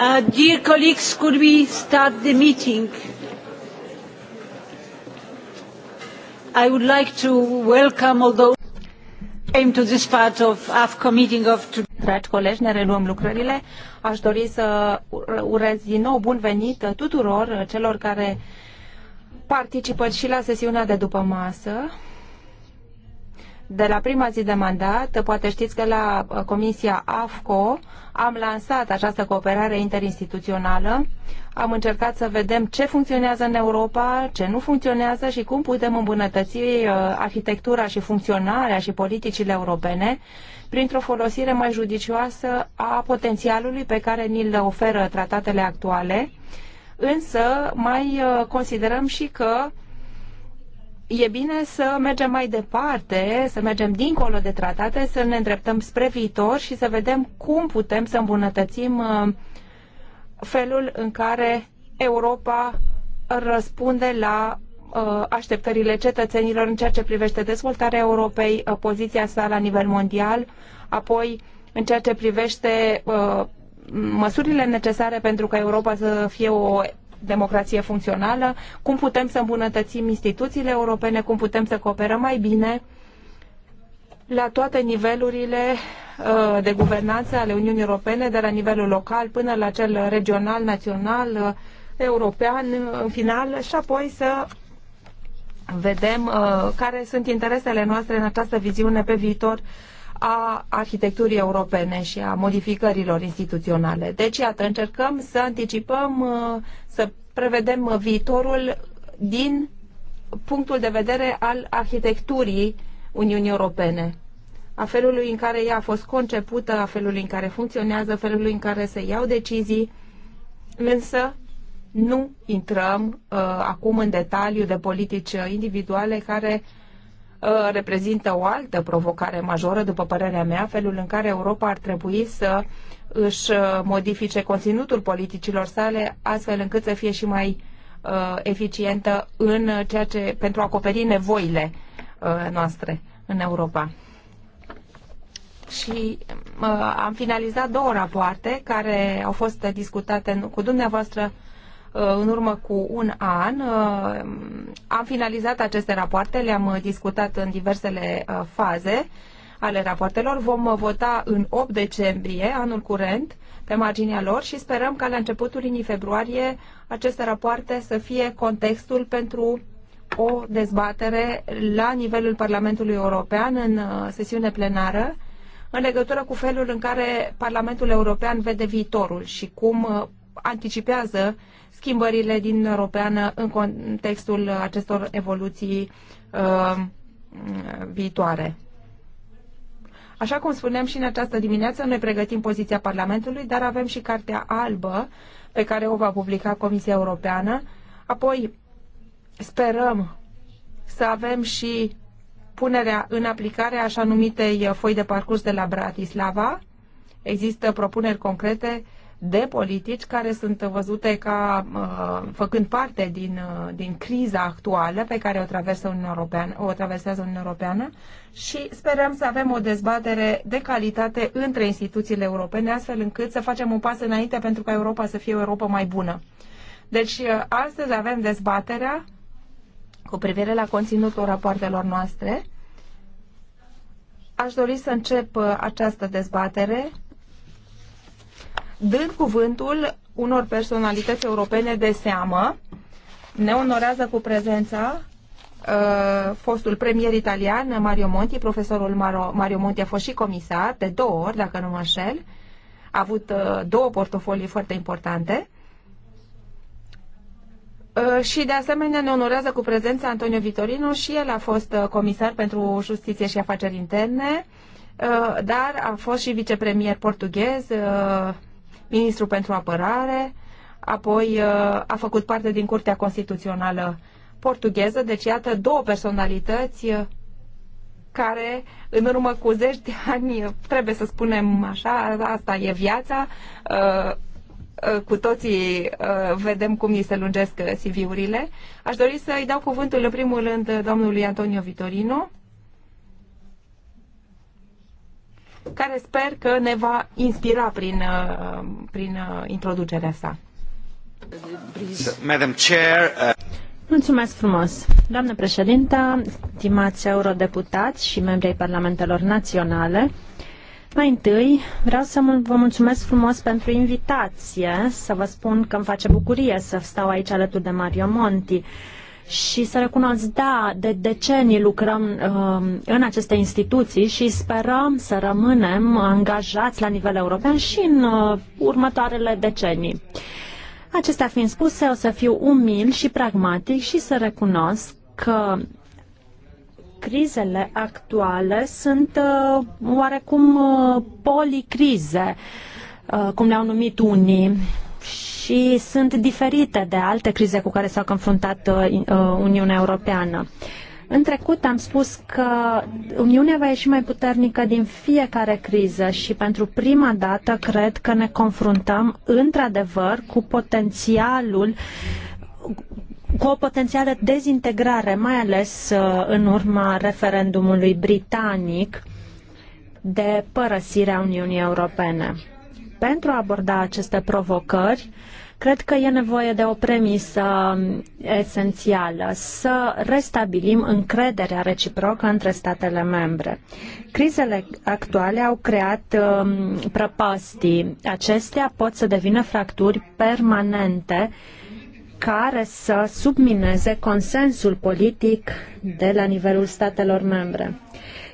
Uh, dear colleagues, could we start the meeting? I would like to welcome all those came to this part of AFCO meeting of today. Dragi colegi, ne reluăm lucrările. Aș dori să urez din nou bun venit tuturor celor care participă și la sesiunea de după masă de la prima zi de mandat, poate știți că la uh, Comisia AFCO am lansat această cooperare interinstituțională. Am încercat să vedem ce funcționează în Europa, ce nu funcționează și cum putem îmbunătăți uh, arhitectura și funcționarea și politicile europene printr-o folosire mai judicioasă a potențialului pe care ni-l oferă tratatele actuale. Însă mai uh, considerăm și că e bine să mergem mai departe, să mergem dincolo de tratate, să ne îndreptăm spre viitor și să vedem cum putem să îmbunătățim uh, felul în care Europa răspunde la uh, așteptările cetățenilor în ceea ce privește dezvoltarea Europei, uh, poziția sa la nivel mondial, apoi în ceea ce privește măsurile necesare pentru ca Europa să fie o democrație funcțională, cum putem să îmbunătățim instituțiile europene, cum putem să cooperăm mai bine la toate nivelurile uh, de guvernanță ale Uniunii Europene, de la nivelul local până la cel regional, național, uh, european, uh, în final, și apoi să vedem care sunt interesele noastre în această viziune pe viitor a arhitecturii europene și a modificărilor instituționale. Deci, iată, încercăm să anticipăm, uh, să prevedem viitorul din punctul de vedere al arhitecturii Uniunii Europene, a felului în care ea a fost concepută, a felului în care funcționează, a felului în care se iau decizii, însă nu intrăm uh, acum în detaliu de politici individuale care Uh, reprezintă o altă provocare majoră, după părerea mea, felul în care Europa ar trebui să își uh, modifice conținutul politicilor sale, astfel încât să fie și mai uh, eficientă în ceea ce, pentru a acoperi nevoile noastre în Europa. Și am finalizat două rapoarte care au fost discutate cu dumneavoastră Uh, în urmă cu un an. Uh, am finalizat aceste rapoarte, le-am uh, discutat în diversele faze ale rapoartelor. Vom vota în 8 decembrie, anul curent, pe marginea lor și sperăm ca la începutul lunii februarie aceste rapoarte să fie contextul pentru o dezbatere la nivelul Parlamentului European în sesiune plenară în legătură cu felul în care Parlamentul European vede viitorul și cum anticipează schimbările din Europeană în contextul acestor evoluții uh, viitoare. Așa cum spuneam și în această dimineață, noi pregătim poziția Parlamentului, dar avem și Cartea Albă pe care o va publica Comisia Europeană. Apoi sperăm să avem și punerea în aplicare așa numitei foi de parcurs de la Bratislava. Există propuneri concrete uh, de politici care sunt văzute ca uh, făcând parte din, uh, din criza actuală pe care o traversă Uniunea Europeană, o traversează Uniunea Europeană și sperăm să avem o dezbatere de calitate între instituțiile europene, astfel încât să facem un pas înainte pentru ca Europa să fie o Europa mai bună. Deci, uh, astăzi avem dezbaterea cu privire la conținutul rapoartelor noastre. Aș dori să încep uh, această dezbatere dând cuvântul unor personalități europene de seamă. Ne onorează cu prezența uh, fostul premier italian Mario Monti, profesorul Mario, Mario Monti a fost și comisar de două ori, dacă nu mă înșel. A avut uh, două portofolii foarte importante. Uh, și de asemenea ne onorează cu prezența Antonio Vitorino și el a fost comisar pentru justiție și afaceri interne, dar a fost și vicepremier portughez ministru pentru apărare, apoi uh, a făcut parte din Curtea Constituțională portugheză, deci iată două personalități uh, care în urmă cu zeci de ani, uh, trebuie să spunem așa, asta e viața, cu toții vedem cum ni se lungesc CV-urile. Aș dori să-i dau cuvântul în primul rând domnului Antonio Vitorino, care sper că ne va inspira prin, uh, prin uh, introducerea sa. Madam Chair, uh... Mulțumesc frumos. Doamnă președintă, stimați eurodeputați și membrii Parlamentelor Naționale, mai întâi vreau să vă mulțumesc frumos pentru invitație, să vă spun că îmi face bucurie să stau aici alături de Mario Monti și să recunosc, da, de decenii lucrăm uh, în aceste instituții și sperăm să rămânem angajați la nivel european și în uh, următoarele decenii. Acestea fiind spuse, o să fiu umil și pragmatic și să recunosc că crizele actuale sunt uh, oarecum uh, policrize, uh, cum le-au numit unii. Uh, și sunt diferite de alte crize cu care s-a confruntat uh, uh, Uniunea Europeană. În trecut am spus că Uniunea va ieși mai puternică din fiecare criză și pentru prima dată cred că ne confruntăm într-adevăr cu potențialul cu o potențială dezintegrare, mai ales uh, în urma referendumului britanic de părăsirea Uniunii Europene pentru a aborda aceste provocări, cred că e nevoie de o premisă um, esențială, să restabilim încrederea reciprocă între statele membre. Crizele actuale au creat um, prăpastii. Acestea pot să devină fracturi permanente care să submineze consensul politic de la nivelul statelor membre.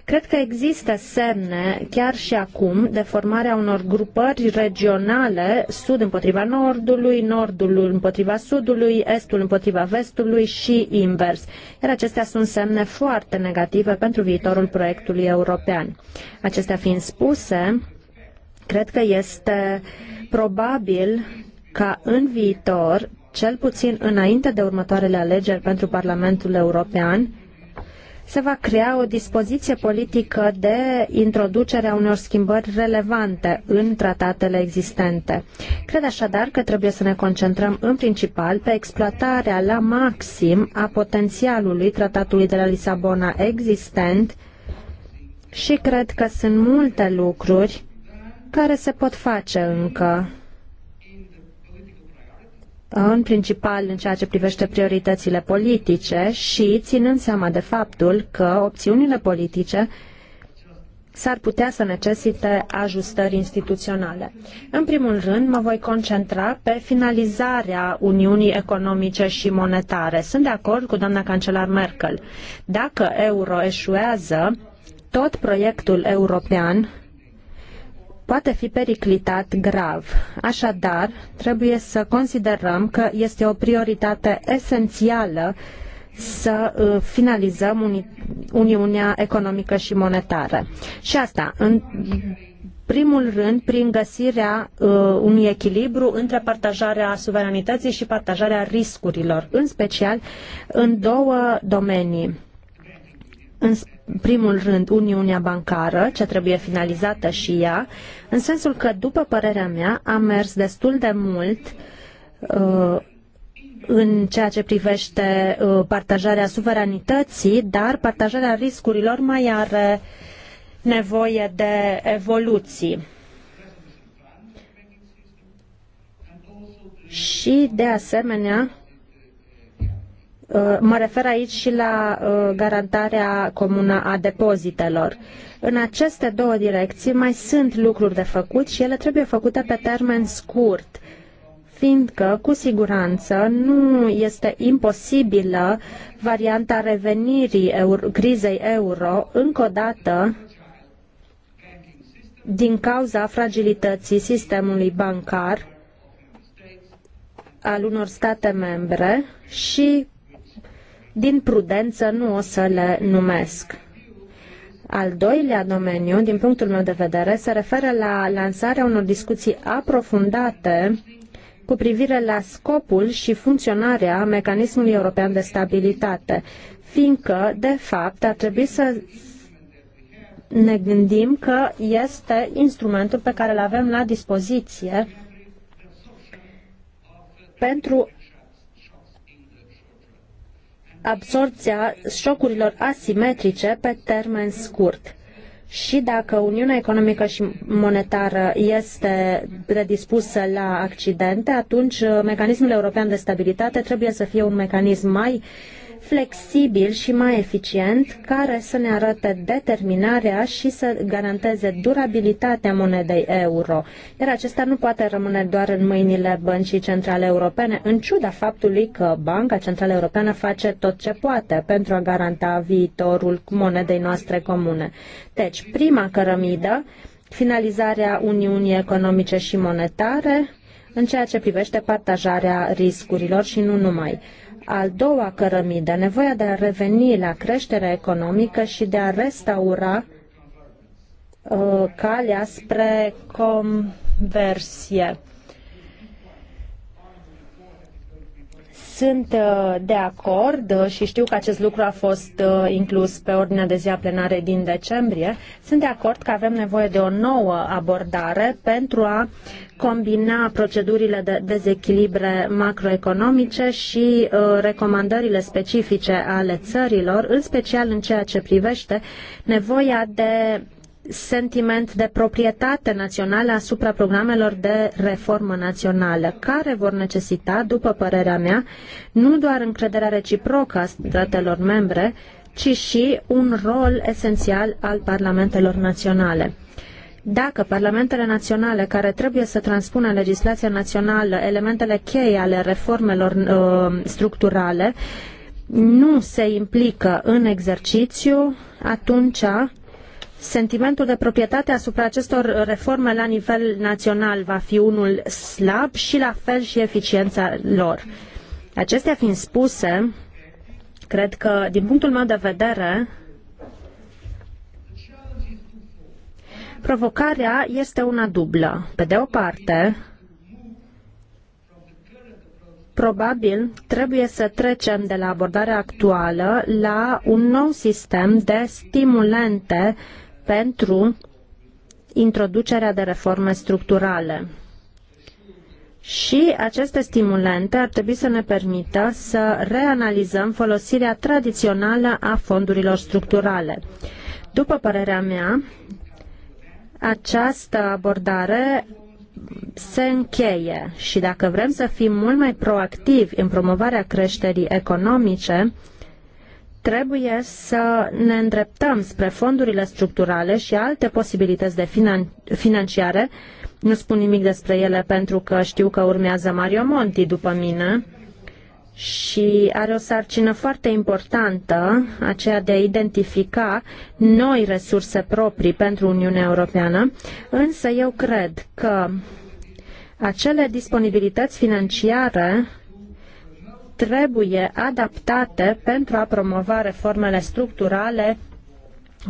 Cred că există semne, chiar și acum, de formarea unor grupări regionale, sud împotriva nordului, nordul împotriva sudului, estul împotriva vestului și invers. Iar acestea sunt semne foarte negative pentru viitorul proiectului european. Acestea fiind spuse, cred că este probabil ca în viitor, cel puțin înainte de următoarele alegeri pentru Parlamentul European, se va crea o dispoziție politică de introducere a unor schimbări relevante în tratatele existente. Cred așadar că trebuie să ne concentrăm în principal pe exploatarea la maxim a potențialului tratatului de la Lisabona existent și cred că sunt multe lucruri care se pot face încă în principal în ceea ce privește prioritățile politice și ținând seama de faptul că opțiunile politice s-ar putea să necesite ajustări instituționale. În primul rând, mă voi concentra pe finalizarea Uniunii Economice și Monetare. Sunt de acord cu doamna cancelar Merkel. Dacă euro eșuează, tot proiectul european poate fi periclitat grav. Așadar, trebuie să considerăm că este o prioritate esențială să uh, finalizăm Uni Uniunea Economică și Monetară. Și asta, în primul rând, prin găsirea uh, unui echilibru între partajarea suveranității și partajarea riscurilor, în special în două domenii. În primul rând, Uniunea Bancară, ce trebuie finalizată și ea, în sensul că, după părerea mea, a mers destul de mult uh, în ceea ce privește uh, partajarea suveranității, dar partajarea riscurilor mai are nevoie de evoluții. Și, de asemenea, Uh, mă refer aici și la uh, garantarea comună a depozitelor. În aceste două direcții mai sunt lucruri de făcut și ele trebuie făcute pe termen scurt, fiindcă, cu siguranță, nu este imposibilă varianta revenirii euro, crizei euro încă o dată din cauza fragilității sistemului bancar al unor state membre și din prudență nu o să le numesc. Al doilea domeniu, din punctul meu de vedere, se referă la lansarea unor discuții aprofundate cu privire la scopul și funcționarea mecanismului european de stabilitate, fiindcă, de fapt, ar trebui să ne gândim că este instrumentul pe care îl avem la dispoziție pentru absorpția șocurilor asimetrice pe termen scurt. Și dacă Uniunea Economică și Monetară este predispusă la accidente, atunci uh, mecanismul european de stabilitate trebuie să fie un mecanism mai uh, flexibil și mai eficient care să ne arate determinarea și să garanteze durabilitatea monedei euro. Iar acesta nu poate rămâne doar în mâinile băncii centrale europene, în ciuda faptului că Banca Centrală Europeană face tot ce poate pentru a garanta viitorul monedei noastre comune. Deci, prima cărămidă, finalizarea Uniunii Economice și Monetare, în ceea ce privește partajarea riscurilor și nu numai al doua cărămidă, nevoia de a reveni la creșterea economică și de a restaura uh, calea spre conversie. Sunt uh, de acord uh, și știu că acest lucru a fost uh, inclus pe ordinea de zi a plenare din decembrie. Sunt de acord că avem nevoie de o nouă abordare pentru a combina procedurile de dezechilibre macroeconomice și recomandările specifice ale țărilor, în special în ceea ce privește nevoia de sentiment de proprietate națională asupra programelor de reformă națională, care vor necesita, după părerea mea, nu doar încrederea reciprocă a statelor membre, ci și un rol esențial al parlamentelor naționale. Dacă parlamentele naționale care trebuie să transpună în legislația națională elementele cheie ale reformelor uh, structurale nu se implică în exercițiu, atunci Sentimentul de proprietate asupra acestor reforme la nivel național va fi unul slab și la fel și eficiența lor. Acestea fiind spuse, cred că, din punctul meu de vedere, provocarea este una dublă. Pe de o parte, probabil trebuie să trecem de la abordarea actuală la un nou sistem de stimulente uh, pentru introducerea de reforme structurale. Și aceste stimulente ar trebui să ne permită să reanalizăm folosirea tradițională a fondurilor structurale. După părerea mea, această abordare se încheie și dacă vrem să fim mult mai proactivi în promovarea creșterii economice, Trebuie să ne îndreptăm spre fondurile structurale și alte posibilități de finan- financiare. Nu spun nimic despre ele pentru că știu că urmează Mario Monti după mine și are o sarcină foarte importantă, aceea de a identifica noi resurse proprii pentru Uniunea Europeană, însă eu cred că acele disponibilități financiare trebuie adaptate pentru a promova reformele structurale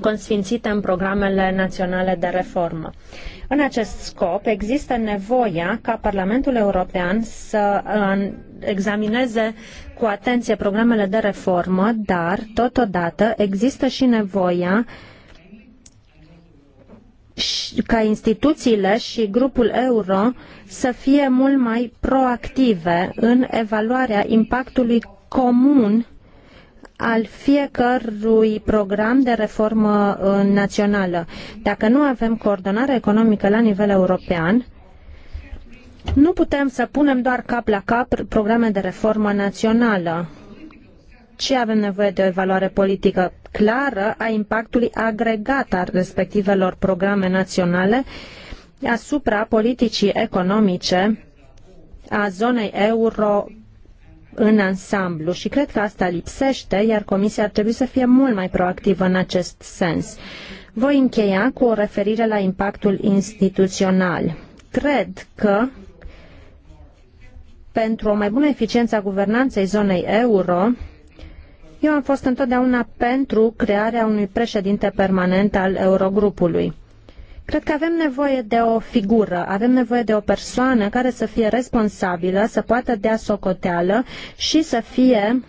consfințite în programele naționale de reformă. În acest scop, există nevoia ca Parlamentul European să examineze cu atenție programele de reformă, dar, totodată, există și nevoia uh, ca instituțiile și grupul euro să fie mult mai proactive în evaluarea impactului comun al fiecărui program de reformă uh, națională. Dacă nu avem coordonare economică la nivel european, nu putem să punem doar cap la cap programe de reformă națională ci avem nevoie de o evaluare politică clară a impactului agregat al respectivelor programe naționale asupra politicii economice a zonei euro în ansamblu și cred că asta lipsește, iar Comisia ar trebui să fie mult mai proactivă în acest sens. Voi încheia cu o referire la impactul instituțional. Cred că pentru o mai bună eficiență a guvernanței zonei euro, eu am fost întotdeauna pentru crearea unui președinte permanent al Eurogrupului. Cred că avem nevoie de o figură, avem nevoie de o persoană care să fie responsabilă, să poată dea socoteală și să fie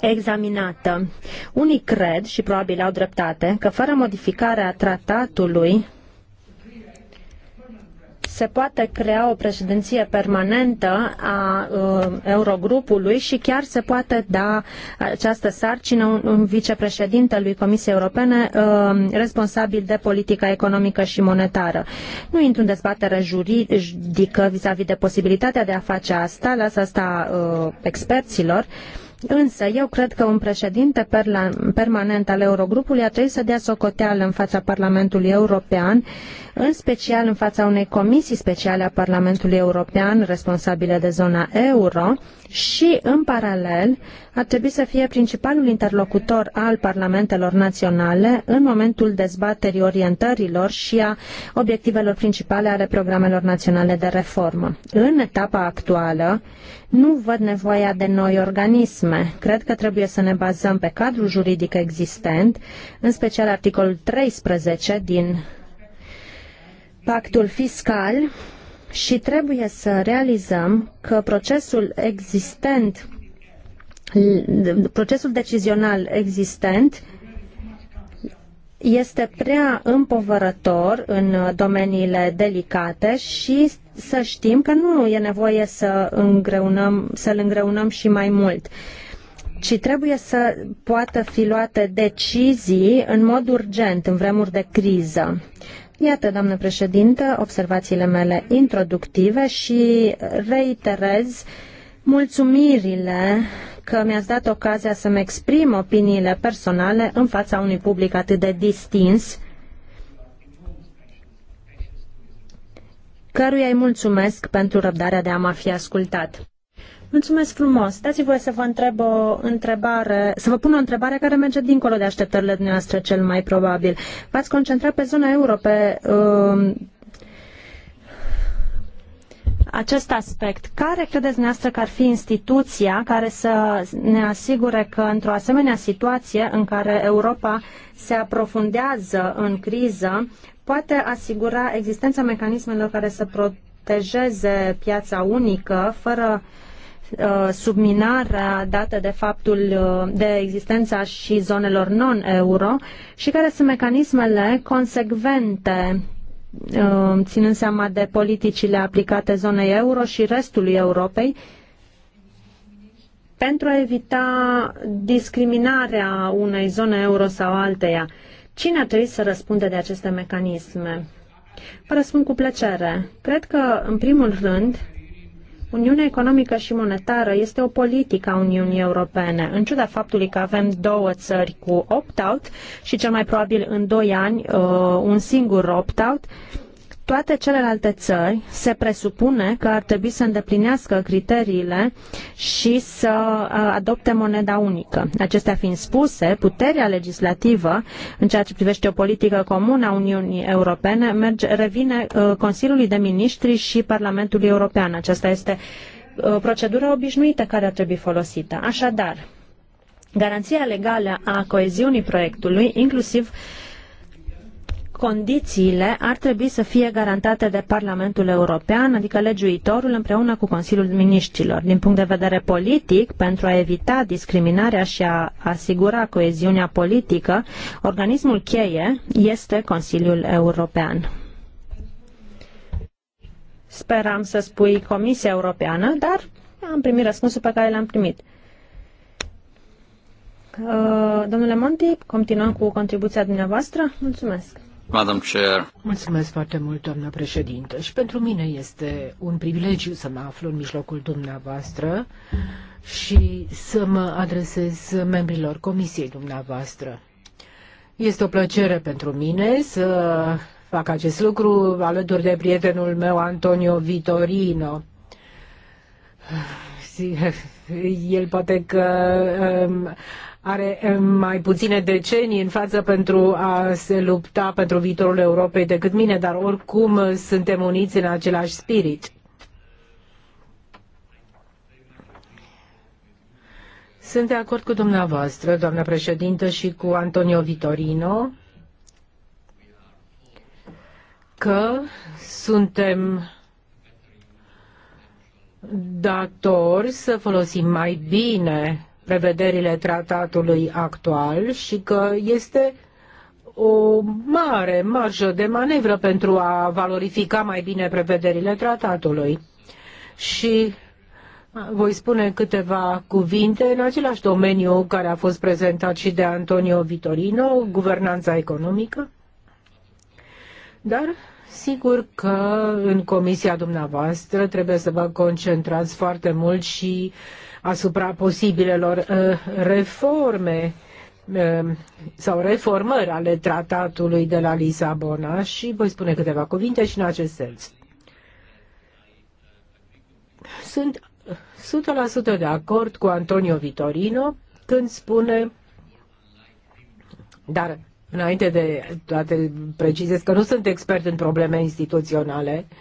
examinată. Unii cred, și probabil au dreptate, că fără modificarea tratatului se poate crea o președinție permanentă a uh, Eurogrupului și chiar se poate da această sarcină un, un al Comisiei Europene uh, responsabil de politica economică și monetară. Nu intru în dezbatere juridică vis-a-vis de posibilitatea de a face asta, las asta uh, experților, Însă eu cred că un președinte permanent al Eurogrupului a trebuit să dea socoteală în fața Parlamentului European în special în fața unei comisii speciale a Parlamentului European responsabile de zona euro și, în paralel, ar trebui să fie principalul interlocutor al parlamentelor naționale în momentul dezbaterii orientărilor și a obiectivelor principale ale programelor naționale de reformă. În etapa actuală, nu văd nevoia de noi organisme. Cred că trebuie să ne bazăm pe cadrul juridic existent, în special articolul 13 din pactul fiscal și trebuie să realizăm că procesul existent, procesul decizional existent este prea împovărător în domeniile delicate și să știm că nu e nevoie să îngreunăm, să-l îngreunăm și mai mult ci trebuie să poată fi luate decizii în mod urgent în vremuri de criză. Iată, doamnă președintă, observațiile mele introductive și reiterez mulțumirile că mi-ați dat ocazia să-mi exprim opiniile personale în fața unui public atât de distins căruia îi mulțumesc pentru răbdarea de a mă fi ascultat. Mulțumesc frumos. Dați-mi să vă întreb o întrebare, să vă pun o întrebare care merge dincolo de așteptările dumneavoastră cel mai probabil. V-ați concentrat pe zona euro, pe uh, acest aspect. Care credeți dumneavoastră că ar fi instituția care să ne asigure că într-o asemenea situație în care Europa se aprofundează în criză, poate asigura existența mecanismelor care să protejeze piața unică fără uh, Uh, subminarea dată de faptul uh, de existența și zonelor non-euro și care sunt mecanismele consecvente uh, ținând seama de politicile aplicate zonei euro și restului Europei, pentru a evita discriminarea unei zone euro sau alteia. Cine ar trebui să răspunde de aceste mecanisme? Vă răspund cu plăcere. Cred că, în primul rând, Uniunea economică și monetară este o politică a Uniunii Europene. În ciuda faptului că avem două țări cu opt-out și cel mai probabil în doi ani uh, un singur opt-out, toate celelalte țări se presupune că ar trebui să îndeplinească criteriile și să adopte moneda unică. Acestea fiind spuse, puterea legislativă în ceea ce privește o politică comună a Uniunii Europene merge, revine Consiliului de Ministri și Parlamentului European. Aceasta este procedura obișnuită care ar trebui folosită. Așadar, garanția legală a coeziunii proiectului, inclusiv uh, condițiile ar trebui să fie garantate de Parlamentul European, adică legiuitorul împreună cu Consiliul Miniștrilor. Din punct de vedere politic, pentru a evita discriminarea și a asigura coeziunea politică, organismul cheie este Consiliul European. Speram să spui Comisia Europeană, dar am primit răspunsul pe care l-am primit. Uh, domnule Monti, continuăm cu contribuția dumneavoastră. Mulțumesc. Madam Chair. Mulțumesc foarte mult, doamnă președintă. Și pentru mine este un privilegiu să mă aflu în mijlocul dumneavoastră și să mă adresez membrilor comisiei dumneavoastră. Este o plăcere pentru mine să fac acest lucru alături de prietenul meu Antonio Vitorino. El poate că um, are eh, mai puține decenii în față pentru a se lupta pentru viitorul Europei decât mine, dar oricum suntem uniți în același spirit. Sunt de acord cu dumneavoastră, doamnă președintă, și cu Antonio Vitorino că suntem datori să folosim mai bine prevederile tratatului actual și că este o mare marjă de manevră pentru a valorifica mai bine prevederile tratatului. Și voi spune câteva cuvinte în același domeniu care a fost prezentat și de Antonio Vitorino, guvernanța economică. Dar sigur că în comisia dumneavoastră trebuie să vă concentrați foarte mult și uh, asupra posibilelor uh, reforme uh, sau reformări ale tratatului de la Lisabona și voi spune câteva cuvinte și în acest sens. Sunt 100% de acord cu Antonio Vitorino când spune dar înainte de toate precizez că nu sunt expert în probleme instituționale uh,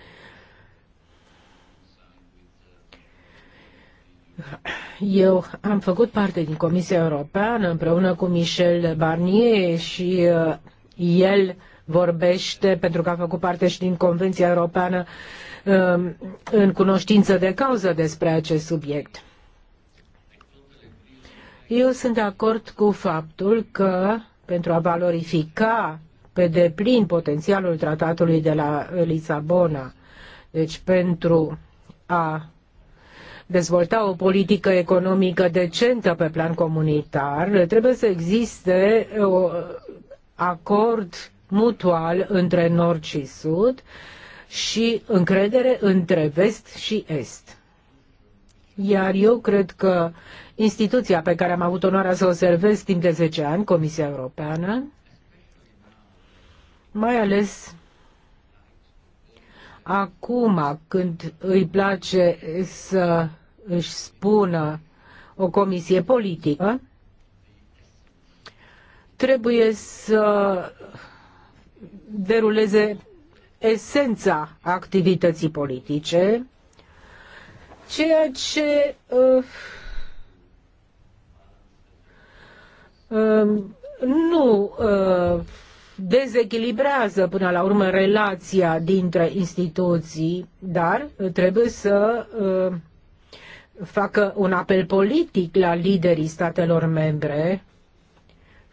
Eu am făcut parte din Comisia Europeană împreună cu Michel Barnier și uh, el vorbește, pentru că a făcut parte și din Convenția Europeană uh, în cunoștință de cauză despre acest subiect. Eu sunt de acord cu faptul că pentru a valorifica pe deplin potențialul tratatului de la Lisabona, deci pentru a dezvolta o politică economică decentă pe plan comunitar, trebuie să existe un uh, acord mutual între nord și sud și încredere între vest și est. Iar eu cred că instituția pe care am avut onoarea să o servez timp de 10 ani, Comisia Europeană, mai ales acum când îi place să își spună o comisie politică, trebuie să deruleze esența activității politice, ceea ce uh, uh, nu uh, dezechilibrează până la urmă relația dintre instituții, dar trebuie să uh, facă un apel politic la liderii statelor membre,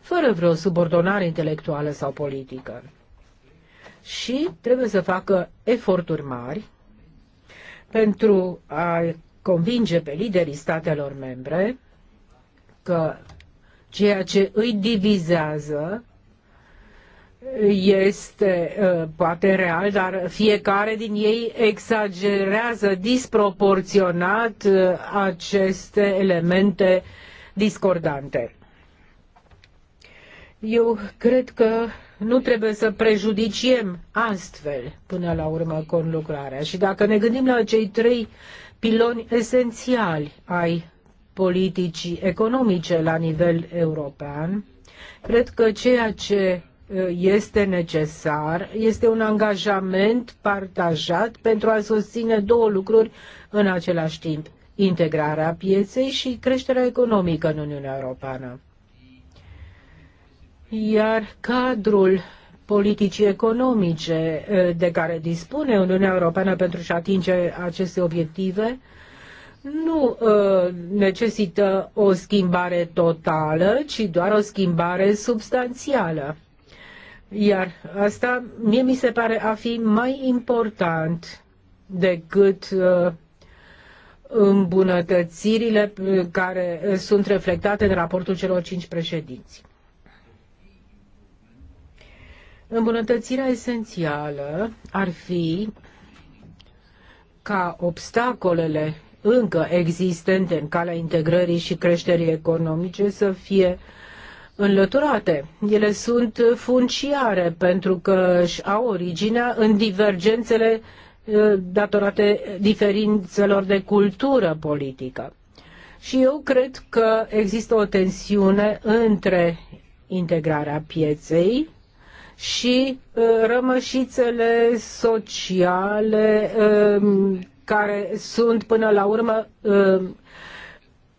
fără vreo subordonare intelectuală sau politică. Și trebuie să facă eforturi mari pentru a convinge pe liderii statelor membre că ceea ce îi divizează este uh, poate real, dar fiecare din ei exagerează disproporționat uh, aceste elemente discordante. Eu cred că nu trebuie să prejudiciem astfel până la urmă conlucrarea. Și dacă ne gândim la cei trei piloni esențiali ai politicii economice la nivel european, cred că ceea ce este necesar, este un angajament partajat pentru a susține două lucruri în același timp, integrarea pieței și creșterea economică în Uniunea Europeană. Iar cadrul politicii economice eh, de care dispune Uniunea Europeană pentru a atinge aceste obiective nu uh, necesită o schimbare totală, ci doar o schimbare substanțială. Iar asta mie mi se pare a fi mai important decât uh, îmbunătățirile uh, care uh, sunt reflectate în raportul celor cinci președinți. Îmbunătățirea esențială ar fi ca obstacolele încă existente în calea integrării și creșterii economice să fie uh, înlăturate. Ele sunt funciare pentru că își au originea în divergențele uh, datorate diferențelor de cultură politică. Și eu cred că există o tensiune între integrarea pieței și uh, rămășițele sociale um, care sunt până la urmă um,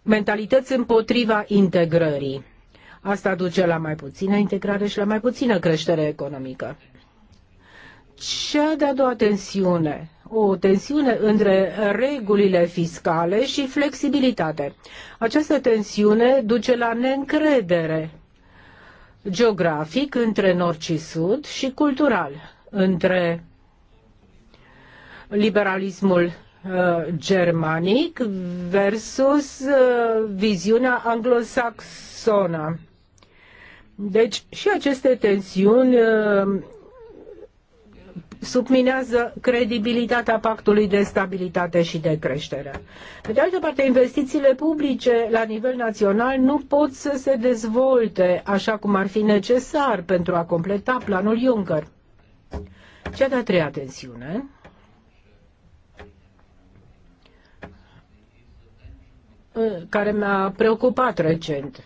mentalități împotriva integrării. Asta duce la mai puțină integrare și la mai puțină creștere economică. Cea de-a doua tensiune, o tensiune între regulile fiscale și flexibilitate. Această tensiune duce la neîncredere geografic între nord și sud și cultural între liberalismul uh, germanic versus uh, viziunea anglosaxonă. Deci și aceste tensiuni uh, subminează credibilitatea pactului de stabilitate și de creștere. Pe de altă parte, investițiile publice la nivel național nu pot să se dezvolte așa cum ar fi necesar pentru a completa planul Juncker. Cea de-a treia tensiune uh, care m-a preocupat recent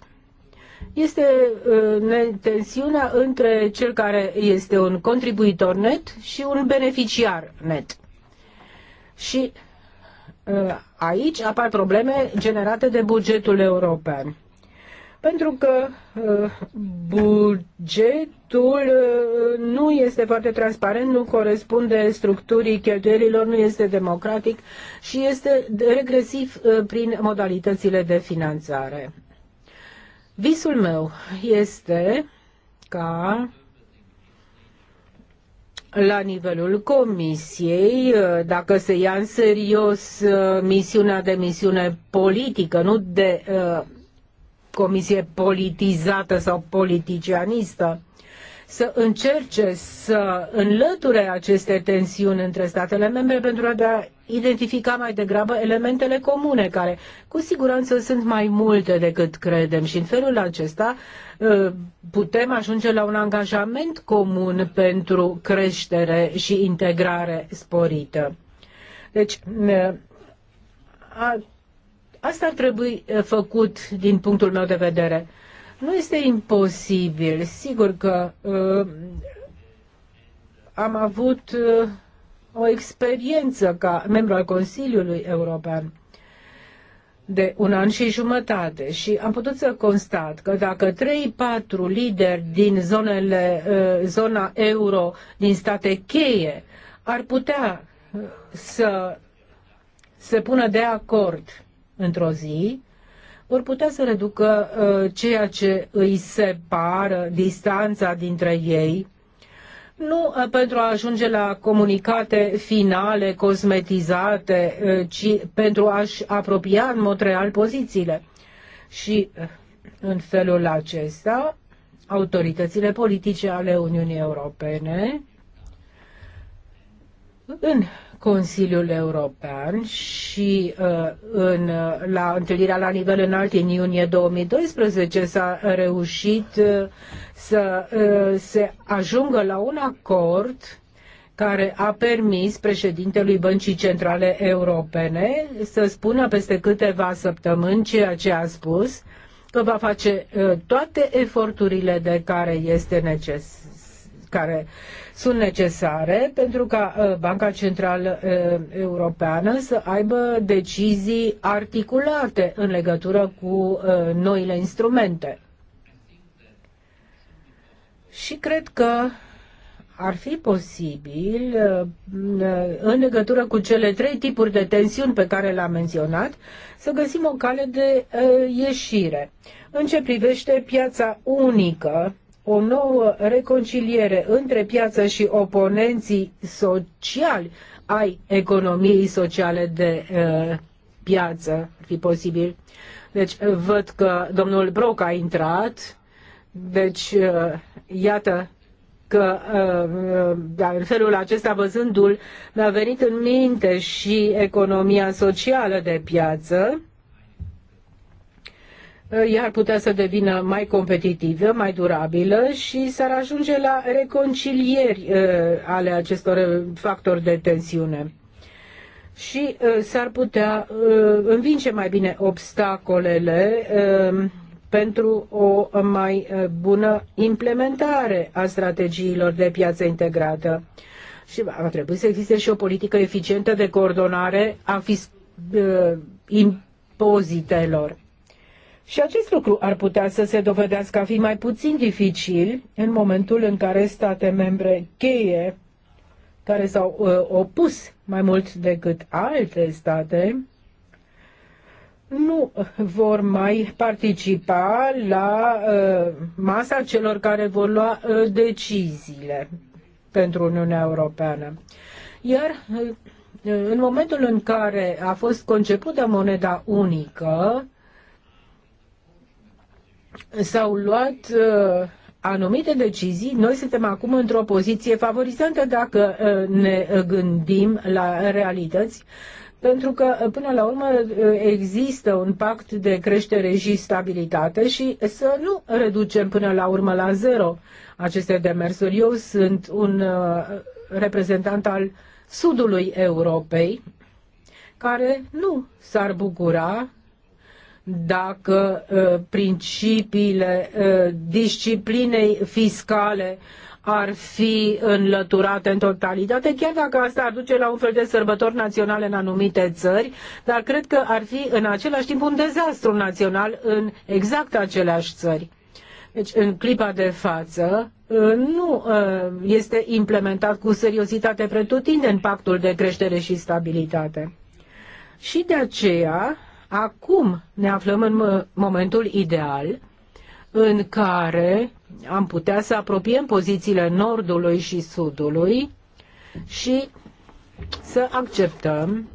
este uh, tensiunea între cel care este un contribuitor net și un beneficiar net. Și uh, aici apar probleme generate de bugetul european. Pentru că uh, bugetul nu este foarte transparent, nu corespunde structurii cheltuielilor, nu este democratic și este regresiv prin modalitățile de finanțare. Visul meu este ca la nivelul comisiei, dacă se ia în serios uh, misiunea de misiune politică, nu de uh, comisie politizată sau politicianistă, să încerce să înlăture aceste tensiuni între statele membre pentru a da- identifica mai degrabă elementele comune, care cu siguranță sunt mai multe decât credem și în felul acesta ă, putem ajunge la un angajament comun pentru creștere și integrare sporită. Deci, ă, asta ar trebui ă, făcut din punctul meu de vedere. Nu este imposibil. Sigur că uh, am avut uh, o experiență ca membru al Consiliului European de un an și jumătate și am putut să constat că dacă 3-4 lideri din zonele, uh, zona euro, din state cheie, ar putea uh, să se pună de acord într-o zi, vor putea să reducă uh, ceea ce îi separă, distanța dintre ei, nu uh, pentru a ajunge la comunicate finale, cosmetizate, uh, ci pentru a-și apropia în mod real pozițiile. Și uh, în felul acesta, autoritățile politice ale Uniunii Europene, în Consiliul European și uh, în, la întâlnirea la nivel înalt în iunie 2012 s-a reușit uh, să uh, se ajungă la un acord care a permis președintelui Băncii Centrale Europene să spună peste câteva săptămâni ceea ce a spus, că va face toate eforturile de care este necesar care sunt necesare pentru ca uh, Banca Centrală uh, Europeană să aibă decizii articulate în legătură cu uh, noile instrumente. Și cred că ar fi posibil, în legătură cu cele trei tipuri de tensiuni pe care le-am menționat, să găsim o cale de ieșire. În ce privește piața unică, o nouă reconciliere între piață și oponenții sociali ai economiei sociale de uh, piață, ar fi posibil. Deci văd că domnul Broc a intrat, deci uh, iată că uh, uh, în felul acesta, văzându-l, mi-a venit în minte și economia socială de piață, iar eh, putea să devină mai competitivă, mai durabilă și s-ar ajunge la reconcilieri eh, ale acestor eh, factori de tensiune. Și s-ar putea învinge mai bine obstacolele pentru o mai bună implementare a strategiilor de piață integrată. Și va trebui să existe și o politică eficientă de coordonare a impozitelor și acest lucru ar putea să se dovedească a fi mai puțin dificil în momentul în care state membre cheie, care s-au uh, opus mai mult decât alte state, nu uh, vor mai participa la uh, masa celor care vor lua uh, deciziile pentru Uniunea Europeană. Iar uh, în momentul în care a fost concepută moneda unică, s-au luat uh, anumite decizii, noi suntem acum într-o poziție favorizantă dacă uh, ne gândim la realități, pentru că uh, până la urmă uh, există un pact de creștere și stabilitate și să nu reducem până la urmă la zero aceste demersuri. Eu sunt un uh, reprezentant al sudului Europei care nu s-ar bucura dacă uh, principiile uh, disciplinei fiscale ar fi înlăturate în totalitate, chiar dacă asta ar duce la un fel de sărbători naționale în anumite țări, dar cred că ar fi în același timp un dezastru național în exact aceleași țări. Deci, în clipa de față, uh, nu este implementat cu seriozitate pretutindeni pactul de creștere și stabilitate. Și de aceea, Acum ne aflăm în momentul ideal în care am putea să apropiem pozițiile Nordului și Sudului și să acceptăm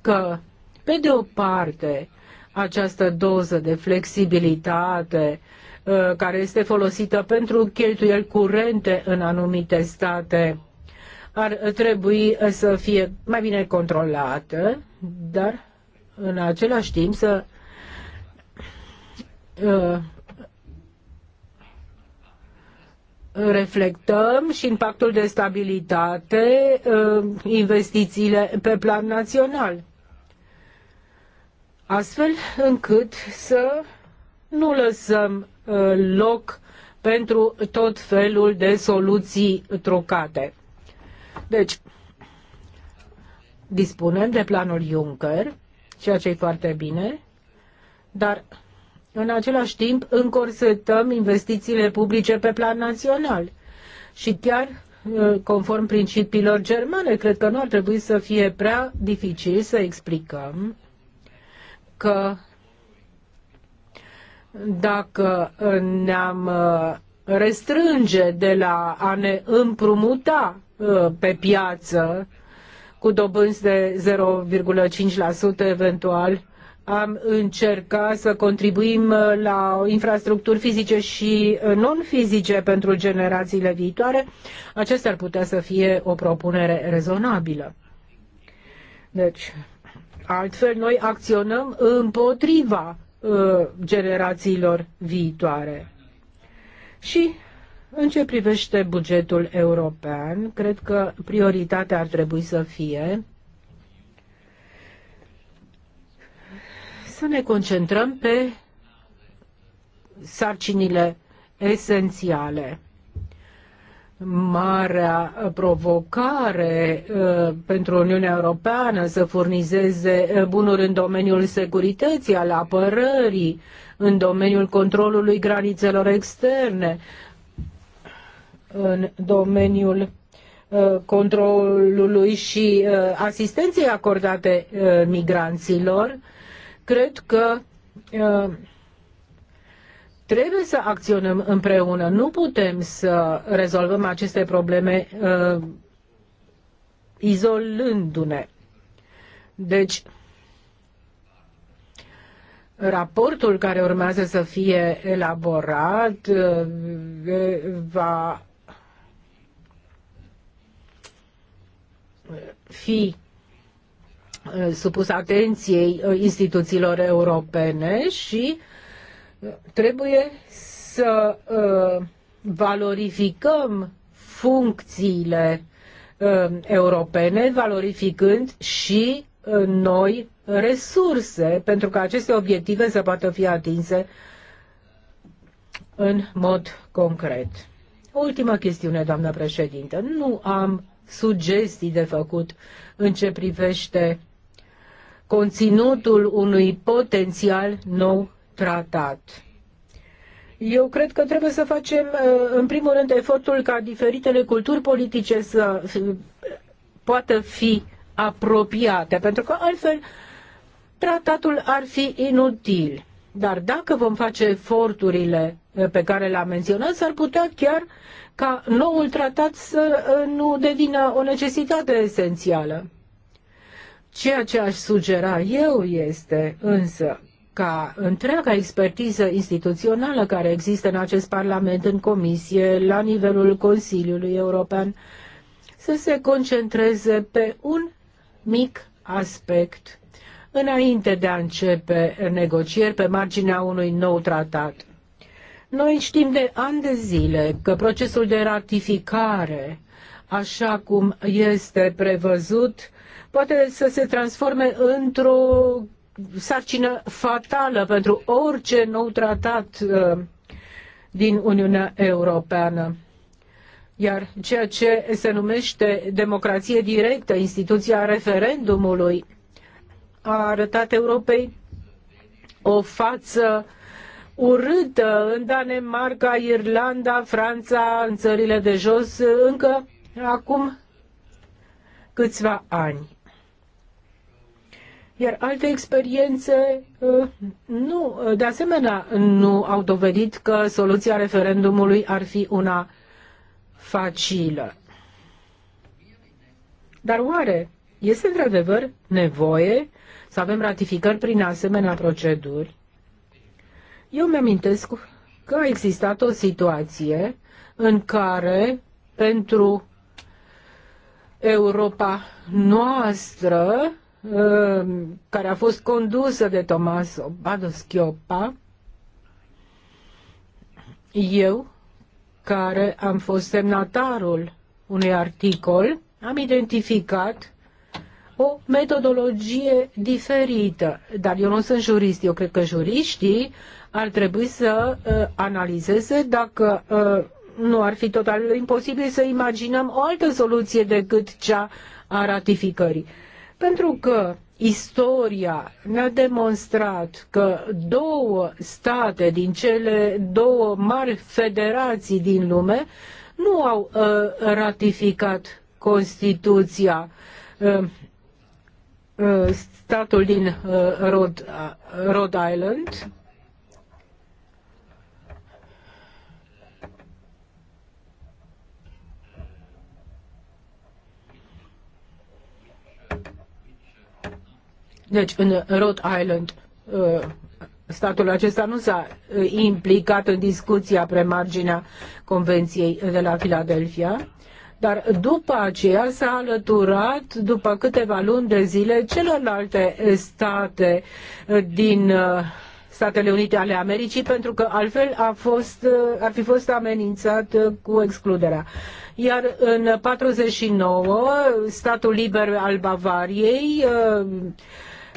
că, pe de o parte, această doză de flexibilitate uh, care este folosită pentru cheltuieli curente în anumite state ar trebui să fie mai bine controlată, dar în același timp să uh, reflectăm și în pactul de stabilitate uh, investițiile pe plan național. Astfel încât să nu lăsăm uh, loc pentru tot felul de soluții trocate. Deci, dispunem de planul Juncker, ceea ce e foarte bine, dar în același timp încorsetăm investițiile publice pe plan național. Și chiar uh, conform principiilor germane, cred că nu ar trebui să fie prea dificil să explicăm că dacă ne-am uh, restrânge de la a ne împrumuta uh, pe piață cu dobânzi de 0,5% eventual. Am încercat să contribuim uh, la infrastructuri fizice și uh, non-fizice pentru generațiile viitoare. Acestea ar putea să fie o propunere rezonabilă. Deci, altfel noi acționăm împotriva uh, generațiilor viitoare. Și în ce privește bugetul european, cred că prioritatea ar trebui să fie să ne concentrăm pe sarcinile esențiale. Marea provocare uh, pentru Uniunea Europeană să furnizeze uh, bunuri în domeniul securității, al apărării, în domeniul controlului granițelor externe, în domeniul uh, controlului și uh, asistenței acordate uh, migranților, cred că trebuie să acționăm împreună. Nu putem să rezolvăm aceste probleme izolându-ne. Deci, raportul care urmează să fie elaborat va fi uh, supus atenției uh, instituțiilor europene și uh, trebuie să valorificăm funcțiile europene, valorificând și noi resurse pentru că aceste obiective să poată fi atinse în mod concret. Ultima chestiune, doamnă președintă. Nu am sugestii de făcut în ce privește conținutul unui potențial nou tratat. Eu cred că trebuie să facem, uh, în primul rând, efortul ca diferitele culturi politice să poată fi apropiate, pentru că altfel tratatul ar fi inutil. Dar dacă vom face eforturile pe care l-am menționat, s-ar putea chiar ca noul tratat să uh, nu devină o necesitate esențială. Ceea ce aș sugera eu este însă ca întreaga expertiză instituțională care există în acest Parlament, în Comisie, la nivelul Consiliului European, să se concentreze pe un mic aspect înainte de a începe negocieri pe marginea unui nou tratat. Noi știm de ani de zile că procesul de ratificare, așa cum este prevăzut, poate să se transforme într-o sarcină fatală pentru orice nou tratat uh, din Uniunea Europeană. Iar ceea ce se numește democrație directă, instituția referendumului, a arătat Europei o față uh, urâtă în Danemarca, Irlanda, Franța, în țările de jos, încă acum câțiva ani. Iar alte experiențe uh, nu, de asemenea, nu au dovedit că soluția referendumului ar fi una facilă. Dar oare este într-adevăr nevoie să avem ratificări prin asemenea proceduri? Eu mi-amintesc că a existat o situație în care pentru Europa noastră, uh, care a fost condusă de Tomas Badoschiopa, eu, care am fost semnatarul unui articol, am identificat o metodologie diferită. Dar eu nu sunt jurist, eu cred că juriștii ar trebui să uh, analizeze dacă uh, nu ar fi total imposibil să imaginăm o altă soluție decât cea a ratificării. Pentru că istoria ne-a demonstrat că două state din cele două mari federații din lume nu au uh, ratificat Constituția. Uh, uh, statul din uh, Rhode, uh, Rhode Island Deci, în Rhode Island, uh, statul acesta nu s-a uh, implicat în discuția pre marginea Convenției de la Philadelphia, dar după aceea s-a alăturat, după câteva luni de zile, celorlalte uh, state din Statele Unite ale Americii, pentru că altfel a fost, ar fi fost amenințat cu excluderea. Iar în 49, statul liber al Bavariei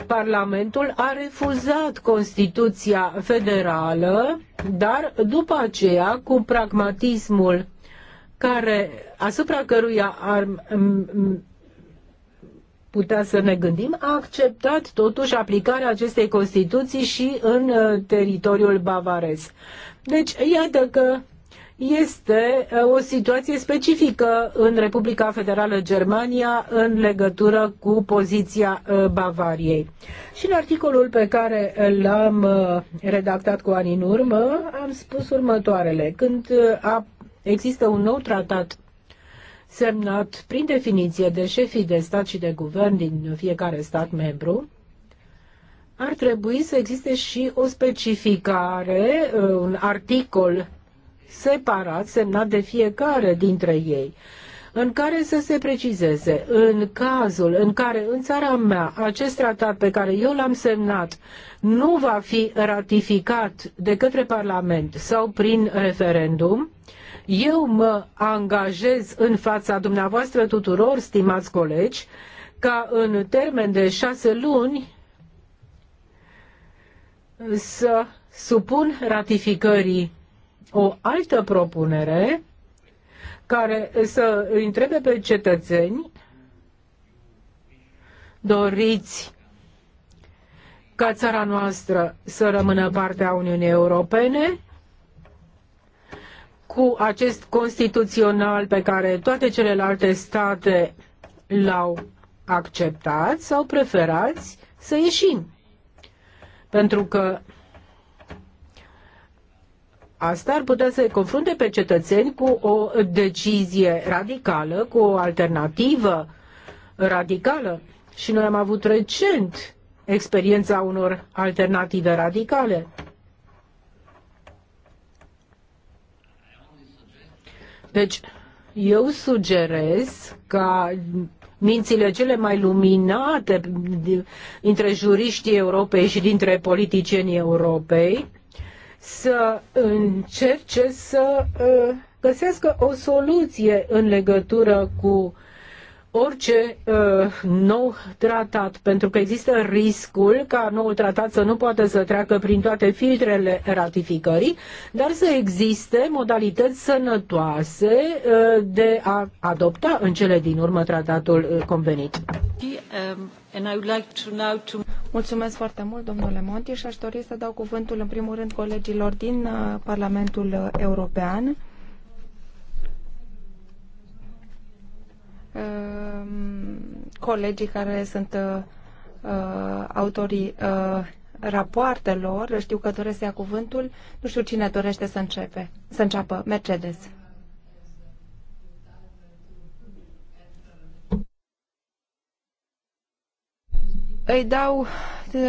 Parlamentul a refuzat Constituția Federală, dar după aceea, cu pragmatismul care, asupra căruia ar putea să ne gândim, a acceptat totuși aplicarea acestei Constituții și în uh, teritoriul bavarez. Deci, iată că este uh, o situație specifică în Republica Federală Germania în legătură cu poziția uh, Bavariei. Și în articolul pe care uh, l-am redactat cu ani în urmă, am spus următoarele. Când a, există un nou tratat semnat prin definiție de șefii de stat și de guvern din fiecare stat membru, ar trebui să existe și o specificare, un articol separat semnat de fiecare dintre ei în care să se precizeze în cazul în care în țara mea acest tratat pe care eu l-am semnat nu va fi ratificat de către Parlament sau prin referendum, eu mă angajez în fața dumneavoastră tuturor, stimați colegi, ca în termen de șase luni să supun ratificării o altă propunere care să îi întrebe pe cetățeni doriți ca țara noastră să rămână partea Uniunii Europene cu acest constituțional pe care toate celelalte state l-au acceptat sau preferați să ieșim. Pentru că Asta ar putea să-i confrunte pe cetățeni cu o decizie radicală, cu o alternativă radicală. Și noi am avut recent experiența unor alternative radicale. Deci, eu sugerez ca mințile cele mai luminate dintre juriștii Europei și dintre politicienii Europei să încerce să uh, găsească o soluție în legătură cu orice uh, nou tratat, pentru că există riscul ca noul tratat să nu poată să treacă prin toate filtrele ratificării, dar să existe modalități sănătoase uh, de a adopta în cele din urmă tratatul uh, convenit. Mulțumesc foarte mult, domnule Monti, și aș dori să dau cuvântul în primul rând colegilor din uh, Parlamentul European. Ehm, colegii care sunt eh, autorii eh, rapoartelor. Știu că doresc să ia cuvântul. Nu știu cine dorește să, începe, să înceapă. Mercedes. Îi dau eh,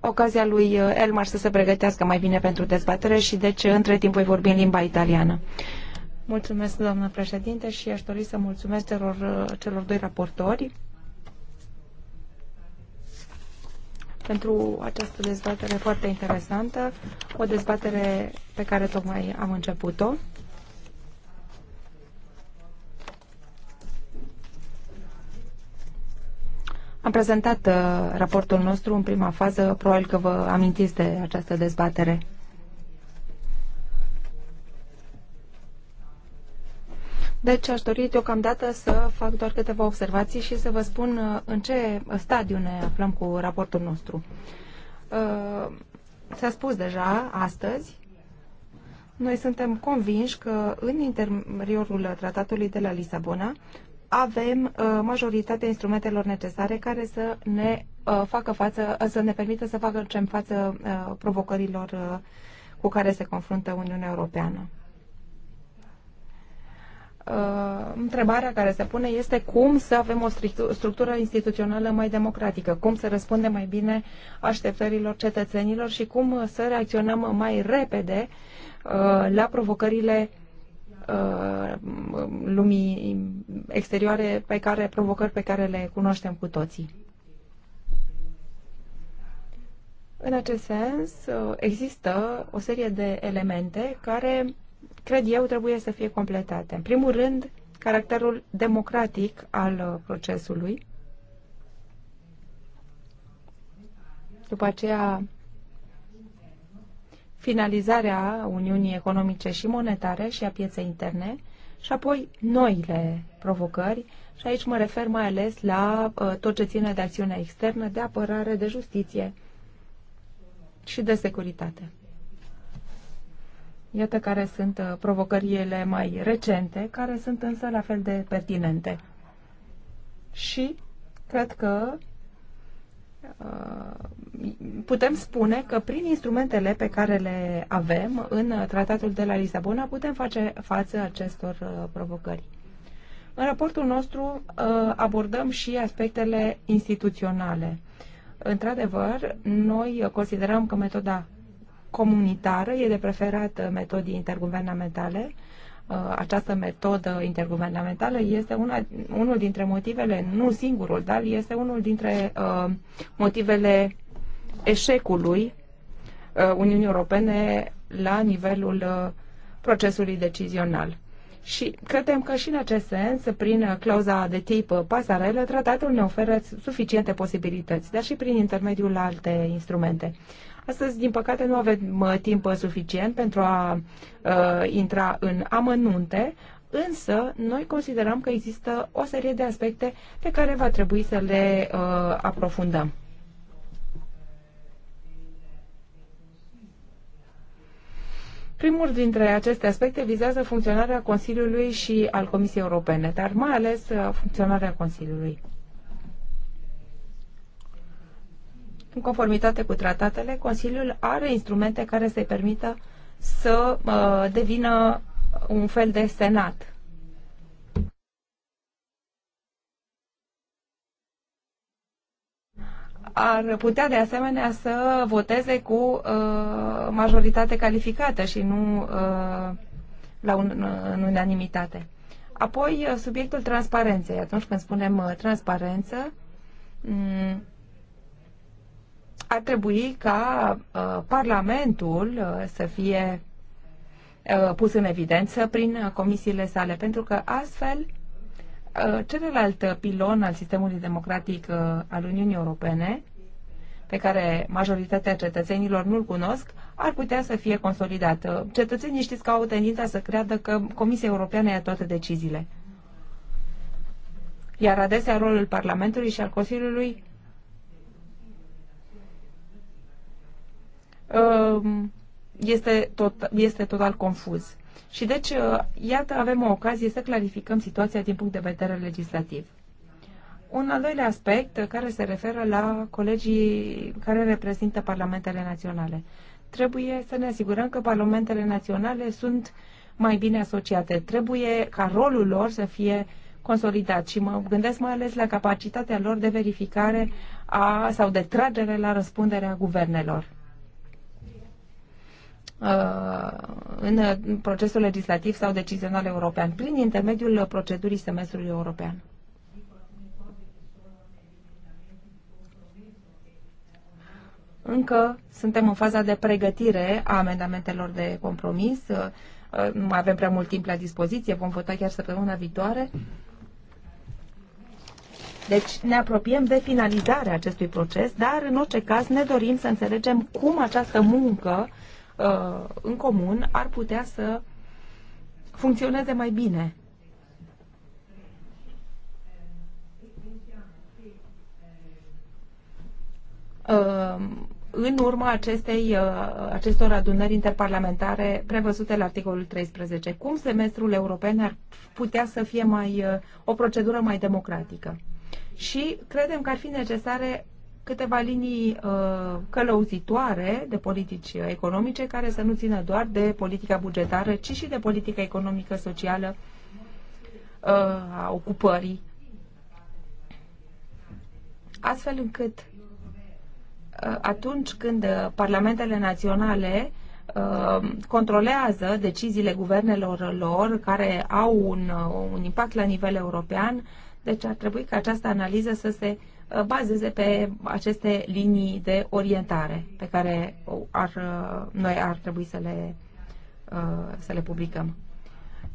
ocazia lui Elmar să se pregătească mai bine pentru dezbatere și deci între timp voi vorbi în limba italiană. Uh, Mulțumesc, doamnă președinte, și aș dori să mulțumesc celor, celor doi raportori pentru această dezbatere foarte interesantă, o dezbatere pe care tocmai am început-o. Am prezentat uh, raportul nostru în prima fază, probabil că vă amintiți de această dezbatere. Deci aș dori deocamdată să fac doar câteva observații și să vă spun uh, în ce stadiu ne aflăm cu raportul nostru. Uh, s-a spus deja astăzi, noi suntem convinși că în interiorul tratatului de la Lisabona avem uh, majoritatea instrumentelor necesare care să ne facă față, să ne permită să facem față provocărilor cu care se confruntă Uniunea Europeană. Uh, întrebarea care se pune este cum să avem o structură instituțională mai democratică, cum să răspundem mai bine așteptărilor cetățenilor și cum să reacționăm mai repede uh, la provocările uh, lumii exterioare pe care, provocări pe care le cunoaștem cu toții. În acest sens, există o serie de elemente care cred eu, trebuie să fie completate. În primul rând, caracterul democratic al uh, procesului. După aceea, finalizarea Uniunii Economice și Monetare și a pieței interne și apoi noile provocări și aici mă refer mai ales la uh, tot ce ține de acțiunea externă, de apărare, de justiție și de securitate. Iată care sunt uh, provocările mai recente, care sunt însă la fel de pertinente. Și cred că uh, putem spune că prin instrumentele pe care le avem în tratatul de la Lisabona putem face față acestor uh, provocări. În raportul nostru abordăm și aspectele instituționale. Într-adevăr, noi considerăm că metoda comunitară, e de preferat metodii interguvernamentale. Uh, această metodă interguvernamentală este una, unul dintre motivele, nu singurul, dar este unul dintre uh, motivele eșecului uh, Uniunii Europene la nivelul procesului decizional. Și credem că și în acest sens, prin clauza de tip pasarelă, tratatul ne oferă suficiente posibilități, dar și prin intermediul alte instrumente. Astăzi, din păcate, nu avem timp suficient pentru a uh, intra în amănunte, însă noi considerăm că există o serie de aspecte pe care va trebui să le uh, aprofundăm. Primul dintre aceste aspecte vizează funcționarea Consiliului și al Comisiei Europene, dar mai ales ă, funcționarea Consiliului. În conformitate cu tratatele, Consiliul are instrumente care să-i permită să uh, devină un fel de senat. Ar putea de asemenea să voteze cu uh, majoritate calificată și nu uh, la un, în unanimitate. Apoi, uh, subiectul transparenței. Atunci când spunem uh, transparență, mm, ar trebui ca uh, Parlamentul uh, să fie uh, pus în evidență prin uh, comisiile sale, pentru că astfel uh, celălalt pilon al sistemului democratic uh, al Uniunii Europene, pe care majoritatea cetățenilor nu-l cunosc, ar putea să fie consolidat. Cetățenii știți că au tendința să creadă că Comisia Europeană ia toate deciziile. Iar adesea rolul Parlamentului și al Consiliului Ehm, este, tot, este total confuz. Și deci, uh, iată, avem o ocazie să clarificăm situația din punct de vedere legislativ. Un al doilea aspect uh, care se referă la colegii care reprezintă parlamentele naționale. Trebuie să ne asigurăm că parlamentele naționale sunt mai bine asociate. Trebuie ca rolul lor să fie consolidat și mă gândesc mai ales la capacitatea lor de verificare a, sau de tragere la răspunderea guvernelor. Uh, în procesul legislativ sau decizional european, prin intermediul procedurii semestrului european. Încă suntem în faza de pregătire a amendamentelor de compromis. Uh, uh, nu mai avem prea mult timp la dispoziție, vom vota chiar săptămâna viitoare. Deci ne apropiem de finalizarea acestui proces, dar în orice caz ne dorim să înțelegem cum această muncă uh, Uh, în comun ar putea să funcționeze mai bine. Uh, în urma acestei, uh, acestor adunări interparlamentare prevăzute la articolul 13. Cum semestrul european ar putea să fie mai, o procedură mai democratică? Și credem că ar fi necesare câteva linii uh, călăuzitoare de politici economice care să nu țină doar de politica bugetară, ci și de politica economică, socială, uh, a ocupării, astfel încât uh, atunci când parlamentele naționale controlează deciziile guvernelor lor care au un, un impact la nivel european, deci ar trebui ca această analiză să se uh, Uh, bazeze pe aceste linii de orientare pe care ar, uh, noi ar trebui să le, uh, să le publicăm.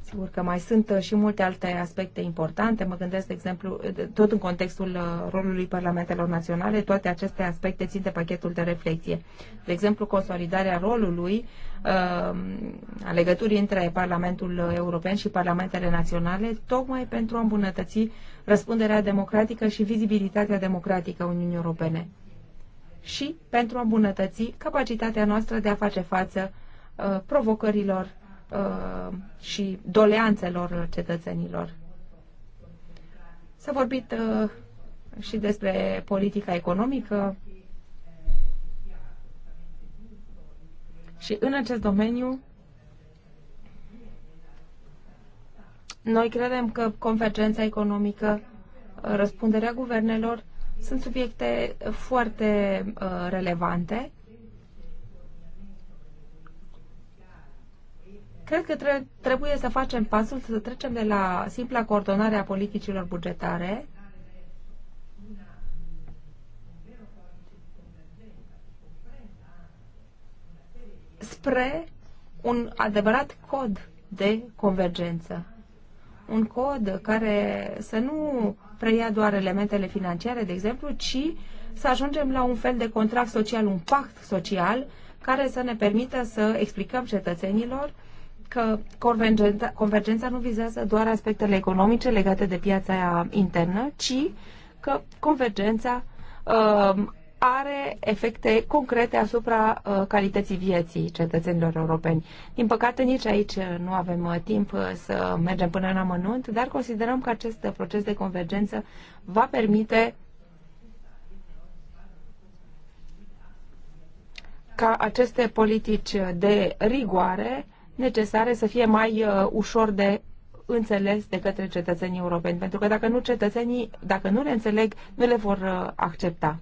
Sigur că mai sunt și multe alte aspecte importante. Mă gândesc, de exemplu, tot în contextul rolului parlamentelor naționale, toate aceste aspecte țin de pachetul de reflexie. De exemplu, consolidarea rolului, a legăturii între Parlamentul European și parlamentele naționale, tocmai pentru a îmbunătăți răspunderea democratică și vizibilitatea democratică a Uniunii Europene și pentru a îmbunătăți capacitatea noastră de a face față uh, provocărilor uh, și doleanțelor cetățenilor. S-a vorbit uh, și despre politica economică și în acest domeniu Noi credem că convergența economică, răspunderea guvernelor sunt subiecte foarte uh, relevante. Cred că tre- trebuie să facem pasul, să trecem de la simpla coordonare a politicilor bugetare spre un adevărat cod de convergență un cod care să nu preia doar elementele financiare, de exemplu, ci să ajungem la un fel de contract social, un pact social, care să ne permită să explicăm cetățenilor că convergența, convergența nu vizează doar aspectele economice legate de piața internă, ci că convergența uh, are efecte concrete asupra uh, calității vieții cetățenilor europeni. Din păcate, nici aici uh, nu avem uh, timp să mergem până în amănunt, dar considerăm că acest proces de convergență va permite ca aceste politici de rigoare necesare să fie mai ușor de înțeles de către cetățenii europeni, pentru că dacă nu cetățenii, dacă nu le înțeleg, nu le vor accepta.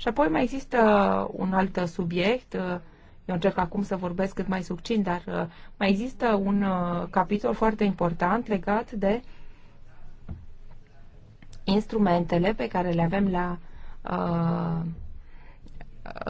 Și apoi mai există un alt subiect, uh, eu încerc acum să vorbesc cât mai succint, dar uh, mai există un uh, capitol foarte important legat de instrumentele pe care le avem la uh,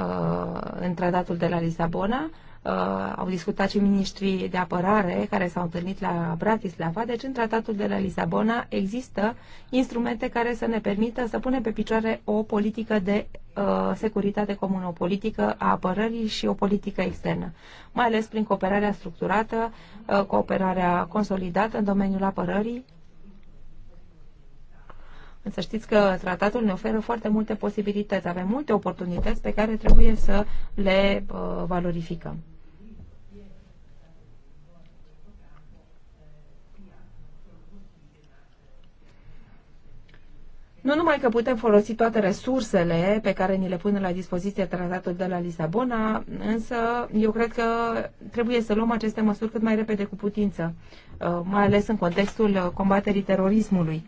uh, în tratatul de la Lisabona Uh, au discutat și ministrii de apărare care s-au întâlnit la Bratislava, deci în tratatul de la Lisabona există instrumente care să ne permită să punem pe picioare o politică de uh, securitate comună, o politică a apărării și o politică externă, mai ales prin cooperarea structurată, uh, cooperarea consolidată în domeniul apărării. Însă știți că tratatul ne oferă foarte multe posibilități, avem multe oportunități pe care trebuie să le valorificăm. Nu numai că putem folosi toate resursele pe care ni le pune la dispoziție tratatul de la Lisabona, însă eu cred că trebuie să luăm aceste măsuri cât mai repede cu putință, uh, mai ales în contextul uh, combaterii terorismului,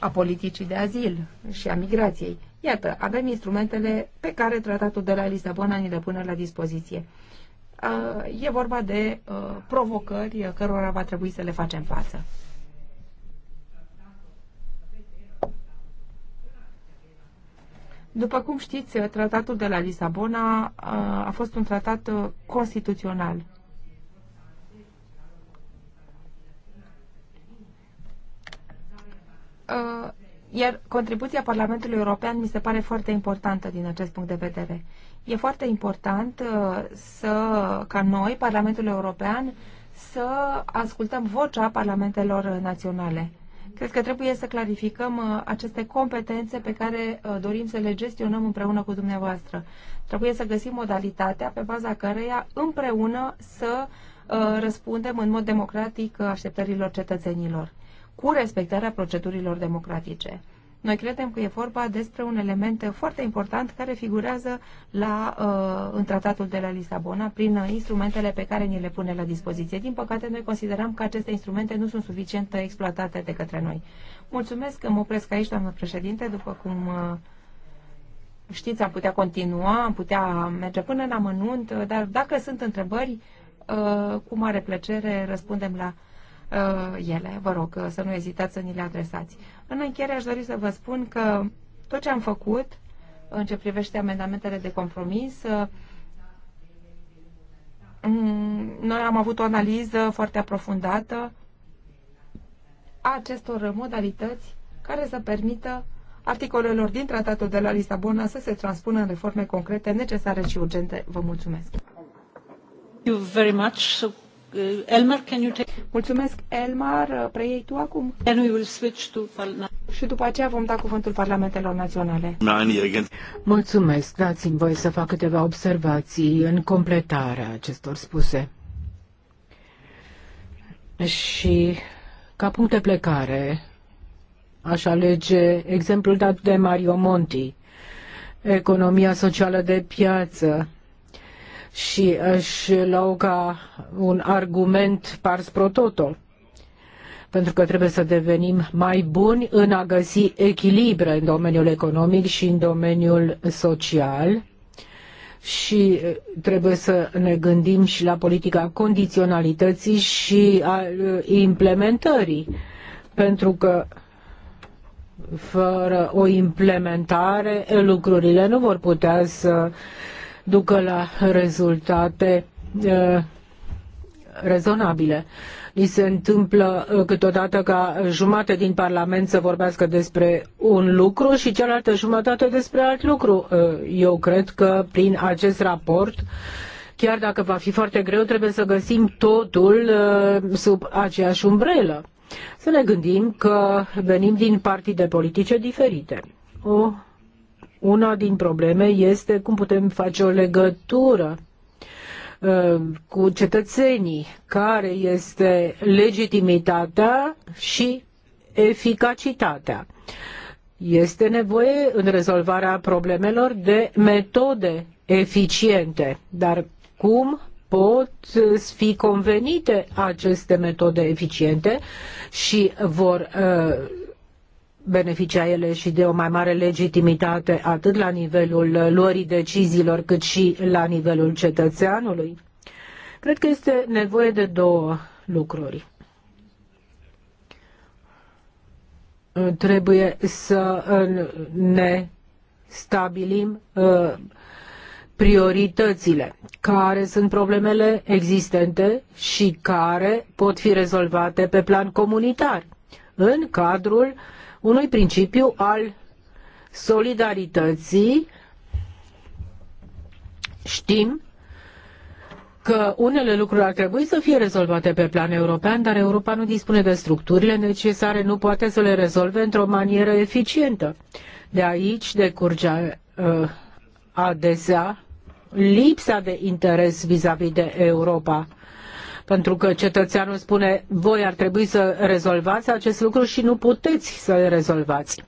a politicii de azil și a migrației. Iată, avem instrumentele pe care tratatul de la Lisabona ni le pune la dispoziție. Uh, e vorba de provocări cărora va trebui să le facem față. După cum știți, tratatul de la Lisabona uh, a fost un tratat uh, constituțional. Uh, iar contribuția Parlamentului European mi se pare foarte importantă din acest punct de vedere. E foarte important să, ca noi, Parlamentul European, să ascultăm vocea parlamentelor naționale. Cred că trebuie să clarificăm uh, aceste competențe pe care uh, dorim să le gestionăm împreună cu dumneavoastră. Trebuie să găsim modalitatea pe baza căreia împreună să uh, răspundem în mod democratic așteptărilor cetățenilor, cu respectarea procedurilor democratice. Noi credem că e vorba despre un element foarte important care figurează la, uh, în tratatul de la Lisabona prin uh, instrumentele pe care ni le pune la dispoziție. Din păcate, noi considerăm că aceste instrumente nu sunt suficient exploatate de către noi. Mulțumesc că mă opresc aici, doamnă președinte, după cum uh, știți, am putea continua, am putea merge până în amănunt, dar dacă sunt întrebări, cu mare plăcere răspundem la Uh, ele. Vă rog uh, să nu ezitați să ni le adresați. În încheiere aș dori să vă spun că tot ce am făcut în ce privește amendamentele de compromis, uh, mm, noi am avut o analiză foarte aprofundată a acestor modalități care să permită articolelor din Tratatul de la Lisabona să se transpună în reforme concrete necesare și urgente. Vă mulțumesc! You very much. Uh, Elmar, can you take... Mulțumesc, Elmar. Uh, preiei tu acum? Then we will switch to și după aceea vom da cuvântul Parlamentelor Naționale. Mulțumesc. Dați-mi voi să fac câteva observații în completarea acestor spuse. Și ca punct de plecare aș alege exemplul dat de Mario Monti, economia socială de piață, și își luau ca un argument pars pro toto. Pentru că trebuie să devenim mai buni în a găsi echilibre în domeniul economic și în domeniul social și trebuie să ne gândim și la politica condiționalității și a uh, implementării, pentru că fără o implementare lucrurile nu vor putea să ducă la rezultate uh, rezonabile. Li se întâmplă uh, câteodată ca jumate din Parlament să vorbească despre un lucru și cealaltă jumătate despre alt lucru. Uh, eu cred că prin acest raport chiar dacă va fi foarte greu, trebuie să găsim totul sub aceeași umbrelă. Să ne gândim că venim din partide politice diferite. O una din probleme este cum putem face o legătură uh, cu cetățenii, care este legitimitatea și eficacitatea. Este nevoie în rezolvarea problemelor de metode eficiente, dar cum pot fi convenite aceste metode eficiente și vor uh, beneficia ele și de o mai mare legitimitate atât la nivelul luării deciziilor cât și la nivelul cetățeanului? Cred că este nevoie de două lucruri. Trebuie să ne stabilim uh, prioritățile, care sunt problemele existente și care pot fi rezolvate pe plan comunitar în cadrul uh, unui principiu al solidarității. Știm că unele lucruri ar trebui să fie rezolvate pe plan european, dar Europa nu dispune de structurile necesare, nu poate să le rezolve într-o manieră eficientă. De aici decurge uh, adesea lipsa de interes vis-a-vis -vis de Europa pentru că cetățeanul spune voi ar trebui să rezolvați acest lucru și nu puteți să-l rezolvați.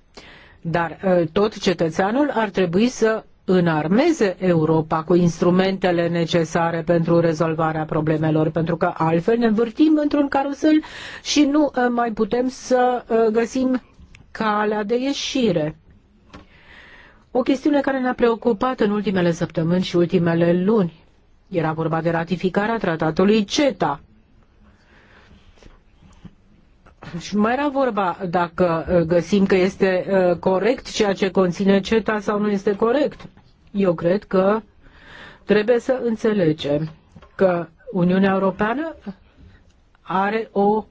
Dar ă, tot cetățeanul ar trebui să înarmeze Europa cu instrumentele necesare pentru rezolvarea problemelor, pentru că altfel ne învârtim într-un carusel și nu ă, mai putem să ă, găsim calea de ieșire. O chestiune care ne-a preocupat în ultimele săptămâni și ultimele luni era vorba de ratificarea tratatului CETA. Și mai era vorba dacă uh, găsim că este uh, corect ceea ce conține CETA sau nu este corect. Eu cred că trebuie să înțelegem că Uniunea Europeană are o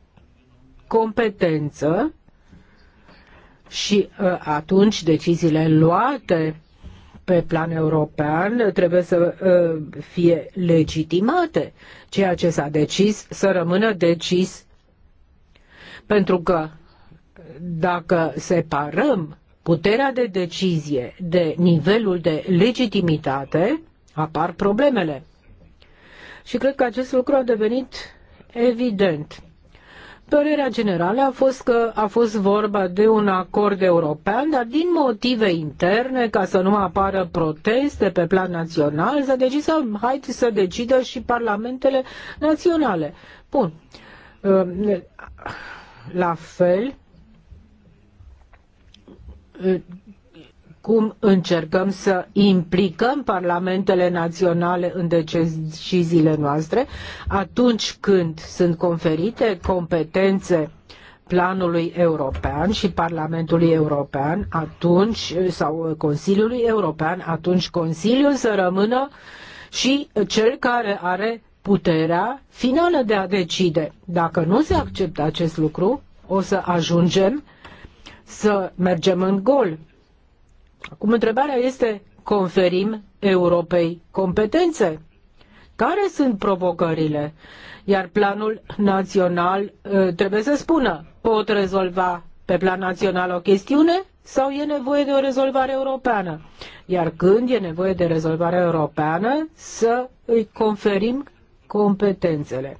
competență și uh, atunci deciziile luate pe plan european trebuie să ă, fie legitimate. Ceea ce s-a decis să rămână decis. Pentru că dacă separăm puterea de decizie de nivelul de legitimitate, apar problemele. Și cred că acest lucru a devenit evident. Părerea generală a fost că a fost vorba de un acord european, dar din motive interne, ca să nu apară proteste pe plan național, s-a decis să, hai, să decidă și parlamentele naționale. Bun. Ă, la fel, cum încercăm să implicăm parlamentele naționale în deciziile noastre, atunci când sunt conferite competențe planului european și Parlamentului European atunci sau Consiliului European, atunci Consiliul să rămână și cel care are puterea finală de a decide. Dacă nu se acceptă acest lucru, o să ajungem să mergem în gol Acum întrebarea este, conferim Europei competențe? Care sunt provocările? Iar planul național ă, trebuie să spună, pot rezolva pe plan național o chestiune sau e nevoie de o rezolvare europeană? Iar când e nevoie de rezolvare europeană, să îi conferim competențele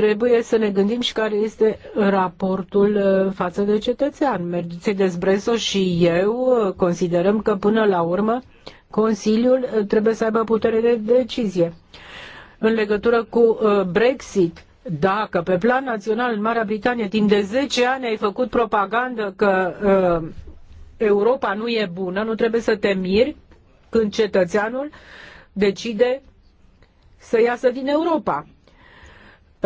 trebuie să ne gândim și care este raportul uh, față de cetățean. de Breso și eu uh, considerăm că până la urmă Consiliul uh, trebuie să aibă putere de decizie. În legătură cu Brexit, dacă pe plan național în Marea Britanie timp de 10 ani ai făcut propagandă că uh, Europa nu e bună, nu trebuie să te miri când cetățeanul decide să iasă din Europa.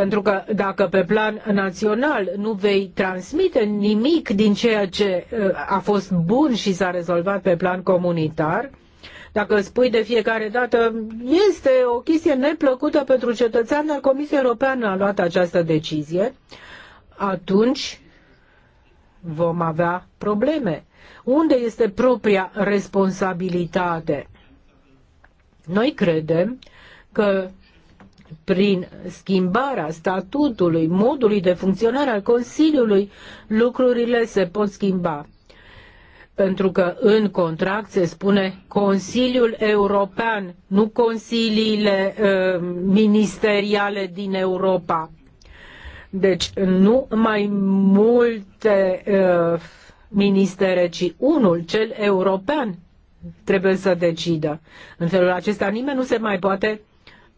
Pentru că dacă pe plan național nu vei transmite nimic din ceea ce uh, a fost bun și s-a rezolvat pe plan comunitar, dacă spui de fiecare dată, este o chestie neplăcută pentru cetățean, dar Comisia Europeană a luat această decizie, atunci vom avea probleme. Unde este propria responsabilitate? Noi credem că prin schimbarea statutului, modului de funcționare al Consiliului, lucrurile se pot schimba. Pentru că în contract se spune Consiliul European, nu consiliile uh, ministeriale din Europa. Deci nu mai multe uh, ministere, ci unul, cel european, trebuie să decidă. În felul acesta nimeni nu se mai poate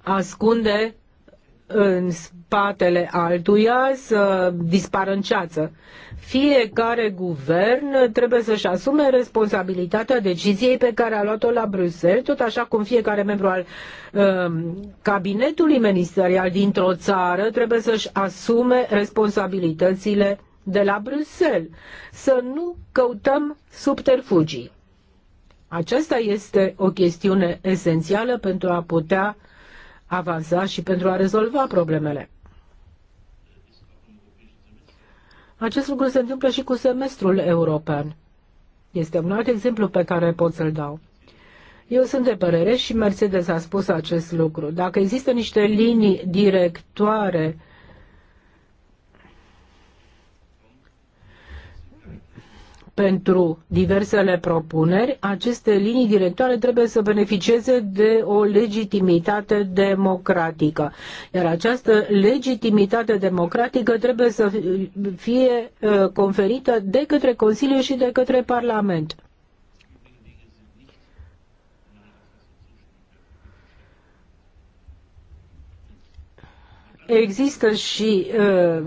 ascunde în spatele altuia să dispară în ceață. Fiecare guvern trebuie să-și asume responsabilitatea deciziei pe care a luat-o la Bruxelles, tot așa cum fiecare membru al um, cabinetului ministerial dintr-o țară trebuie să-și asume responsabilitățile de la Bruxelles. Să nu căutăm subterfugii. Aceasta este o chestiune esențială pentru a putea uh, avansa și pentru a rezolva problemele. Acest lucru se întâmplă și cu semestrul european. Este un alt exemplu pe care pot să-l dau. Eu sunt de părere și Mercedes a spus acest lucru. Dacă există niște linii directoare pentru diversele propuneri, aceste linii directoare trebuie să beneficieze de o legitimitate democratică. Iar această legitimitate democratică trebuie să fie uh, conferită de către Consiliu și de către Parlament. Există și uh,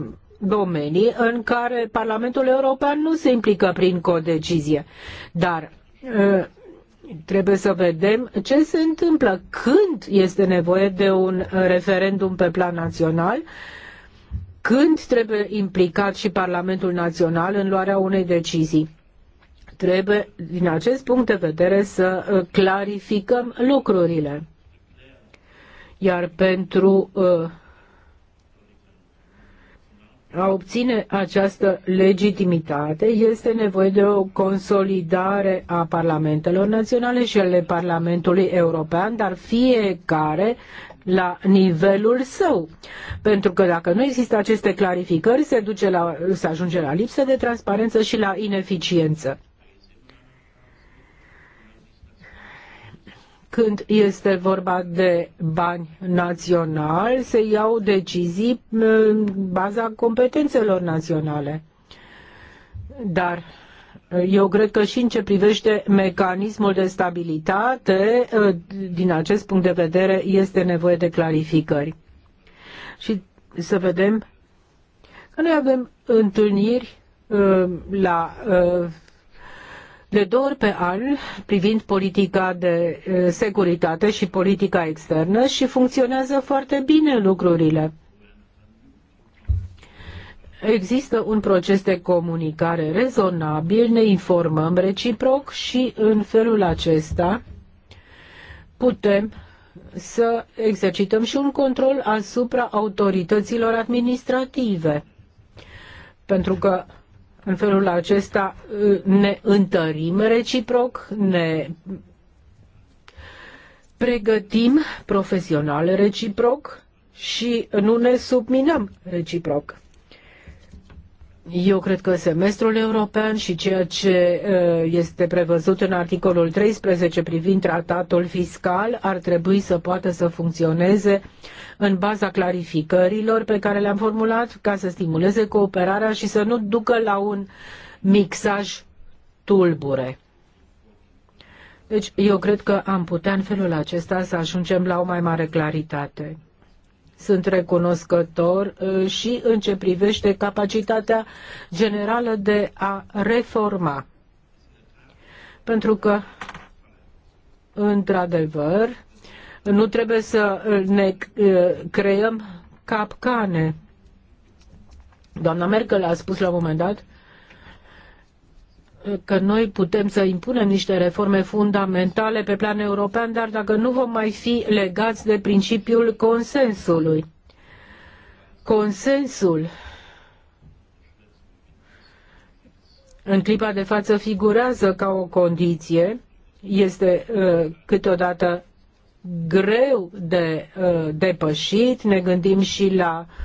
domenii în care Parlamentul European nu se implică prin codecizie. Dar trebuie să vedem ce se întâmplă când este nevoie de un referendum pe plan național, când trebuie implicat și Parlamentul Național în luarea unei decizii. Trebuie, din acest punct de vedere, să clarificăm lucrurile. Iar pentru uh, a obține această legitimitate este nevoie de o consolidare a parlamentelor naționale și ale Parlamentului European, dar fiecare la nivelul său. Pentru că dacă nu există aceste clarificări, se, duce la, se ajunge la lipsă de transparență și la ineficiență. când este vorba de bani naționali, se iau decizii în baza competențelor naționale. Dar eu cred că și în ce privește mecanismul de stabilitate, ă, din acest punct de vedere, este nevoie de clarificări. Și să vedem că noi avem întâlniri ă, la ă, de două ori pe an privind politica de securitate și politica externă și funcționează foarte bine lucrurile. Există un proces de comunicare rezonabil, ne informăm reciproc și în felul acesta putem să exercităm și un control asupra autorităților administrative. Pentru că în felul acesta uh, ne întărim reciproc, ne pregătim profesional reciproc și nu ne subminăm reciproc. Eu cred că semestrul european și ceea ce uh, este prevăzut în articolul 13 privind tratatul fiscal ar trebui să poată să funcționeze în baza clarificărilor pe care le-am formulat ca să stimuleze cooperarea și să nu ducă la un mixaj tulbure. Deci eu cred că am putea în felul acesta să ajungem la o mai mare claritate sunt recunoscător uh, și în ce privește capacitatea generală de a reforma. Pentru că, într-adevăr, nu trebuie să ne uh, creăm capcane. Doamna Merkel a spus la un moment dat că noi putem să impunem niște reforme fundamentale pe plan european, dar dacă nu vom mai fi legați de principiul consensului. Consensul în clipa de față figurează ca o condiție, este uh, câteodată greu de uh, depășit, ne gândim și la uh,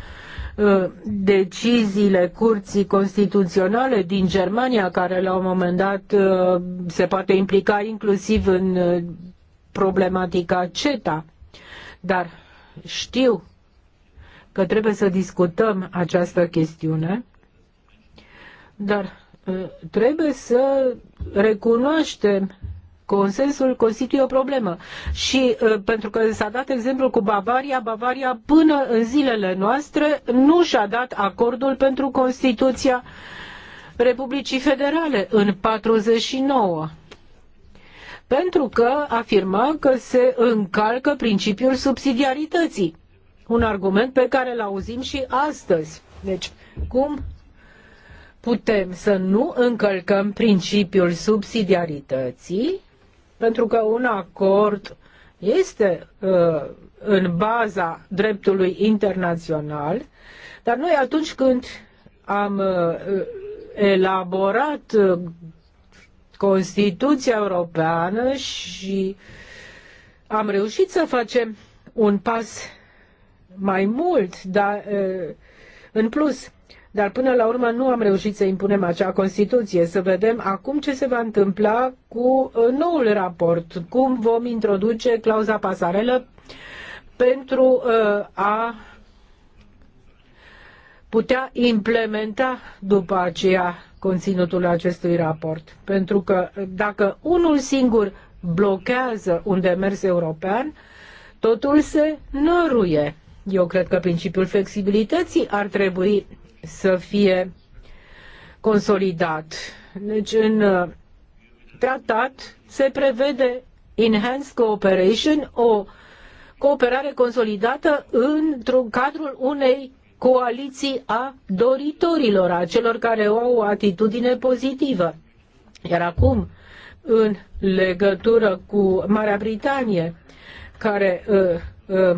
Uh, deciziile curții constituționale din Germania, care la un moment dat uh, se poate implica inclusiv în uh, problematica CETA. Dar știu că trebuie să discutăm această chestiune, dar trebuie să recunoaștem Consensul constituie o problemă și uh, pentru că s-a dat exemplu cu Bavaria, Bavaria până în zilele noastre nu și-a dat acordul pentru Constituția Republicii Federale în 49 pentru că afirma că se încalcă principiul subsidiarității. Un argument pe care îl auzim și astăzi. Deci, cum putem să nu încălcăm principiul subsidiarității pentru că un acord este uh, în baza dreptului internațional, dar noi atunci când am uh, elaborat uh, Constituția Europeană și am reușit să facem un pas mai mult, dar uh, în plus dar până la urmă nu am reușit să impunem acea Constituție. Să vedem acum ce se va întâmpla cu uh, noul raport, cum vom introduce clauza pasarelă pentru uh, a putea implementa după aceea conținutul acestui raport. Pentru că dacă unul singur blochează un demers european, totul se năruie. Eu cred că principiul flexibilității ar trebui să fie consolidat. Deci în uh, tratat se prevede Enhanced Cooperation, o cooperare consolidată într-un cadrul unei coaliții a doritorilor, a celor care au o atitudine pozitivă. Iar acum, în legătură cu Marea Britanie, care uh, uh,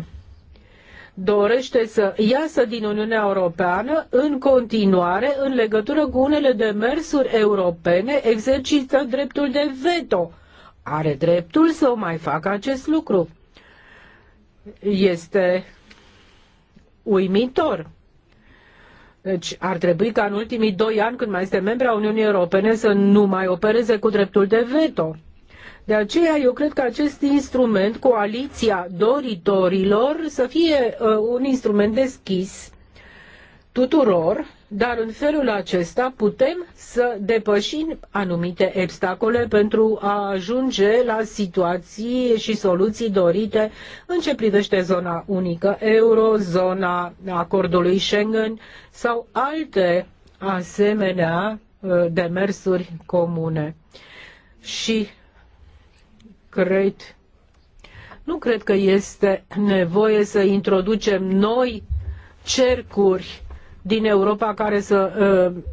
dorește să iasă din Uniunea Europeană, în continuare, în legătură cu unele demersuri europene, exercită dreptul de veto. Are dreptul să o mai facă acest lucru. Este uimitor. Deci ar trebui ca în ultimii doi ani, când mai este membra Uniunii Europene, să nu mai opereze cu dreptul de veto. De aceea eu cred că acest instrument, coaliția doritorilor, să fie uh, un instrument deschis tuturor, dar în felul acesta putem să depășim anumite obstacole pentru a ajunge la situații și soluții dorite în ce privește zona unică euro, zona acordului Schengen sau alte asemenea uh, demersuri comune. Și cred, nu cred că este nevoie să introducem noi cercuri din Europa care să uh,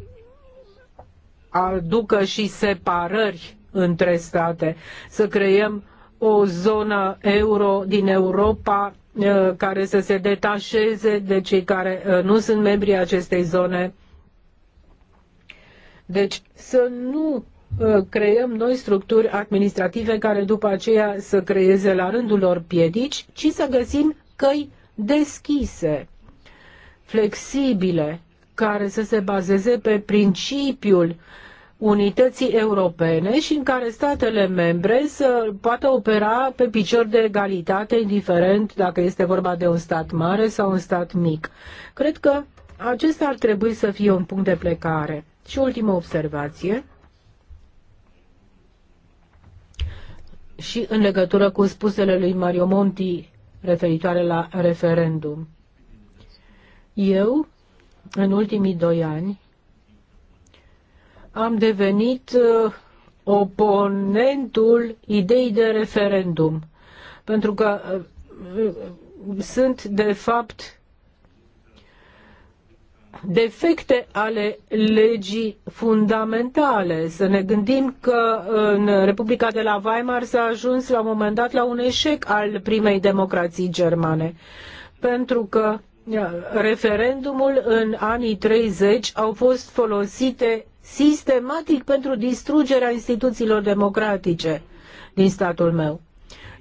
aducă și separări între state, să creăm o zonă euro din Europa uh, care să se detașeze de cei care uh, nu sunt membri acestei zone. Deci să nu Uh, creăm noi structuri administrative care după aceea să creeze la rândul lor piedici, ci să găsim căi deschise, flexibile, care să se bazeze pe principiul unității europene și în care statele membre să poată opera pe picior de egalitate, indiferent dacă este vorba de un stat mare sau un stat mic. Cred că acesta ar trebui să fie un punct de plecare. Și ultima observație. și în legătură cu spusele lui Mario Monti referitoare la referendum. Eu, în ultimii doi ani, am devenit uh, oponentul ideii de referendum, pentru că uh, uh, sunt, de fapt, defecte ale legii fundamentale. Să ne gândim că în Republica de la Weimar s-a ajuns la un moment dat la un eșec al primei democrații germane, pentru că referendumul în anii 30 au fost folosite sistematic pentru distrugerea instituțiilor democratice din statul meu.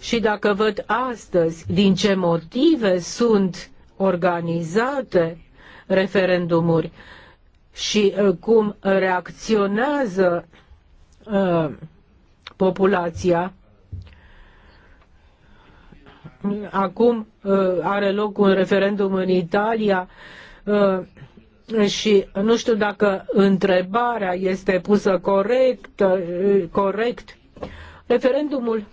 Și dacă văd astăzi din ce motive sunt organizate referendumuri și uh, cum reacționează uh, populația. Acum uh, are loc un referendum în Italia și nu știu dacă întrebarea este pusă corect, corect. Referendumul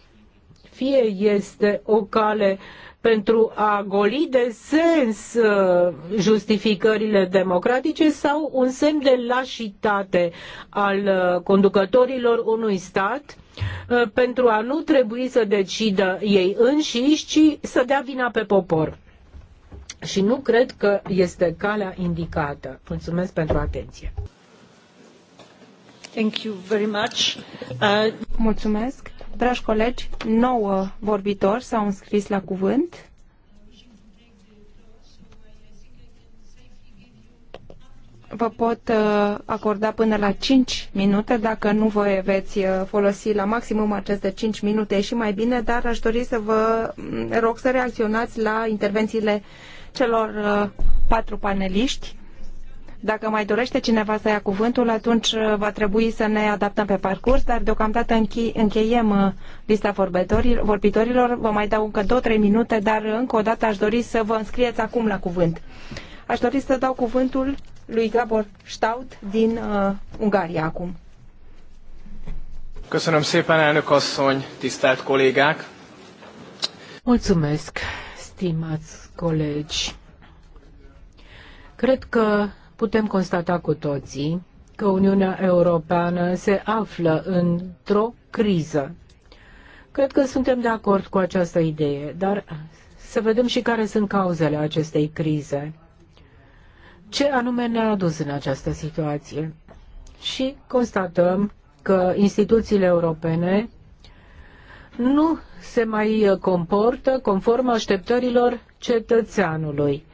fie este o cale pentru a goli de sens uh, justificările democratice sau un semn de lașitate al uh, conducătorilor unui stat uh, pentru a nu trebui să decidă ei înșiși, ci să dea vina pe popor. Și nu cred că este calea indicată. Mulțumesc pentru atenție. Thank you very much. Uh... Mulțumesc. Dragi colegi, nouă uh, vorbitori s-au înscris la cuvânt. Vă pot uh, acorda până la 5 minute, dacă nu vă veți uh, folosi la maximum aceste 5 minute și mai bine, dar aș dori să vă mm, rog să reacționați la intervențiile celor patru paneliști dacă mai dorește cineva să ia cuvântul, atunci uh, va trebui să ne adaptăm pe parcurs, dar deocamdată încheiem uh, lista vorbitorilor. Vă mai dau încă 2-3 minute, dar încă o dată aș dori să vă înscrieți acum la cuvânt. Aș dori să dau cuvântul lui Gabor Staud din uh, Ungaria acum. Köszönöm szépen, elnök asszony, tisztelt kollégák! Mulțumesc, stimați colegi! Cred că putem constata cu toții că Uniunea Europeană se află într-o criză. Cred că suntem de acord cu această idee, dar să vedem și care sunt cauzele acestei crize. Ce anume ne-a adus în această situație? Și constatăm că instituțiile europene nu se mai comportă conform așteptărilor cetățeanului,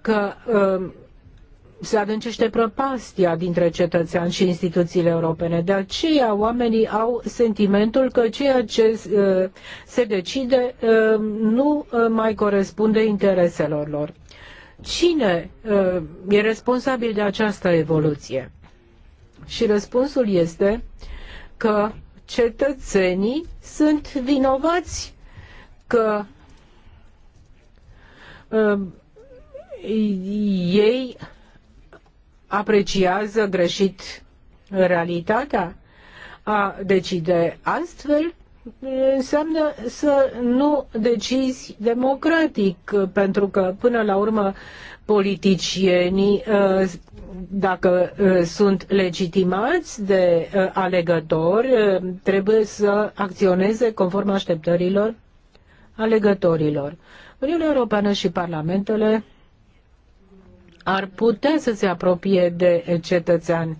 că uh, se adâncește prăpastia dintre cetățean și instituțiile europene. De aceea oamenii au sentimentul că ceea ce uh, se decide uh, nu uh, mai corespunde intereselor lor. Cine e responsabil de această evoluție? Și răspunsul este că cetățenii sunt vinovați că ei apreciază greșit realitatea. A decide astfel înseamnă să nu decizi democratic, pentru că până la urmă politicienii, uh, dacă uh, sunt legitimați de uh, alegători, trebuie să acționeze conform așteptărilor alegătorilor. Uniunea Europeană și parlamentele ar putea să se apropie de cetățean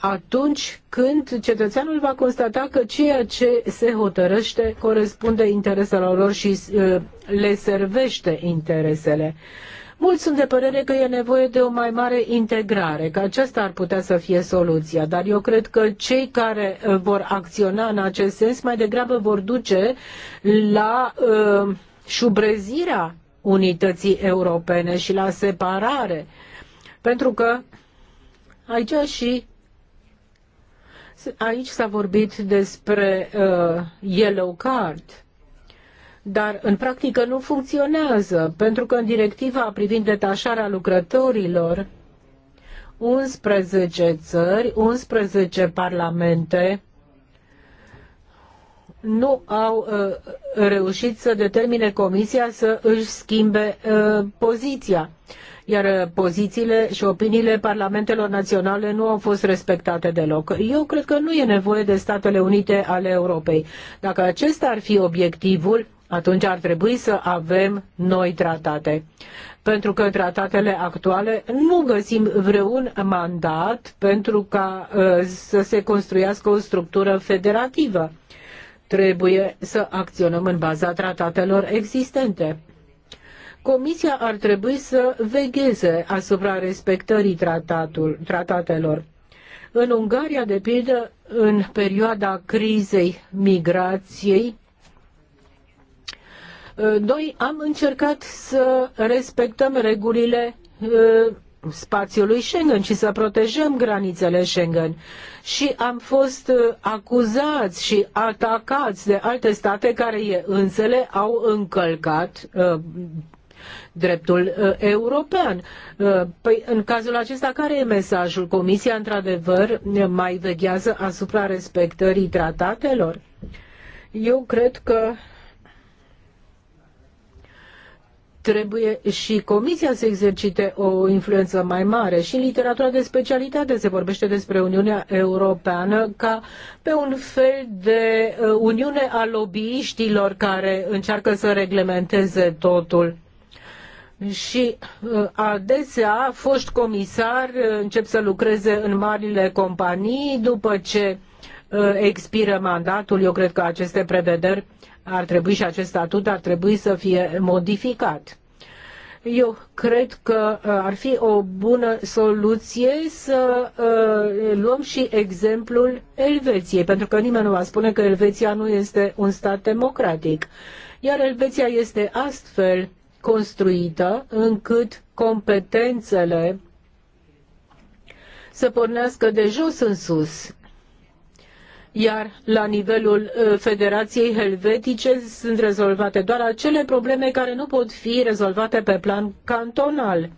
atunci când cetățeanul va constata că ceea ce se hotărăște corespunde intereselor lor și uh, le servește interesele. Mulți sunt de părere că e nevoie de o mai mare integrare, că aceasta ar putea să fie soluția, dar eu cred că cei care uh, vor acționa în acest sens mai degrabă vor duce la uh, șubrezirea unității europene și la separare. Pentru că aici și aici s-a vorbit despre uh, yellow card dar în practică nu funcționează, pentru că în directiva privind detașarea lucrătorilor, 11 țări, 11 parlamente nu au uh, reușit să determine Comisia să își schimbe uh, poziția, iar uh, pozițiile și opiniile parlamentelor naționale nu au fost respectate deloc. Eu cred că nu e nevoie de Statele Unite ale Europei. Dacă acesta ar fi obiectivul, atunci ar trebui să avem noi tratate. Pentru că tratatele actuale nu găsim vreun mandat pentru ca să se construiască o structură federativă. Trebuie să acționăm în baza tratatelor existente. Comisia ar trebui să vegheze asupra respectării tratatul, tratatelor. În Ungaria, de pildă, în perioada crizei migrației, noi am încercat să respectăm regulile uh, spațiului Schengen și să protejăm granițele Schengen. Și am fost uh, acuzați și atacați de alte state care însele au încălcat uh, dreptul uh, european. Uh, păi, în cazul acesta, care e mesajul? Comisia, într-adevăr, mai veghează asupra respectării tratatelor? Eu cred că trebuie și Comisia să exercite o influență mai mare. Și în literatura de specialitate se vorbește despre Uniunea Europeană ca pe un fel de uh, uniune a lobbyiștilor care încearcă să reglementeze totul. Și uh, adesea foști Comisar, uh, încep să lucreze în marile companii după ce uh, Uh, expiră mandatul, eu cred că aceste prevederi ar trebui și acest statut ar trebui să fie modificat. Eu cred că uh, ar fi o bună soluție să uh, luăm și exemplul Elveției, pentru că nimeni nu va spune că Elveția nu este un stat democratic. Iar Elveția este astfel construită încât competențele să pornească de jos în sus iar la nivelul uh, Federației Helvetice sunt rezolvate doar acele probleme care nu pot fi rezolvate pe plan cantonal.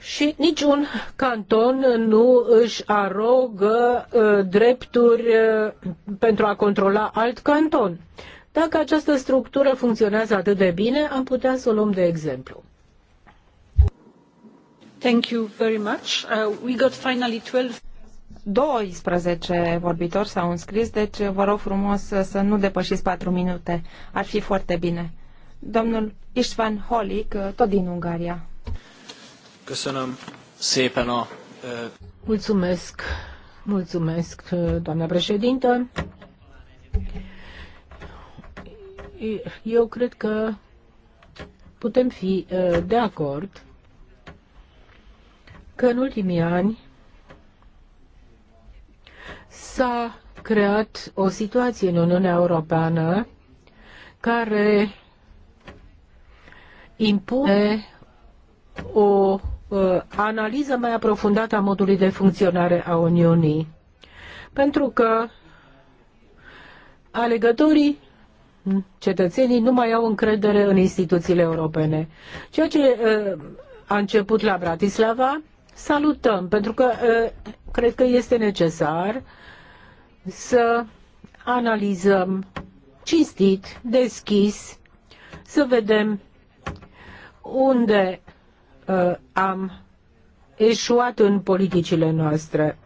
Și niciun canton nu își arogă uh, drepturi uh, pentru a controla alt canton. Dacă această structură funcționează atât de bine, am putea să o luăm de exemplu. Thank you very much. Uh, we got finally 12... 12 vorbitori s-au înscris, deci vă rog frumos să nu depășiți 4 minute. Ar fi foarte bine. Domnul Istvan Holic, tot din Ungaria. Căsănăm szépen Mulțumesc, mulțumesc, doamna președintă. Eu cred că putem fi de acord că în ultimii ani s-a creat o situație în Uniunea Europeană care impune o uh, analiză mai aprofundată a modului de funcționare a Uniunii. Pentru că alegătorii, cetățenii, nu mai au încredere în instituțiile europene. Ceea ce uh, a început la Bratislava, salutăm, pentru că uh, cred că este necesar să analizăm cinstit, deschis, să vedem unde uh, am eșuat în politicile noastre.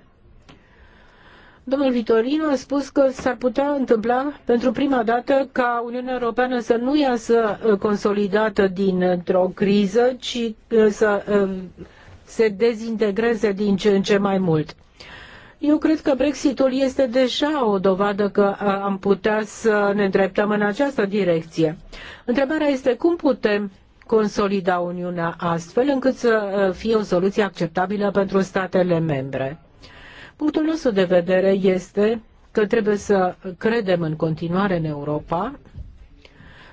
Domnul Vitorino a spus că s-ar putea întâmpla pentru prima dată ca Uniunea Europeană să nu iasă uh, consolidată dintr-o criză, ci uh, să uh, se dezintegreze din ce în ce mai mult. Eu cred că Brexitul este deja o dovadă că am putea să ne îndreptăm în această direcție. Întrebarea este cum putem consolida Uniunea astfel încât să fie o soluție acceptabilă pentru statele membre. Punctul nostru de vedere este că trebuie să credem în continuare în Europa,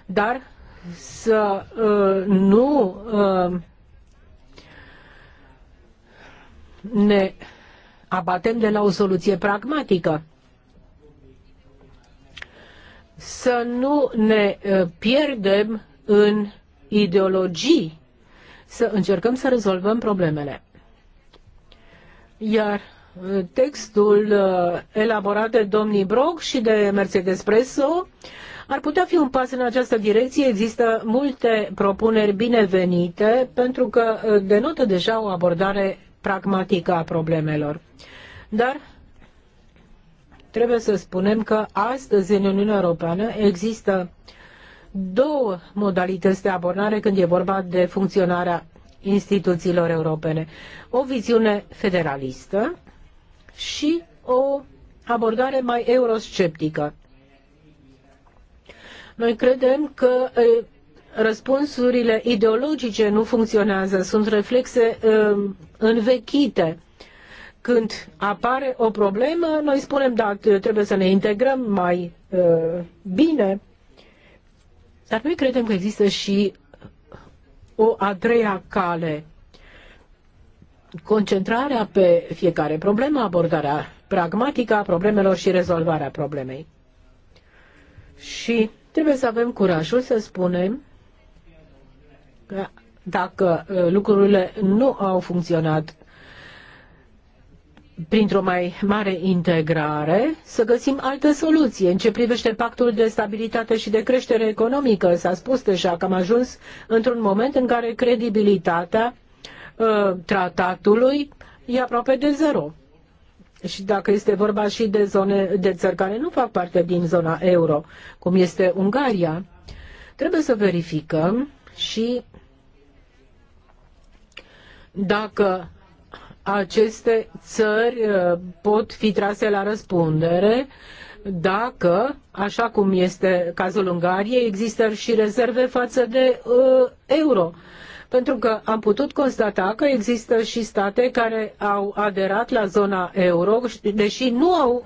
dar să uh, nu uh, ne abatem de la o soluție pragmatică. Să nu ne pierdem în ideologii, să încercăm să rezolvăm problemele. Iar textul elaborat de domnii Brock și de Mercedes Presso ar putea fi un pas în această direcție. Există multe propuneri binevenite pentru că denotă deja o abordare pragmatică a problemelor. Dar trebuie să spunem că astăzi în Uniunea Europeană există două modalități de abordare când e vorba de funcționarea instituțiilor europene. O viziune federalistă și o abordare mai eurosceptică. Noi credem că răspunsurile ideologice nu funcționează, sunt reflexe învechite. Când apare o problemă, noi spunem, da, trebuie să ne integrăm mai uh, bine, dar noi credem că există și o a treia cale. Concentrarea pe fiecare problemă, abordarea pragmatică a problemelor și rezolvarea problemei. Și trebuie să avem curajul să spunem că dacă uh, lucrurile nu au funcționat printr-o mai mare integrare, să găsim alte soluții. În ce privește pactul de stabilitate și de creștere economică, s-a spus deja că am ajuns într-un moment în care credibilitatea uh, tratatului e aproape de zero. Și dacă este vorba și de zone de țări care nu fac parte din zona euro, cum este Ungaria, trebuie să verificăm și dacă aceste țări uh, pot fi trase la răspundere, dacă, așa cum este cazul Ungariei, există și rezerve față de uh, euro. Pentru că am putut constata că există și state care au aderat la zona euro, deși nu au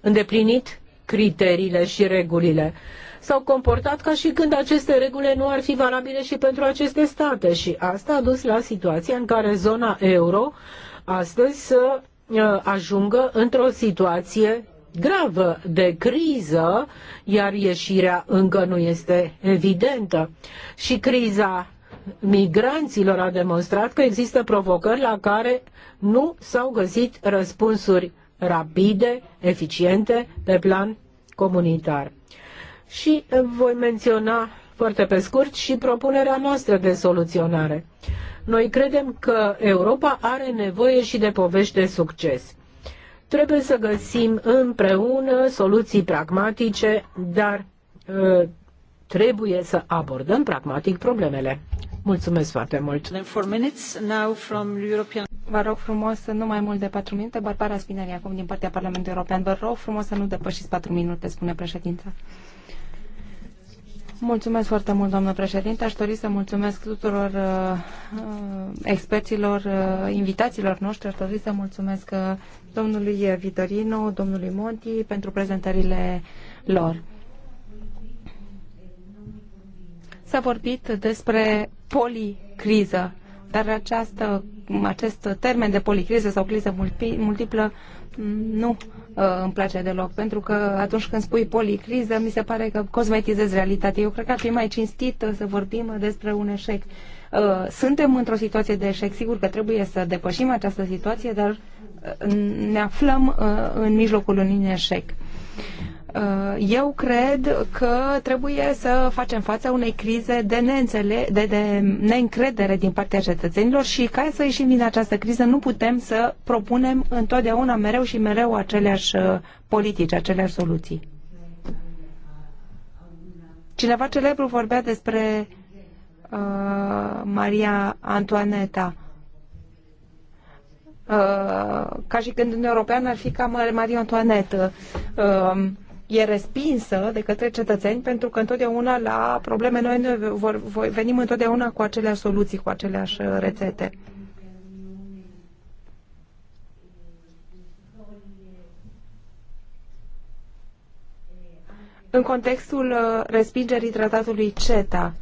îndeplinit criteriile și regulile. S-au comportat ca și când aceste reguli nu ar fi valabile și pentru aceste state și asta a dus la situația în care zona euro astăzi să uh, ajungă într-o situație gravă de criză, iar ieșirea încă nu este evidentă. Și criza migranților a demonstrat că există provocări la care nu s-au găsit răspunsuri rapide, eficiente pe plan comunitar. Și voi menționa foarte pe scurt și propunerea noastră de soluționare. Noi credem că Europa are nevoie și de povești de succes. Trebuie să găsim împreună soluții pragmatice, dar ă, trebuie să abordăm pragmatic problemele. Mulțumesc foarte mult! Vă rog frumos nu mai mult de patru minute. Barbara Spinelli, acum din partea Parlamentului European. Vă rog frumos să nu depășiți patru minute, spune președinta. Mulțumesc foarte mult, doamnă președinte. Aș dori să mulțumesc tuturor uh, uh experților, uh, invitațiilor noștri. Aș dori să mulțumesc uh, domnului Vitorino, domnului Monti pentru prezentările lor. S-a vorbit despre policriză dar această, acest termen de policriză sau criză multiplă mm, nu uh, îmi place deloc, pentru că atunci când spui policriză, mi se pare că cosmetizezi realitatea. Eu cred că ar fi mai cinstit uh, să vorbim despre un eșec. Uh, suntem într-o situație de eșec, sigur că trebuie să depășim această situație, dar ne aflăm în mijlocul unui eșec. Uh, eu cred că trebuie să facem față unei crize de, neînțele, de, de neîncredere din partea cetățenilor și ca să ieșim din această criză nu putem să propunem întotdeauna mereu și mereu aceleași uh, politici, aceleași soluții. Cineva celebru vorbea despre uh, Maria Antoaneta uh, ca și când Uniunea european ar fi ca Antoaneta. Uh, e respinsă de către cetățeni pentru că întotdeauna la probleme noi ne vor, vor, venim întotdeauna cu aceleași soluții, cu aceleași uh, rețete. În contextul uh, respingerii tratatului CETA,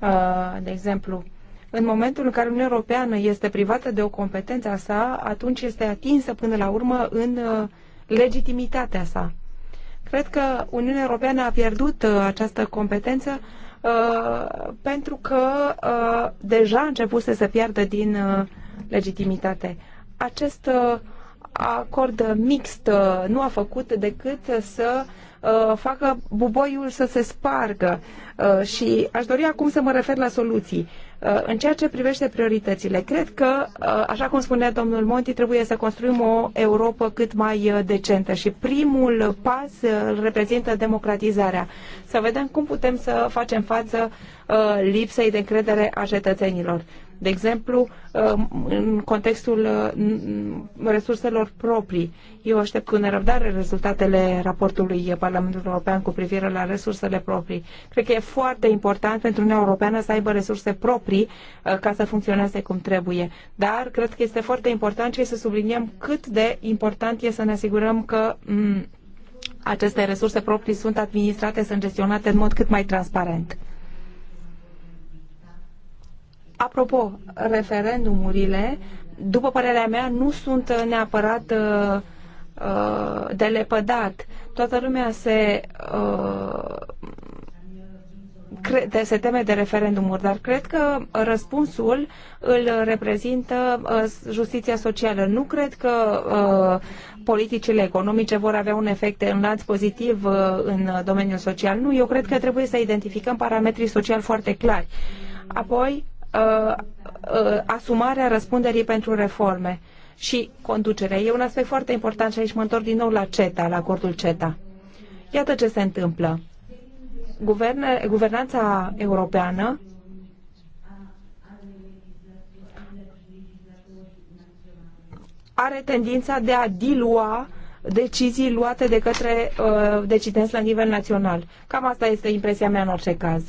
uh, de exemplu, în momentul în care Uniunea Europeană este privată de o competență a sa, atunci este atinsă până la urmă în legitimitatea sa. Cred că Uniunea Europeană a pierdut uh, această competență uh, pentru că uh, deja a început să se piardă din legitimitate. Acest acord mixt nu a făcut decât să facă buboiul să se spargă și aș dori acum să mă refer la soluții. În ceea ce privește prioritățile, cred că, uh, așa cum spunea domnul Monti, trebuie să construim o Europa cât mai uh, decentă și primul pas uh, îl reprezintă democratizarea. Să vedem cum putem să facem față lipsei de încredere a cetățenilor de exemplu, um, în contextul uh, resurselor proprii. Eu aștept cu nerăbdare rezultatele raportului Parlamentului European cu privire la resursele proprii. Cred că e foarte important pentru Uniunea Europeană să aibă resurse proprii uh, ca să funcționeze cum trebuie. Dar cred că este foarte important și să subliniem cât de important e să ne asigurăm că mm, aceste resurse proprii sunt administrate, sunt gestionate în mod cât mai transparent. Apropo, referendumurile, după părerea mea, nu sunt neapărat uh, uh de lepădat. Toată lumea se, uh, crede, se teme de referendumuri, dar cred că răspunsul îl reprezintă uh, justiția socială. Nu cred că uh, politicile economice vor avea un efect în lanț pozitiv uh, în domeniul social. Nu, eu cred că trebuie să identificăm parametrii sociali foarte clari. Apoi, Uh, uh, asumarea răspunderii pentru reforme și conducerea. E un aspect foarte important și aici mă întorc din nou la CETA, la acordul CETA. Iată ce se întâmplă. Guverne, guvernanța europeană are tendința de a dilua decizii luate de către uh, decidenți la nivel național. Cam asta este impresia mea în orice caz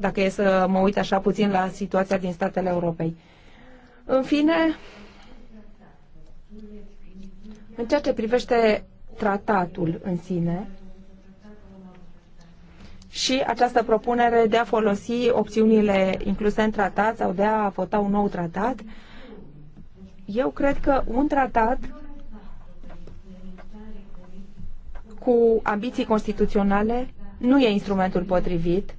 dacă e să mă uit așa puțin la situația din statele Europei. În fine, în ceea ce privește tratatul în sine și această propunere de a folosi opțiunile incluse în tratat sau de a vota un nou tratat, eu cred că un tratat cu ambiții constituționale nu e instrumentul potrivit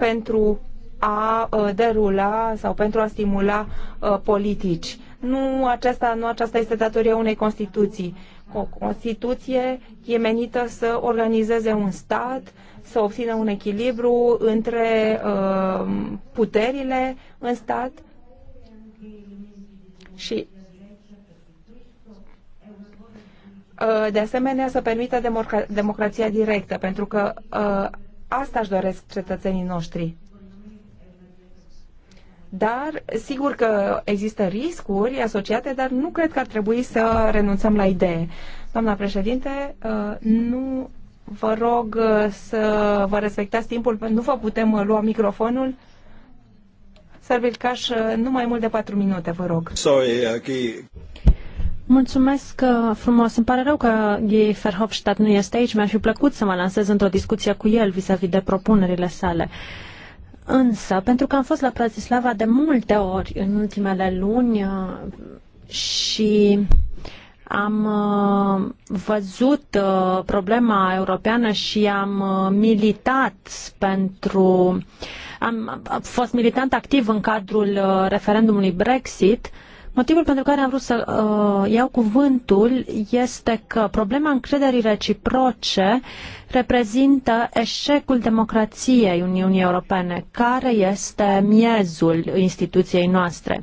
pentru a uh, derula sau pentru a stimula uh, politici. Nu aceasta, nu aceasta este datoria unei Constituții. O Constituție e menită să organizeze un stat, să obțină un echilibru între uh, puterile în stat și de asemenea să permită democra- democrația directă, pentru că asta își doresc cetățenii noștri. Dar, sigur că există riscuri asociate, dar nu cred că ar trebui să renunțăm la idee. Doamna președinte, uh, nu vă rog uh, să vă respectați timpul, nu vă putem uh, lua microfonul. Sărbilcaș, nu mai mult de patru minute, vă rog. Sorry, okay. Mulțumesc uh, frumos. Îmi pare rău că Guy Verhofstadt nu este aici. Mi-ar fi plăcut să mă lansez într-o discuție cu el vis-a-vis -vis de propunerile sale. Însă, pentru că am fost la Bratislava de multe ori în ultimele luni uh, și am uh, văzut problema europeană și am militat pentru. Am fost militant activ în cadrul referendumului Brexit. Uh, Motivul pentru care am vrut să uh, iau cuvântul este că problema încrederii reciproce reprezintă eșecul democrației Uniunii Europene, care este miezul instituției noastre.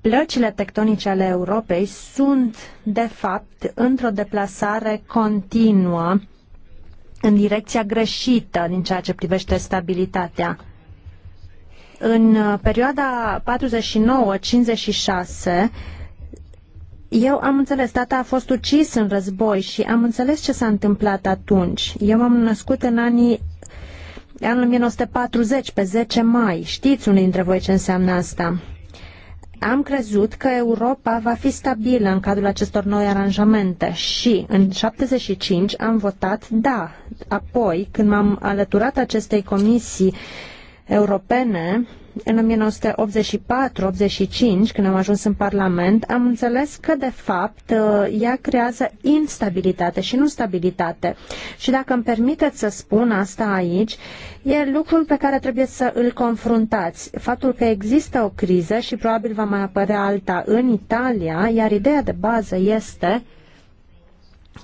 Plăcile tectonice ale Europei sunt, de fapt, într-o deplasare continuă în direcția greșită din ceea ce privește stabilitatea. În uh, perioada 49-56, eu am înțeles, tata a fost ucis în război și am înțeles ce s-a întâmplat atunci. Eu m-am născut în anii anul 1940, pe 10 mai. Știți unii dintre voi ce înseamnă asta. Am crezut că Europa va fi stabilă în cadrul acestor noi aranjamente și în 75 am votat da. Apoi, când m-am alăturat acestei comisii uh, europene, în 1984-85, când am ajuns în Parlament, am înțeles că, de fapt, uh, ea creează instabilitate și nu stabilitate. Și dacă îmi permiteți să spun asta aici, e lucrul pe care trebuie să îl confruntați. Faptul că există o criză și probabil va mai apărea alta în Italia, iar ideea de bază este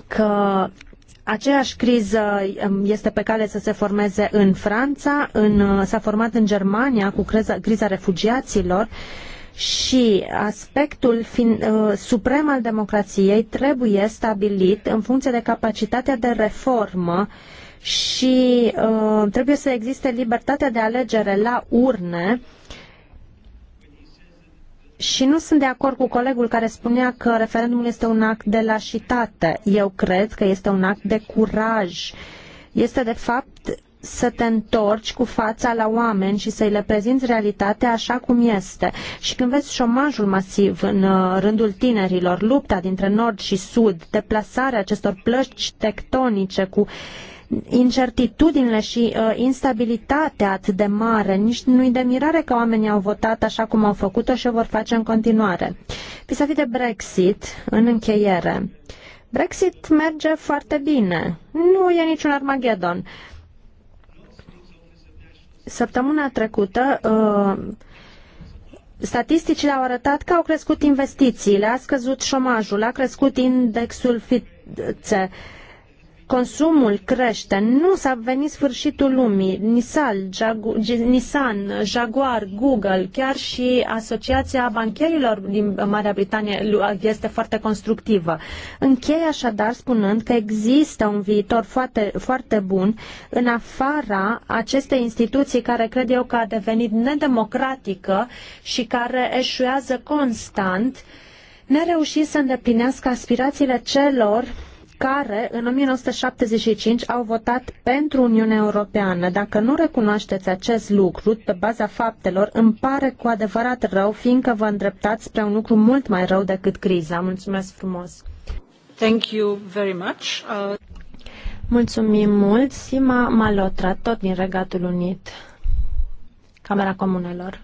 că Aceeași criză um, este pe cale să se formeze în Franța, în, uh, s-a format în Germania cu criza, criza refugiaților și aspectul fin, uh, suprem al democrației trebuie stabilit în funcție de capacitatea de reformă și uh, trebuie să existe libertatea de alegere la urne uh, și nu sunt de acord cu colegul care spunea că referendumul este un act de lașitate. Eu cred că este un act de curaj. Este, de fapt, să te întorci cu fața la oameni și să-i le prezinți realitatea așa cum este. Și când vezi șomajul masiv în uh, rândul tinerilor, lupta dintre nord și sud, deplasarea acestor plăci tectonice cu incertitudinile și uh, instabilitatea atât de mare. Nici nu-i de mirare că oamenii au votat așa cum au făcut-o și o vor face în continuare. vis a de Brexit, în încheiere, Brexit merge foarte bine. Nu e niciun Armageddon. Săptămâna trecută, uh, statisticile au arătat că au crescut investițiile, a scăzut șomajul, a crescut indexul fițe. Uh, consumul crește, nu s-a venit sfârșitul lumii. Nissan, Jagu- Nissan, Jaguar, Google, chiar și Asociația Bancherilor din Marea Britanie este foarte constructivă. Încheie așadar spunând că există un viitor foarte, foarte bun în afara acestei instituții care cred eu că a devenit nedemocratică și care eșuează constant nereușit să îndeplinească aspirațiile celor care în 1975 au votat pentru Uniunea Europeană. Dacă nu recunoașteți acest lucru pe baza faptelor, îmi pare cu adevărat rău, fiindcă vă îndreptați spre un lucru mult mai rău decât criza. Mulțumesc frumos! Thank you very much. Uh... Mulțumim mult, Sima Malotra, tot din Regatul Unit, Camera Comunelor.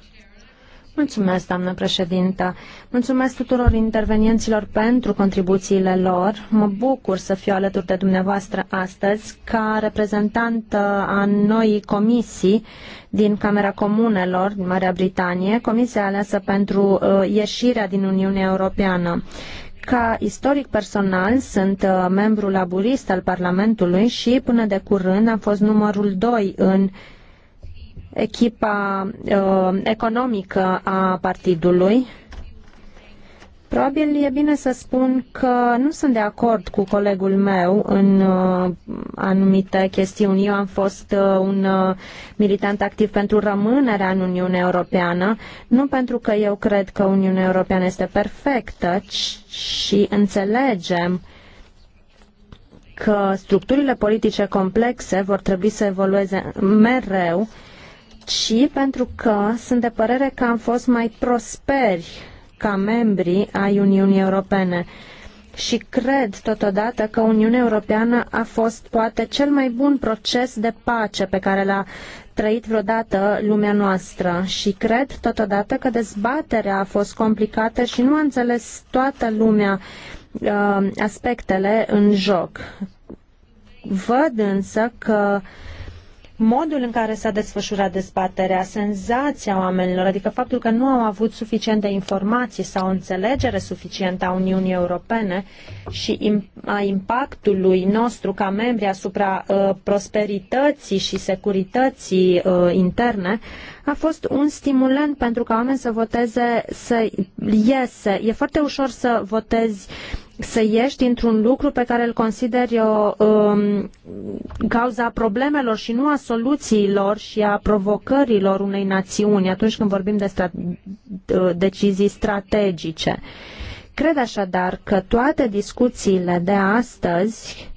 Mulțumesc, doamnă președintă. Mulțumesc tuturor intervenienților pentru contribuțiile lor. Mă bucur să fiu alături de dumneavoastră astăzi ca reprezentantă a noii comisii din Camera Comunelor din Marea Britanie, comisia aleasă pentru uh, ieșirea din Uniunea Europeană. Ca istoric personal sunt uh, membru laburist al Parlamentului și până de curând am fost numărul 2 în uh, echipa uh, economică a partidului. Probabil e bine să spun că nu sunt de acord cu colegul meu în uh, anumite chestiuni. Eu am fost uh, un uh, militant activ pentru rămânerea în Uniunea Europeană, nu pentru că eu cred că Uniunea Europeană este perfectă, ci și înțelegem că structurile politice complexe vor trebui să evolueze mereu uh, ci pentru că sunt de părere că am fost mai prosperi ca membri ai Uniunii Europene și cred totodată că Uniunea Europeană a fost poate cel mai bun proces de pace pe care l-a trăit vreodată lumea noastră și cred totodată că dezbaterea a fost complicată și nu a înțeles toată lumea uh, aspectele în joc. Văd însă că uh, modul în care s-a desfășurat dezbaterea, senzația oamenilor, adică faptul că nu au avut suficiente informații sau înțelegere suficientă a Uniunii Europene și a impactului nostru ca membri asupra uh, prosperității și securității uh, interne, a fost un stimulant pentru ca oameni să voteze, să iese. E foarte ușor să votezi uh, să ieși dintr-un lucru pe care îl consideri o um, cauza problemelor și nu a soluțiilor și a provocărilor unei națiuni atunci când vorbim de stra- decizii strategice. Cred așadar că toate discuțiile de astăzi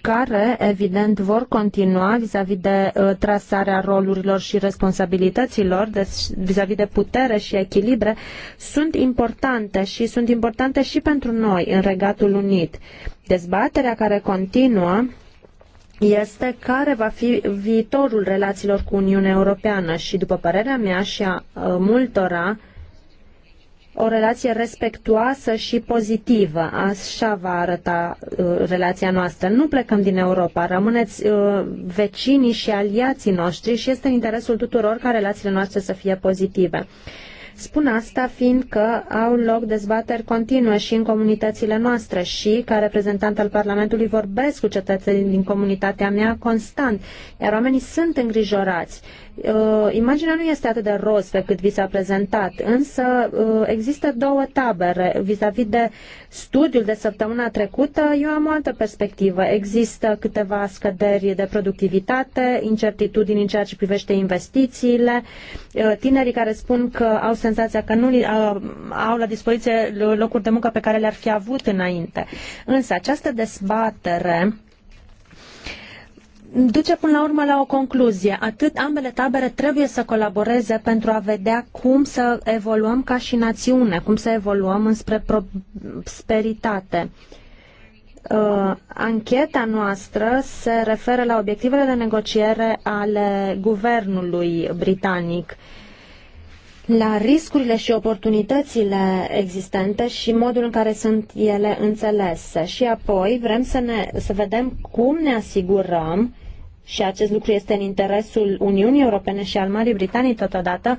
care, evident, vor continua vis-a-vis de uh, trasarea rolurilor și responsabilităților, vis-a-vis de, putere și echilibre, sunt importante și sunt importante și pentru noi în Regatul Unit. Dezbaterea care continuă este care va fi viitorul relațiilor cu Uniunea Europeană și, după părerea mea și a uh, multora, o relație respectuoasă și pozitivă. Așa va arăta uh, relația noastră. Nu plecăm din Europa, rămâneți uh, vecinii și aliații noștri și este în interesul tuturor ca relațiile noastre să fie pozitive. Spun asta fiindcă au loc dezbateri continue și în comunitățile noastre și, ca reprezentant al Parlamentului, vorbesc cu cetățenii din comunitatea mea constant, iar oamenii sunt îngrijorați. Uh, Uh, imaginea nu este atât de roz pe cât vi s-a prezentat, însă uh, există două tabere. Vis-a-vis -vis de studiul de săptămâna trecută, eu am o altă perspectivă. Există câteva scăderi de productivitate, incertitudini în ceea ce privește investițiile, uh, tinerii care spun că au senzația că nu uh, au la dispoziție locuri de muncă pe care le-ar fi avut înainte. Însă această dezbatere duce până la urmă la o concluzie. Atât ambele tabere trebuie să colaboreze pentru a vedea cum să evoluăm ca și națiune, cum să evoluăm înspre prosperitate. Uh, ancheta noastră se referă la obiectivele de negociere ale guvernului britanic. Uh, la riscurile și oportunitățile existente și modul în care sunt ele înțelese. Și apoi vrem să, ne, să vedem cum ne asigurăm, și acest lucru este în interesul Uniunii Europene și al Marii Britanii totodată,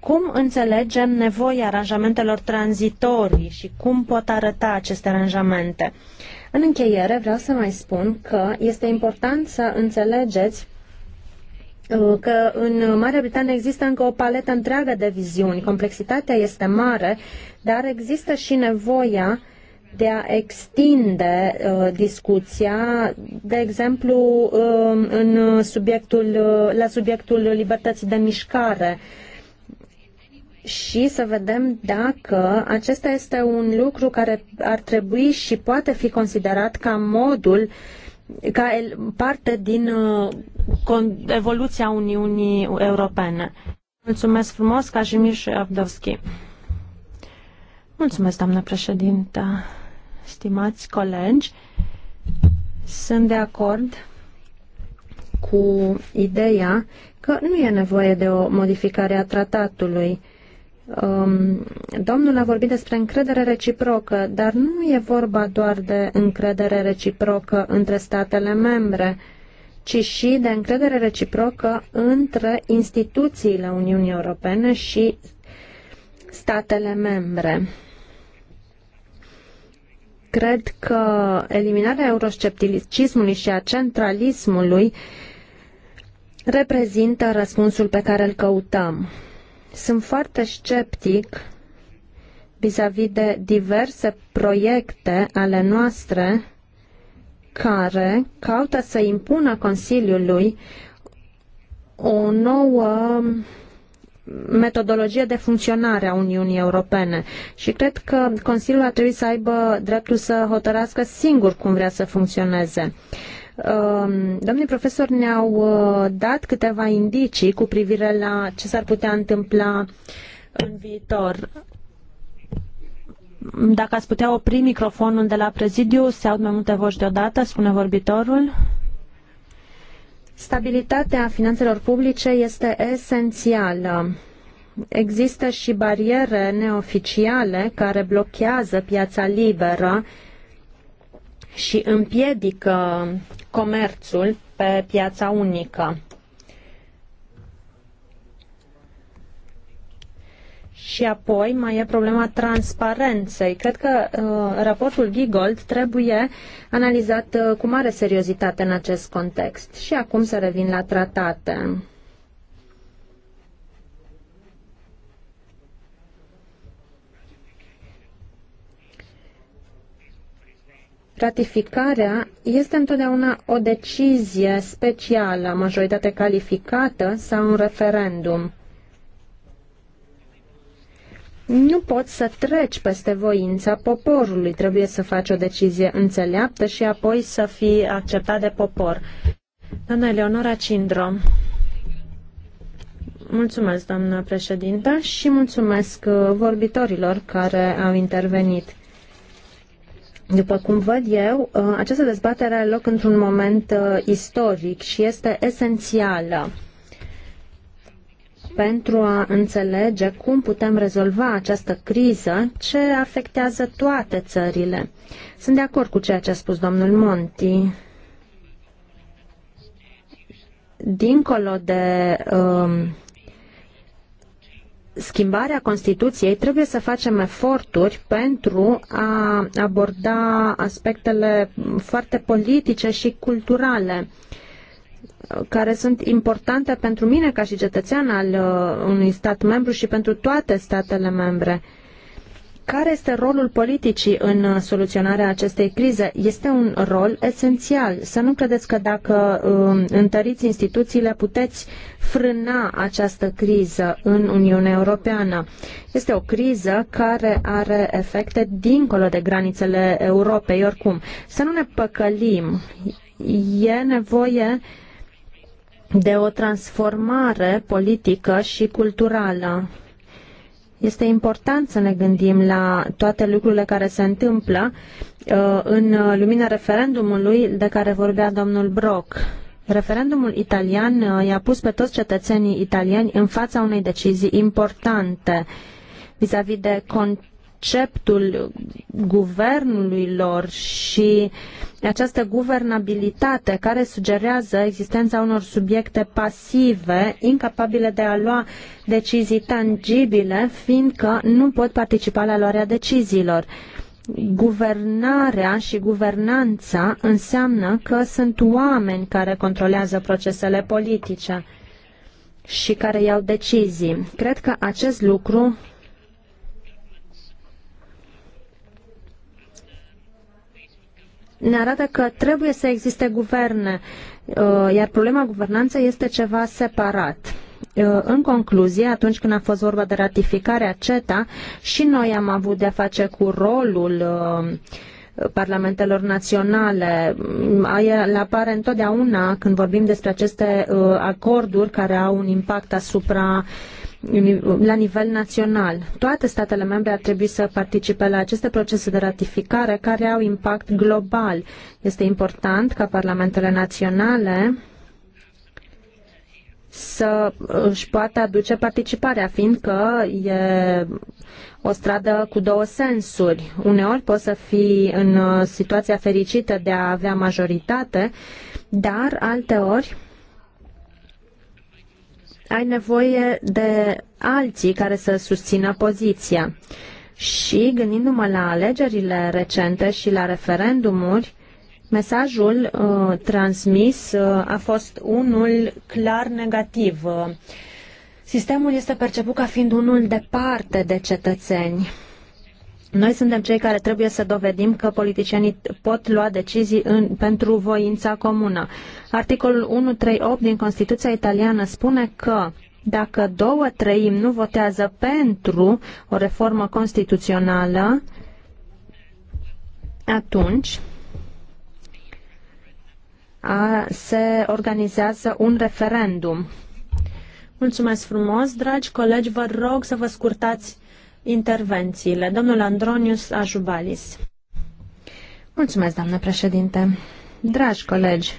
cum înțelegem nevoia aranjamentelor tranzitorii și cum pot arăta aceste aranjamente. În încheiere vreau să mai spun că este important să înțelegeți Uh, că în Marea Britanie există încă o paletă întreagă de viziuni. Complexitatea este mare, dar există și nevoia de a extinde uh, discuția, de exemplu, uh, în subiectul, uh, la subiectul libertății de mișcare și să vedem dacă acesta este un lucru care ar trebui și poate fi considerat ca modul uh, ca parte din uh, evoluția Uniunii Europene. Mulțumesc frumos, Casimir Șeavdovski. Mulțumesc, doamnă președintă. Stimați colegi, sunt de acord cu ideea că nu e nevoie de o modificare a tratatului Um, domnul a vorbit despre încredere reciprocă, dar nu e vorba doar de încredere reciprocă între statele membre, ci și de încredere reciprocă între instituțiile Uniunii Europene și statele membre. Cred că eliminarea euroscepticismului și a centralismului reprezintă răspunsul pe care îl căutăm. Sunt foarte sceptic vis-a-vis -vis de diverse proiecte ale noastre care caută să impună Consiliului o nouă metodologie de funcționare a Uniunii Europene și cred că Consiliul ar trebui să aibă dreptul să hotărască singur cum vrea să funcționeze. Um, domnii profesori ne-au uh, dat câteva indicii cu privire la ce s-ar putea întâmpla în viitor. Dacă ați putea opri microfonul de la prezidiu, se aud mai multe voci deodată, spune vorbitorul. Stabilitatea finanțelor publice este esențială. Există și bariere neoficiale care blochează piața liberă, uh, și împiedică comerțul pe piața unică. Și apoi mai e problema transparenței. Cred că uh, raportul Gigold trebuie analizat uh, cu mare seriozitate în acest context. Și acum să revin la tratate. Stratificarea este întotdeauna o decizie specială, majoritate calificată sau un referendum. Nu poți să treci peste voința poporului. Trebuie să faci o decizie înțeleaptă și apoi să fii acceptat de popor. Doamna Eleonora Cindro. Mulțumesc, doamnă președintă, și mulțumesc uh, vorbitorilor care au intervenit. După cum văd eu, uh, această dezbatere are loc într-un moment uh, istoric și este esențială pentru a înțelege cum putem rezolva această criză ce afectează toate țările. Sunt de acord cu ceea ce a spus domnul Monti. Dincolo de uh, schimbarea Constituției trebuie să facem eforturi pentru a aborda aspectele foarte politice și culturale care sunt importante pentru mine ca și cetățean al uh, unui stat membru și pentru toate statele membre. Care este rolul politicii în uh, soluționarea acestei crize? Este un rol esențial. Să nu credeți că dacă um, întăriți instituțiile puteți frâna această criză în Uniunea Europeană. Este o criză care are efecte dincolo de granițele Europei, oricum. Să nu ne păcălim. E nevoie de o transformare politică și culturală. Este important să ne gândim la toate lucrurile care se întâmplă uh, în uh, lumina referendumului de care vorbea domnul Brock. Referendumul italian uh, i-a pus pe toți cetățenii italieni în fața unei decizii importante vis-a-vis -vis de conceptul guvernului lor și această guvernabilitate care sugerează existența unor subiecte pasive, incapabile de a lua decizii tangibile, fiindcă nu pot participa la luarea deciziilor. Guvernarea și guvernanța înseamnă că sunt oameni care controlează procesele politice și care iau decizii. Cred că acest lucru ne arată că trebuie să existe guverne, uh, iar problema guvernanței este ceva separat. Uh, în concluzie, atunci când a fost vorba de ratificarea CETA, și noi am avut de-a face cu rolul uh, parlamentelor naționale. Mm, El apare întotdeauna când vorbim despre aceste acorduri care au un impact asupra la nivel național. Toate statele membre ar trebui să participe la aceste procese de ratificare care au impact global. Este important ca parlamentele naționale să își poată aduce participarea, fiindcă e o stradă cu două sensuri. Uneori poți să fii în situația fericită de a avea majoritate, dar alteori ai nevoie de alții care să susțină poziția. Și gândindu-mă la alegerile recente și la referendumuri, mesajul uh, transmis uh, a fost unul clar negativ. Uh, Sistemul este perceput ca fiind unul departe de cetățeni noi suntem cei care trebuie să dovedim că politicienii pot lua decizii în, pentru voința comună. Articolul 138 din Constituția italiană spune că dacă două treimi nu votează pentru o reformă constituțională, atunci a, se organizează un referendum. Mulțumesc frumos, dragi colegi, vă rog să vă scurtați intervențiile. Domnul Andronius Ajubalis. Mulțumesc, doamnă președinte. Dragi colegi,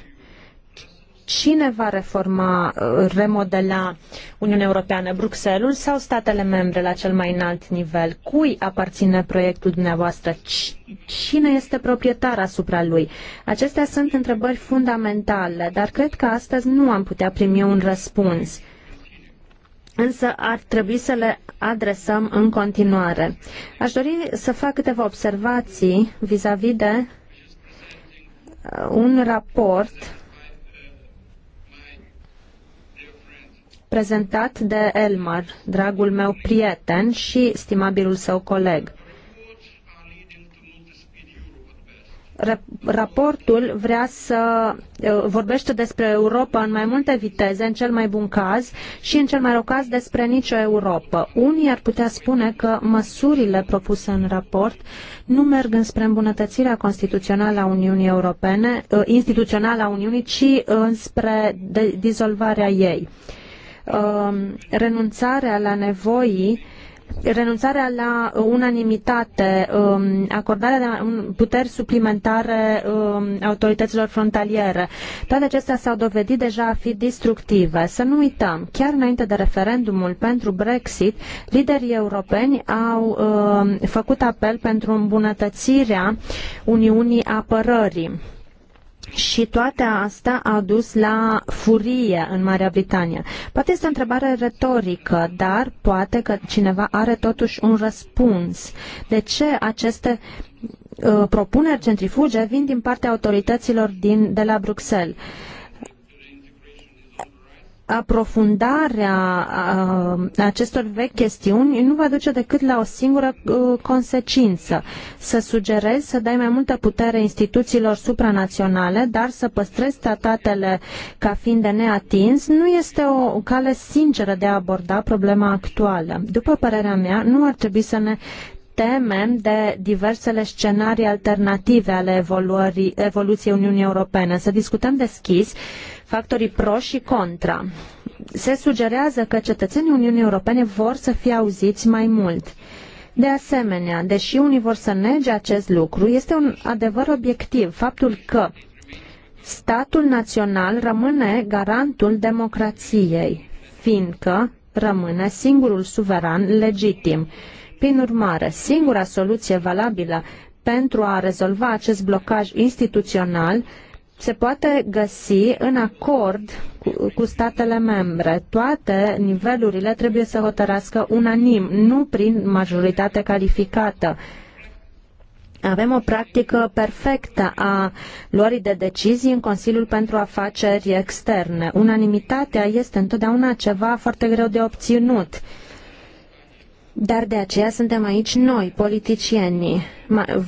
cine va reforma, uh, remodela Uniunea Europeană, Bruxelles sau statele membre la cel mai înalt nivel? Cui aparține proiectul dumneavoastră? Cine este proprietar asupra lui? Acestea sunt întrebări fundamentale, dar cred că astăzi nu am putea primi un răspuns însă ar trebui să le adresăm în continuare. Aș dori să fac câteva observații vis-a-vis -vis de uh, un raport prezentat de Elmar, dragul meu prieten și stimabilul său coleg. raportul vrea să uh, vorbește despre Europa în mai multe viteze, în cel mai bun caz și în cel mai rău caz despre nicio Europa. Unii ar putea spune că măsurile propuse în raport nu merg înspre îmbunătățirea constituțională a Uniunii Europene, uh, instituțională a Uniunii, ci înspre dizolvarea ei. Uh, renunțarea la nevoii renunțarea la uh, unanimitate, um, acordarea de puteri suplimentare um, autorităților frontaliere, toate acestea s-au dovedit deja a fi distructive. Să nu uităm, chiar înainte de referendumul pentru Brexit, liderii europeni au um, făcut apel pentru îmbunătățirea Uniunii Apărării. Și toate asta a dus la furie în Marea Britanie. Poate este o întrebare retorică, dar poate că cineva are totuși un răspuns. De ce aceste uh, propuneri centrifuge vin din partea autorităților din, de la Bruxelles? aprofundarea uh, acestor vechi chestiuni nu va duce decât la o singură uh, consecință. Să sugerezi să dai mai multă putere instituțiilor supranaționale, dar să păstrezi tratatele ca fiind de neatins, nu este o cale sinceră de a aborda problema actuală. După părerea mea, nu ar trebui să ne temem de diversele scenarii alternative ale evoluției Uniunii Europene. Să discutăm deschis factorii pro și contra. Se sugerează că cetățenii Uniunii Europene vor să fie auziți mai mult. De asemenea, deși unii vor să nege acest lucru, este un adevăr obiectiv faptul că statul național rămâne garantul democrației, fiindcă rămâne singurul suveran legitim. Prin urmare, singura soluție valabilă pentru a rezolva acest blocaj instituțional se poate găsi în acord cu, cu statele membre. Toate nivelurile trebuie să hotărască unanim, nu prin majoritate calificată. Avem o practică perfectă a luării de decizii în Consiliul pentru Afaceri Externe. Unanimitatea este întotdeauna ceva foarte greu de obținut. Uh, dar de aceea suntem aici noi, politicienii.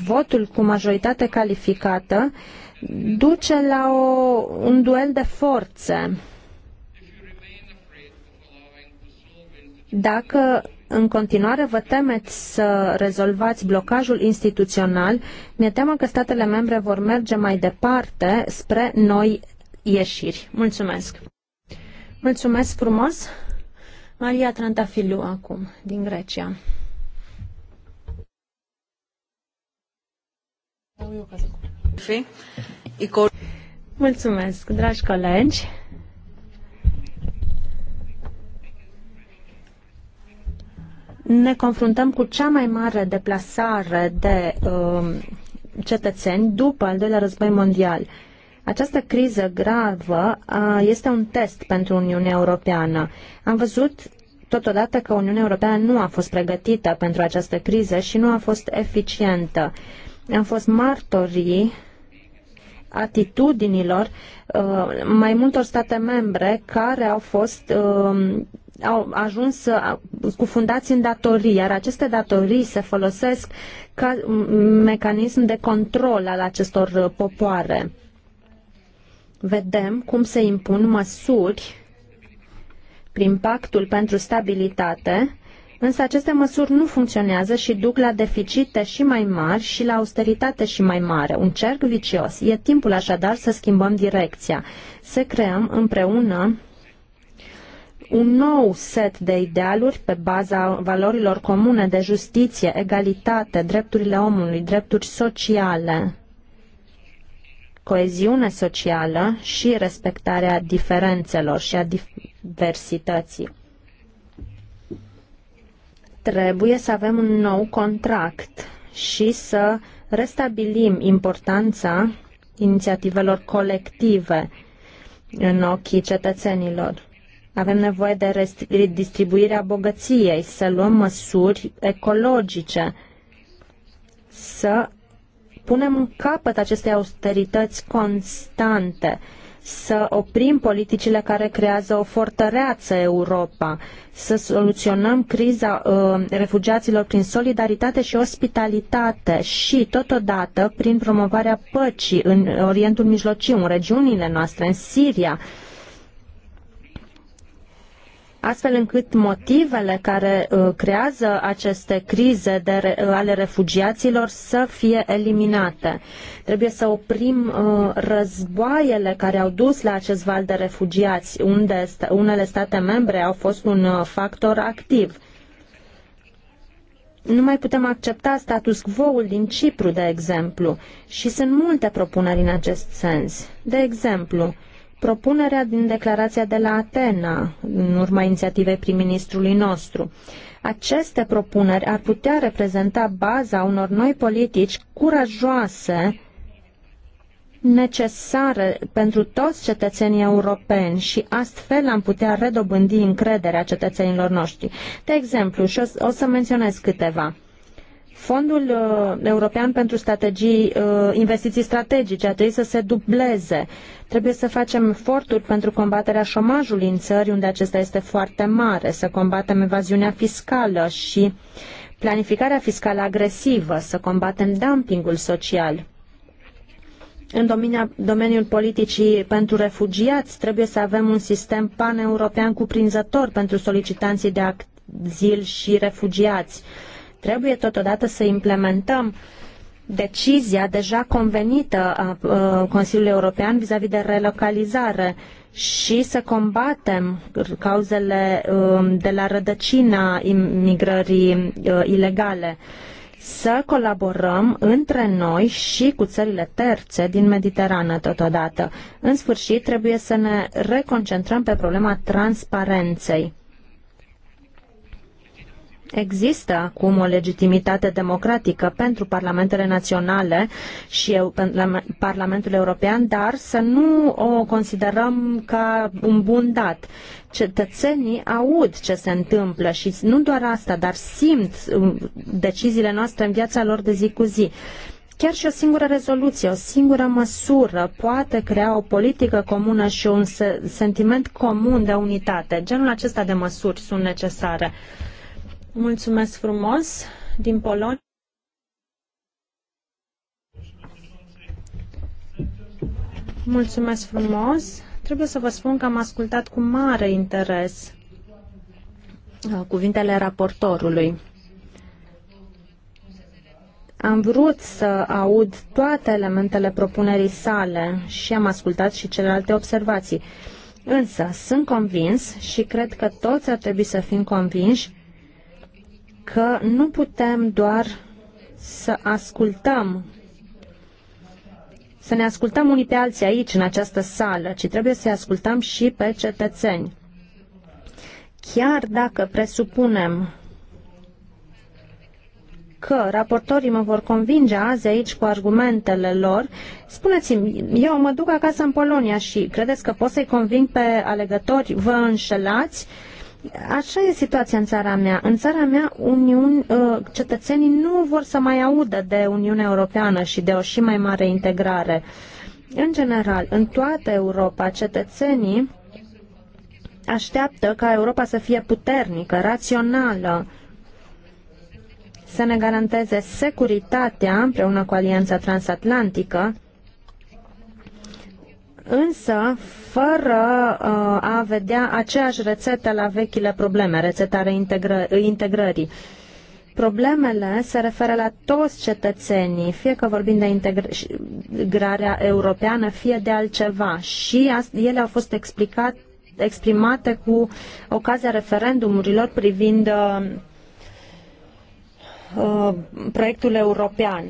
Votul cu majoritate calificată duce la o, un duel de forțe. Dacă în continuare vă temeți să rezolvați blocajul instituțional, mi-e teamă că statele membre vor merge mai departe spre noi ieșiri. Mulțumesc! Mulțumesc frumos! Maria Trantafilou acum, din Grecia. Mulțumesc, dragi colegi. Ne confruntăm cu cea mai mare deplasare de uh, cetățeni după al doilea război mondial. Uh, această criză gravă este un test pentru Uniunea Europeană. Am văzut totodată că Uniunea Europeană nu a fost pregătită pentru această criză și nu a fost eficientă. Am fost martorii atitudinilor mai multor state membre care au fost au ajuns cufundați în datorii, iar aceste datorii se folosesc ca mecanism de control al acestor popoare vedem cum se impun măsuri prin pactul pentru stabilitate, însă aceste măsuri nu funcționează și duc la deficite și mai mari și la austeritate și mai mare, un cerc vicios. E timpul așadar să schimbăm direcția, să creăm împreună un nou set de idealuri pe baza valorilor comune de justiție, egalitate, drepturile omului, drepturi sociale coeziune socială și respectarea diferențelor și a diversității. Trebuie să avem un nou contract și să restabilim importanța inițiativelor colective în ochii cetățenilor. Avem nevoie de redistribuirea bogăției, să luăm măsuri ecologice, să punem capăt acestei austerități constante, să oprim politicile care creează o fortăreață Europa, să soluționăm criza uh, refugiaților prin solidaritate și ospitalitate și, totodată, prin promovarea păcii în Orientul Mijlociu, în regiunile noastre, în Siria, uh, astfel încât motivele care uh, creează aceste crize de, uh, ale refugiaților să fie eliminate. Trebuie să oprim uh, războaiele care au dus la acest val de refugiați, unde unele state membre au fost un factor activ. Nu mai putem accepta status quo-ul din Cipru, de exemplu, și sunt multe propuneri în acest sens. De exemplu, propunerea din declarația de la Atena, în urma inițiativei prim-ministrului nostru. Aceste propuneri ar putea reprezenta baza unor noi politici curajoase necesare pentru toți cetățenii europeni și astfel am putea redobândi încrederea cetățenilor noștri. De exemplu, și o, o să menționez câteva. Fondul uh, European pentru strategii, uh, investiții strategice a trebuit să se dubleze. Trebuie să facem eforturi pentru combaterea șomajului în țări unde acesta este foarte mare, să combatem evaziunea fiscală și planificarea fiscală agresivă, să combatem dumpingul social. În domenia, domeniul politicii pentru refugiați trebuie să avem un sistem paneuropean cuprinzător pentru solicitanții de azil și refugiați. Uh, Trebuie totodată să implementăm decizia deja convenită a Consiliului European vis-a-vis de relocalizare și să combatem cauzele um, de la rădăcina imigrării uh, ilegale să colaborăm între noi și cu țările terțe din Mediterană totodată. În sfârșit, trebuie să ne reconcentrăm pe problema transparenței. Există acum o legitimitate democratică pentru parlamentele naționale și Parlamentul European, dar să nu o considerăm ca un bun dat. Cetățenii aud ce se întâmplă și nu doar asta, dar simt um, deciziile noastre în viața lor de zi cu zi. Chiar și o singură rezoluție, o singură măsură poate crea o politică comună și un sentiment comun de unitate. Genul acesta de măsuri sunt necesare. Mulțumesc frumos din Polonia. Mulțumesc frumos. Trebuie să vă spun că am ascultat cu mare interes uh, cuvintele raportorului. Am vrut să aud toate elementele propunerii sale și am ascultat și celelalte observații. Însă sunt convins și cred că toți ar trebui să fim convinși că nu putem doar să ascultăm, să ne ascultăm unii pe alții aici, în această sală, ci trebuie să-i ascultăm și pe cetățeni. Chiar dacă presupunem că raportorii mă vor convinge azi aici cu argumentele lor, spuneți-mi, eu mă duc acasă în Polonia și credeți că pot să-i conving pe alegători, vă înșelați? Uh, Așa e situația în țara mea. În țara mea, Uniuni, uh, cetățenii nu vor să mai audă de Uniunea Europeană și de o și mai mare integrare. În general, în toată Europa, cetățenii așteaptă ca Europa să fie puternică, rațională, să ne garanteze securitatea împreună cu Alianța Transatlantică, însă fără uh, a vedea aceeași rețetă la vechile probleme, rețeta reintegră, integrării. Problemele se referă la toți cetățenii, fie că vorbim de integrarea europeană, fie de altceva. Și ele au fost explicat, exprimate cu ocazia referendumurilor privind uh, uh proiectul european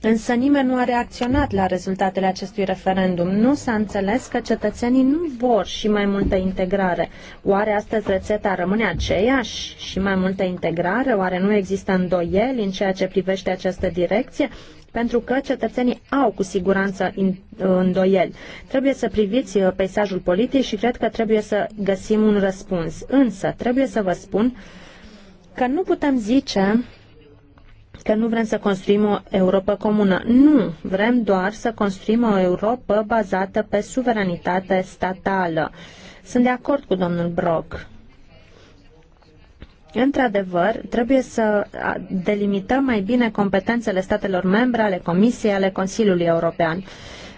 însă nimeni nu a reacționat la rezultatele acestui referendum. Nu s-a înțeles că cetățenii nu vor și mai multă integrare. Oare astăzi rețeta rămâne aceeași și mai multă integrare? Oare nu există îndoieli în ceea ce privește această direcție? pentru că cetățenii au cu siguranță îndoieli. Trebuie să priviți uh, peisajul politic și cred că trebuie să găsim un răspuns. Însă, trebuie să vă spun că nu putem zice că nu vrem să construim o Europa comună. Nu, vrem doar să construim o Europa bazată pe suveranitate statală. Sunt de acord cu domnul Brock. Într-adevăr, trebuie să delimităm mai bine competențele statelor membre, ale Comisiei, ale Consiliului European.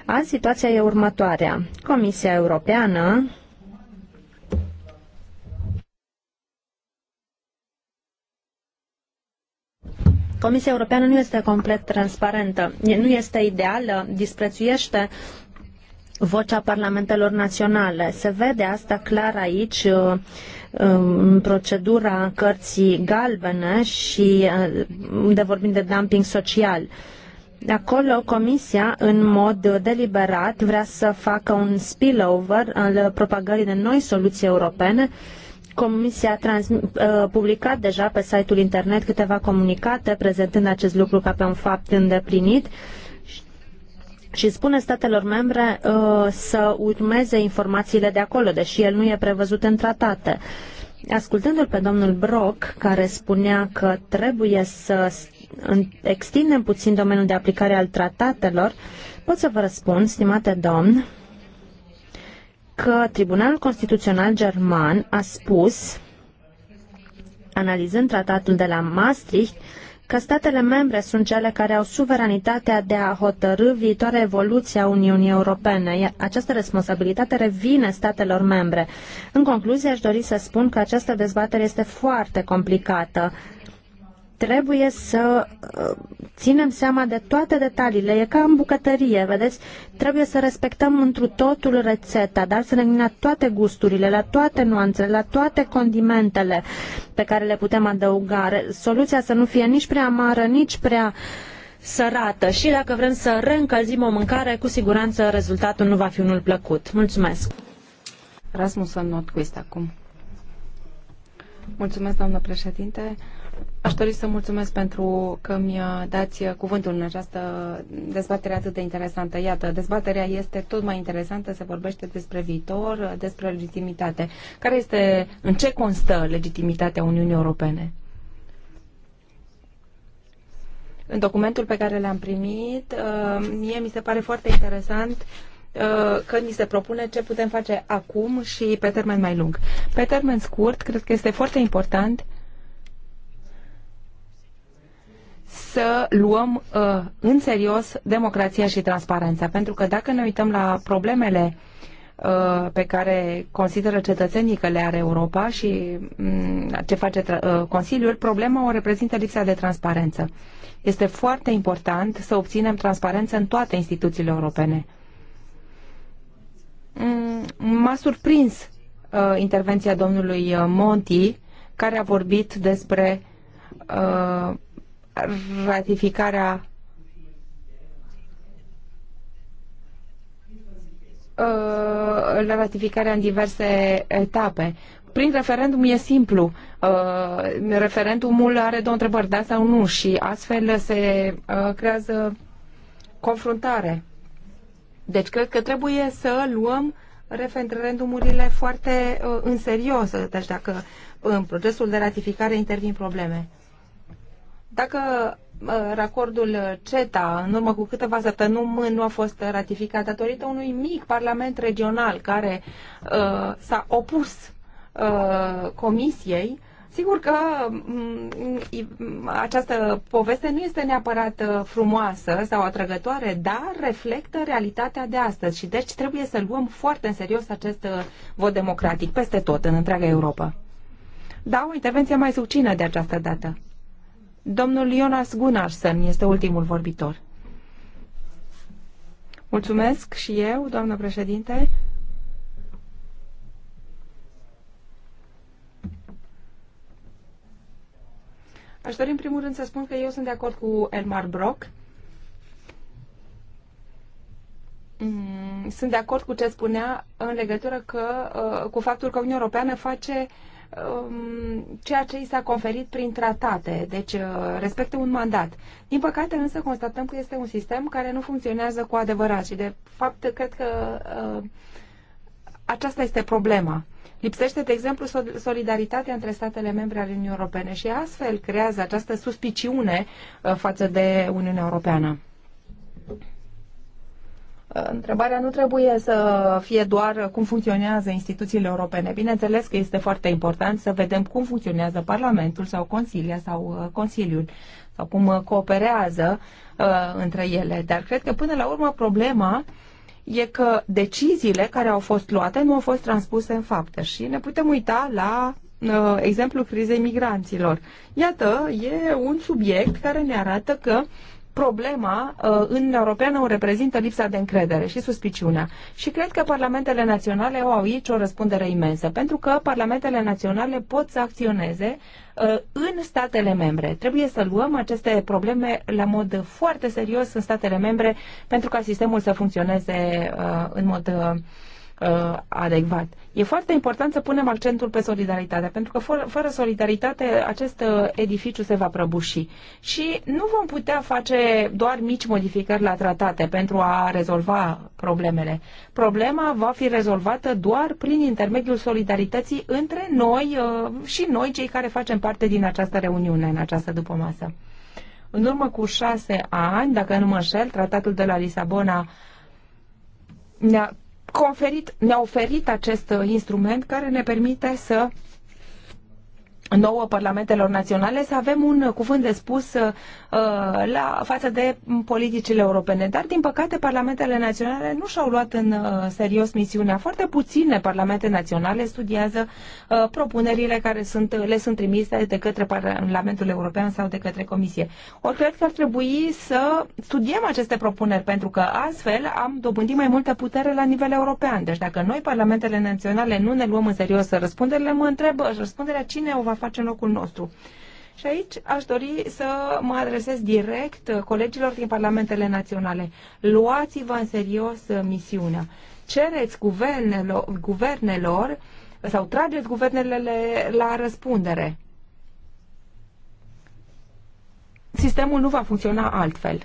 Azi situația e următoarea. Comisia Europeană Comisia Europeană nu este complet transparentă, nu este ideală, disprețuiește vocea parlamentelor naționale. Se vede asta clar aici uh, uh, în procedura cărții galbene și uh, unde vorbim de dumping social. Acolo Comisia, în mod deliberat, vrea să facă un spillover al propagării de noi soluții europene Comisia a trans, uh, publicat deja pe site-ul internet câteva comunicate prezentând acest lucru ca pe un fapt îndeplinit și spune statelor membre uh, să urmeze informațiile de acolo, deși el nu e prevăzut în tratate. Ascultându-l pe domnul Brock, care spunea că trebuie să extindem puțin domeniul de aplicare al tratatelor, pot să vă răspund, stimate domn, că Tribunalul Constituțional German a spus, analizând tratatul de la Maastricht, că statele membre sunt cele care au suveranitatea de a hotărâ viitoarea evoluție a Uniunii Europene. Această responsabilitate revine statelor membre. În concluzie, aș dori să spun că această dezbatere este foarte complicată trebuie să uh, ținem seama de toate detaliile. E ca în bucătărie, vedeți? Trebuie să respectăm întru totul rețeta, dar să ne gândim la toate gusturile, la toate nuanțele, la toate condimentele pe care le putem adăuga. Soluția să nu fie nici prea amară, nici prea sărată și dacă vrem să reîncălzim o mâncare, cu siguranță rezultatul nu va fi unul plăcut. Mulțumesc! Rasmus Notquist acum. Mulțumesc, doamnă președinte. Aș dori să mulțumesc pentru că mi-a dați cuvântul în această dezbatere atât de interesantă. Iată, dezbaterea este tot mai interesantă, se vorbește despre viitor, despre legitimitate. Care este, în ce constă legitimitatea Uniunii Europene? În documentul pe care l-am primit, uh, mie mi se pare foarte interesant uh, că ni se propune ce putem face acum și pe termen mai lung. Pe termen scurt, cred că este foarte important să luăm uh, în serios democrația și transparența. Pentru că dacă ne uităm la problemele uh, pe care consideră cetățenii că le are Europa și um, ce face uh, Consiliul, problema o reprezintă lipsa de transparență. Este foarte important să obținem transparență în toate instituțiile europene. Mm, m-a surprins uh, intervenția domnului uh, Monti, care a vorbit despre uh, ratificarea uh, la ratificarea în diverse etape. Prin referendum e simplu. Uh, referendumul are două întrebări, da sau nu, și astfel se uh, creează confruntare. Deci cred că trebuie să luăm referendumurile foarte în serios, deci dacă în procesul de ratificare intervin probleme. Dacă racordul CETA în urmă cu câteva săptămâni nu a fost ratificat datorită unui mic parlament regional care uh, s-a opus uh, comisiei, Sigur că această poveste nu este neapărat ă, frumoasă sau atrăgătoare, dar reflectă realitatea de astăzi și deci trebuie să luăm foarte în serios acest vot democratic peste tot, în întreaga Europa. Da, o intervenție mai sucină de această dată. Domnul Jonas Gunnarsson este ultimul vorbitor. Mulțumesc și eu, doamnă președinte. Aș dori în primul rând să spun că eu sunt de acord cu Elmar Brock. Mm, sunt de acord cu ce spunea în legătură că, uh, cu faptul că Uniunea Europeană face uh, Um, ceea ce i s-a conferit prin tratate, deci uh, respectă un mandat. Din păcate însă constatăm că este un sistem care nu funcționează cu adevărat și de fapt cred că uh, aceasta este problema. Lipsește, de exemplu, solidaritatea între statele membre ale Uniunii Europene și astfel creează această suspiciune uh, față de Uniunea Europeană. Întrebarea nu trebuie să fie doar cum funcționează instituțiile europene. Bineînțeles că este foarte important să vedem cum funcționează Parlamentul sau Consilia sau uh, Consiliul sau cum uh, cooperează uh, între ele. Dar cred că până la urmă problema e că deciziile care au fost luate nu au fost transpuse în fapte și ne putem uita la uh, exemplul crizei migranților. Iată, e un subiect care ne arată că uh, problema uh, în Europeană o reprezintă lipsa de încredere și suspiciunea. Și cred că parlamentele naționale au aici o răspundere imensă, pentru că parlamentele naționale pot să acționeze uh, în statele membre. Trebuie să luăm aceste probleme la mod foarte serios în statele membre pentru ca sistemul să funcționeze uh, în mod uh, uh, adecvat. E foarte important să punem accentul pe solidaritate, pentru că fără, fără solidaritate acest uh, edificiu se va prăbuși și nu vom putea face doar mici modificări la tratate pentru a rezolva problemele. Problema va fi rezolvată doar prin intermediul solidarității între noi uh, și noi, cei care facem parte din această reuniune, în această dupămasă. În urmă cu șase ani, dacă nu mă înșel, tratatul de la Lisabona ne-a conferit, ne-a oferit acest uh, instrument care ne permite să nouă parlamentelor naționale să avem un uh, cuvânt de spus uh, Uh, la față de politicile europene. Dar, din păcate, parlamentele naționale nu și-au luat în uh, serios misiunea. Foarte puține parlamente naționale studiază uh, propunerile care sunt, le sunt trimise de către Parlamentul European sau de către Comisie. Ori cred că ar trebui să studiem aceste propuneri, pentru că astfel am dobândit mai multă putere la nivel european. Deci dacă noi, parlamentele naționale, nu ne luăm în serios răspunderile, mă întreb răspunderea cine o va face în locul nostru. Și aici aș dori să mă adresez direct colegilor din parlamentele naționale. Luați-vă în serios uh, misiunea. Cereți guvernelor, guvernelor sau trageți guvernele la răspundere. Sistemul nu va funcționa altfel.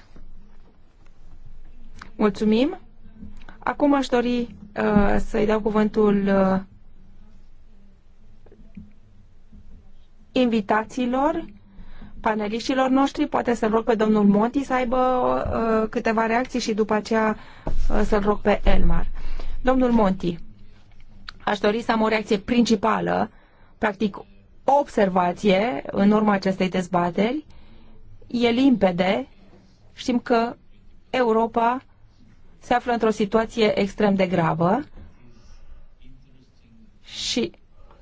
Mulțumim. Acum aș dori uh, să-i dau cuvântul uh, invitațiilor, paneliștilor noștri. Poate să-l rog pe domnul Monti să aibă uh, câteva reacții și după aceea uh, să-l rog pe Elmar. Domnul Monti, aș dori să am o reacție principală, practic o observație în urma acestei dezbateri. E limpede, știm că Europa se află într-o situație extrem de gravă și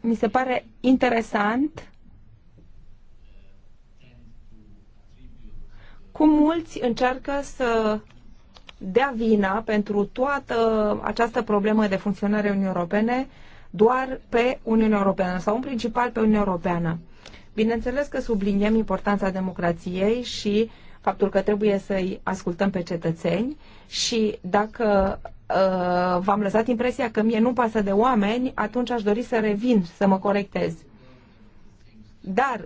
mi se pare interesant Cum mulți încearcă să dea vina pentru toată această problemă de funcționare Uniunii Europene doar pe Uniunea Europeană sau în principal pe Uniunea Europeană. Bineînțeles că subliniem importanța democrației și faptul că trebuie să-i ascultăm pe cetățeni și dacă uh, v-am lăsat impresia că mie nu pasă de oameni, atunci aș dori să revin, să mă corectez. Dar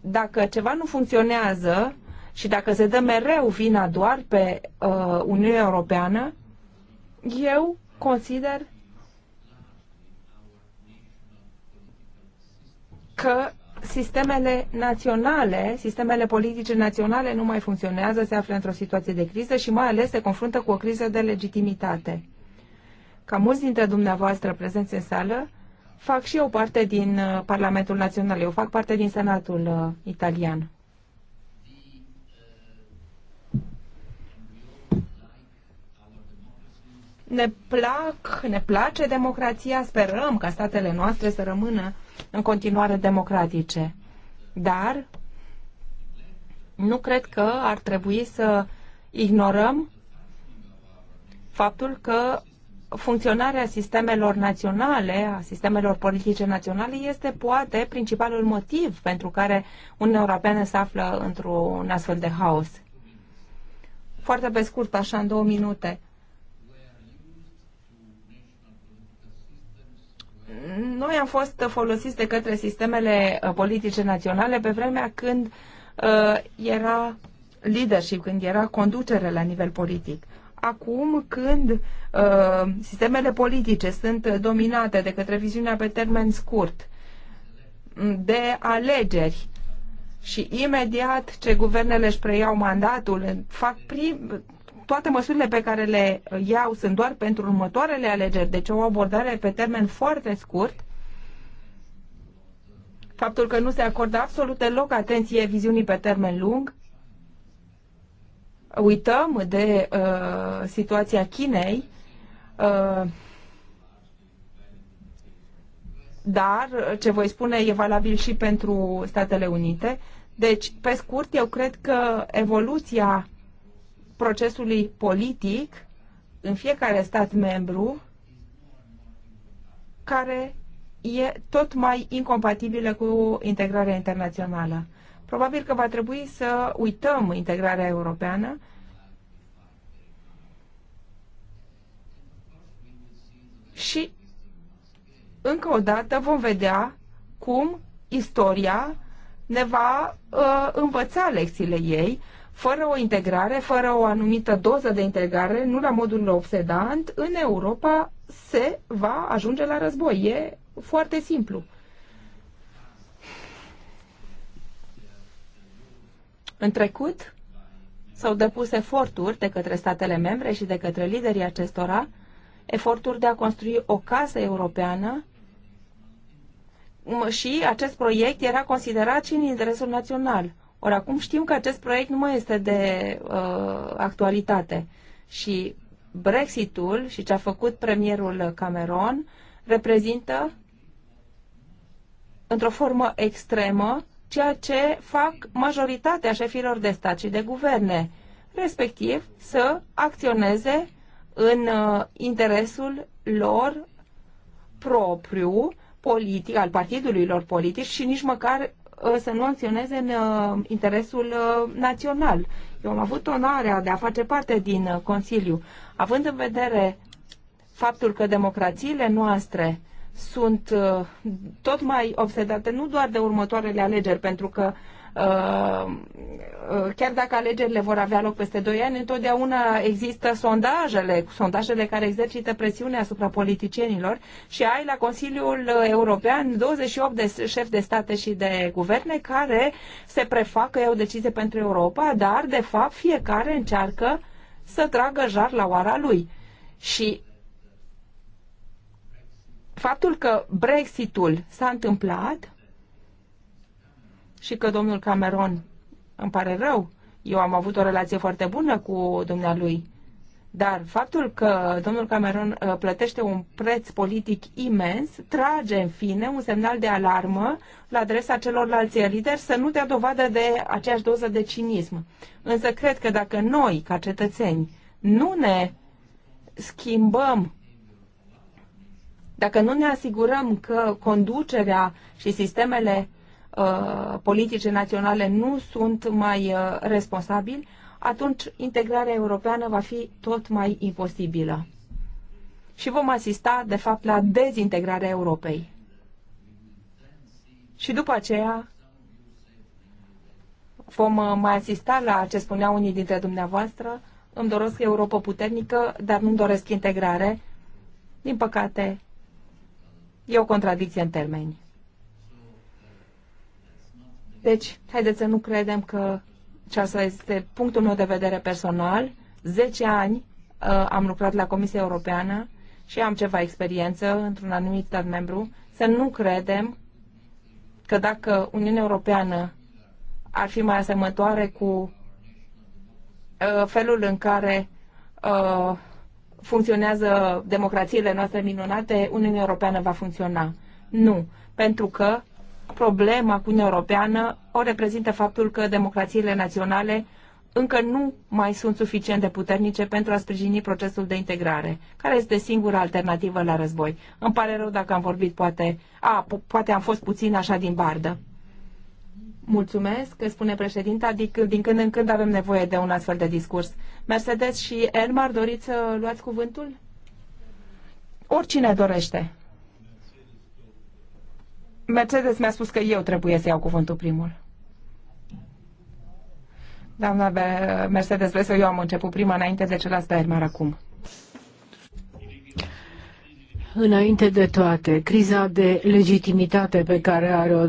dacă ceva nu funcționează, și dacă se dă mereu vina doar pe uh, Uniunea Europeană, eu consider că sistemele naționale, sistemele politice naționale nu mai funcționează, se află într-o situație de criză și mai ales se confruntă cu o criză de legitimitate. Ca mulți dintre dumneavoastră prezenți în sală, fac și eu parte din uh, Parlamentul Național, eu fac parte din Senatul uh, italian. ne, plac, ne place democrația, sperăm ca statele noastre să rămână în continuare democratice. Dar nu cred că ar trebui să ignorăm faptul că funcționarea sistemelor naționale, a sistemelor politice naționale, este poate principalul motiv pentru care Uniunea Europeană se află într-un astfel de haos. Foarte pe scurt, așa, în două minute. Noi am fost folosiți de către sistemele uh, politice naționale pe vremea când uh, era leadership, când era conducere la nivel politic. Acum, când uh, sistemele politice sunt dominate de către viziunea pe termen scurt, mm, de alegeri și imediat ce guvernele își preiau mandatul, fac prim, toate măsurile pe care le iau sunt doar pentru următoarele alegeri, deci o abordare pe termen foarte scurt, faptul că nu se acordă absolut deloc atenție viziunii pe termen lung, uităm de uh, situația Chinei, uh, dar ce voi spune e valabil și pentru Statele Unite. Deci, pe scurt, eu cred că evoluția procesului politic în fiecare stat membru care e tot mai incompatibilă cu integrarea internațională. Probabil că va trebui să uităm integrarea europeană și încă o dată vom vedea cum istoria ne va uh, învăța lecțiile ei, fără o integrare, fără o anumită doză de integrare, nu la modul obsedant, în Europa se va ajunge la război. E foarte simplu. În trecut s-au depus eforturi de către statele membre și de către liderii acestora, eforturi de a construi o casă europeană și acest proiect era considerat și în interesul național. Ori acum știm că acest proiect nu mai este de uh, actualitate și Brexitul și ce a făcut premierul Cameron reprezintă într-o formă extremă ceea ce fac majoritatea șefilor de stat și de guverne, respectiv să acționeze în uh, interesul lor propriu politic, al partidului lor politic și nici măcar Uh, să nu acționeze în uh, interesul uh, național. Eu am avut onoarea de a face parte din Consiliu, având în vedere faptul că democrațiile noastre sunt tot mai obsedate nu doar de următoarele alegeri, pentru că uh, Uh, uh, chiar dacă alegerile vor avea loc peste 2 ani, întotdeauna există sondajele, sondajele care exercită presiune asupra politicienilor și ai la Consiliul European 28 de șefi de state și de guverne care se prefac că iau decizie pentru Europa, dar de fapt fiecare încearcă să tragă jar la oara lui. Și faptul că Brexitul s-a întâmplat și că domnul Cameron, îmi pare rău, eu am avut o relație foarte bună cu dumnealui, dar faptul că domnul Cameron uh, plătește un preț politic imens trage în fine un semnal de alarmă la adresa celorlalți lideri să nu dea dovadă de aceeași doză de cinism. Însă cred că dacă noi, ca cetățeni, nu ne schimbăm dacă nu ne asigurăm că conducerea și sistemele Uh, politice naționale nu sunt mai uh, responsabili, atunci integrarea europeană va fi tot mai imposibilă. Și vom asista, de fapt, la dezintegrarea Europei. Și după aceea vom uh, mai asista la ce spunea unii dintre dumneavoastră, îmi doresc Europa puternică, dar nu-mi doresc integrare. Din păcate, e o contradicție în termeni. Deci, haideți să nu credem că și asta este punctul meu de vedere personal. 10 ani uh, am lucrat la Comisia Europeană și am ceva experiență într-un anumit stat membru. Să nu credem că dacă Uniunea Europeană ar fi mai asemănătoare cu uh, felul în care uh, funcționează democrațiile noastre minunate, Uniunea Europeană va funcționa. Nu, pentru că problema cu Uniunea Europeană o reprezintă faptul că democrațiile naționale încă nu mai sunt suficient de puternice pentru a sprijini procesul de integrare, care este singura alternativă la război. Îmi pare rău dacă am vorbit, poate, a, poate am fost puțin așa din bardă. Mulțumesc, că spune președinta, adică din când în când avem nevoie de un astfel de discurs. Mercedes și Elmar, doriți să luați cuvântul? Oricine dorește. Mercedes mi-a spus că eu trebuie să iau cuvântul primul. Doamna Mercedes, vreți să eu am început prima înainte de celălalt Bermar acum. Înainte de toate, criza de legitimitate pe care are o,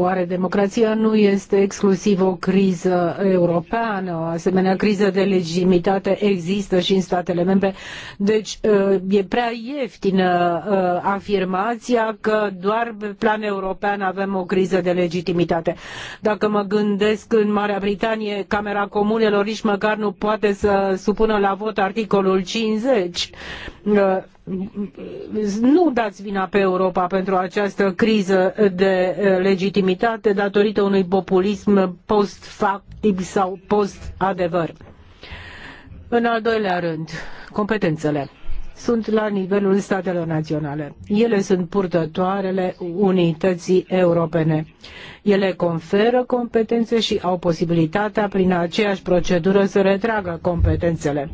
o are democrația nu este exclusiv o criză europeană. O asemenea criză de legitimitate există și în statele membre. Deci uh, e prea ieftină uh, afirmația că doar pe plan european avem o criză de legitimitate. Dacă mă gândesc în Marea Britanie, Camera Comunelor nici măcar nu poate să supună la vot articolul 50 nu dați vina pe Europa pentru această criză de eh, legitimitate datorită unui populism post-factiv sau post-adevăr. În al doilea rând, competențele sunt la nivelul statelor naționale. Ele sunt purtătoarele unității europene. Ele conferă competențe și au posibilitatea prin aceeași procedură să retragă competențele.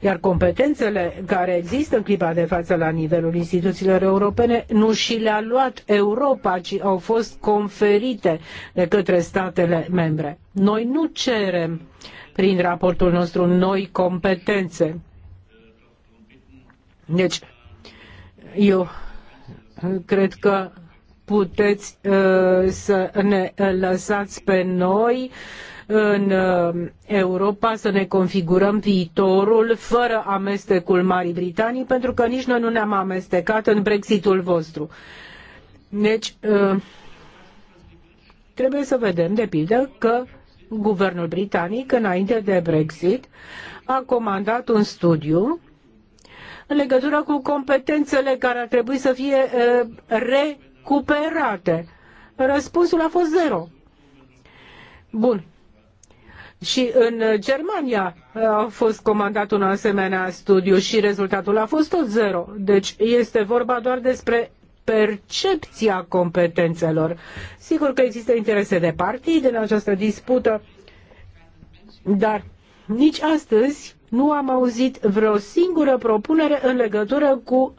Iar competențele care există în clipa de față la nivelul instituțiilor europene nu și le-a luat Europa, ci au fost conferite de către statele membre. Noi nu cerem prin raportul nostru noi competențe deci, eu cred că puteți uh, să ne lăsați pe noi în uh, Europa să ne configurăm viitorul fără amestecul Marii Britanii, pentru că nici noi nu ne-am amestecat în Brexitul vostru. Deci, uh, trebuie să vedem, de pildă, că guvernul britanic, înainte de Brexit, a comandat un studiu în legătură cu competențele care ar trebui să fie recuperate? Răspunsul a fost zero. Bun. Și în Germania a fost comandat un asemenea studiu și rezultatul a fost tot zero. Deci este vorba doar despre percepția competențelor. Sigur că există interese de partid în această dispută, dar nici astăzi nu am auzit vreo singură propunere în legătură cu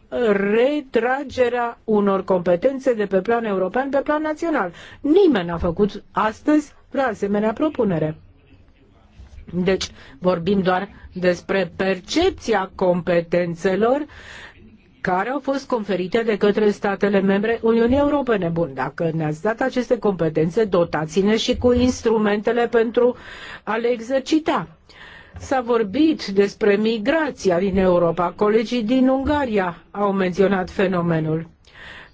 retragerea unor competențe de pe plan european pe plan național. Nimeni n-a făcut astăzi vreo asemenea propunere. Deci vorbim doar despre percepția competențelor care au fost conferite de către statele membre Uniunii Europene. Bun, dacă ne-ați dat aceste competențe, dotați-ne și cu instrumentele pentru a le exercita. S-a vorbit despre migrația din Europa. Colegii din Ungaria au menționat fenomenul.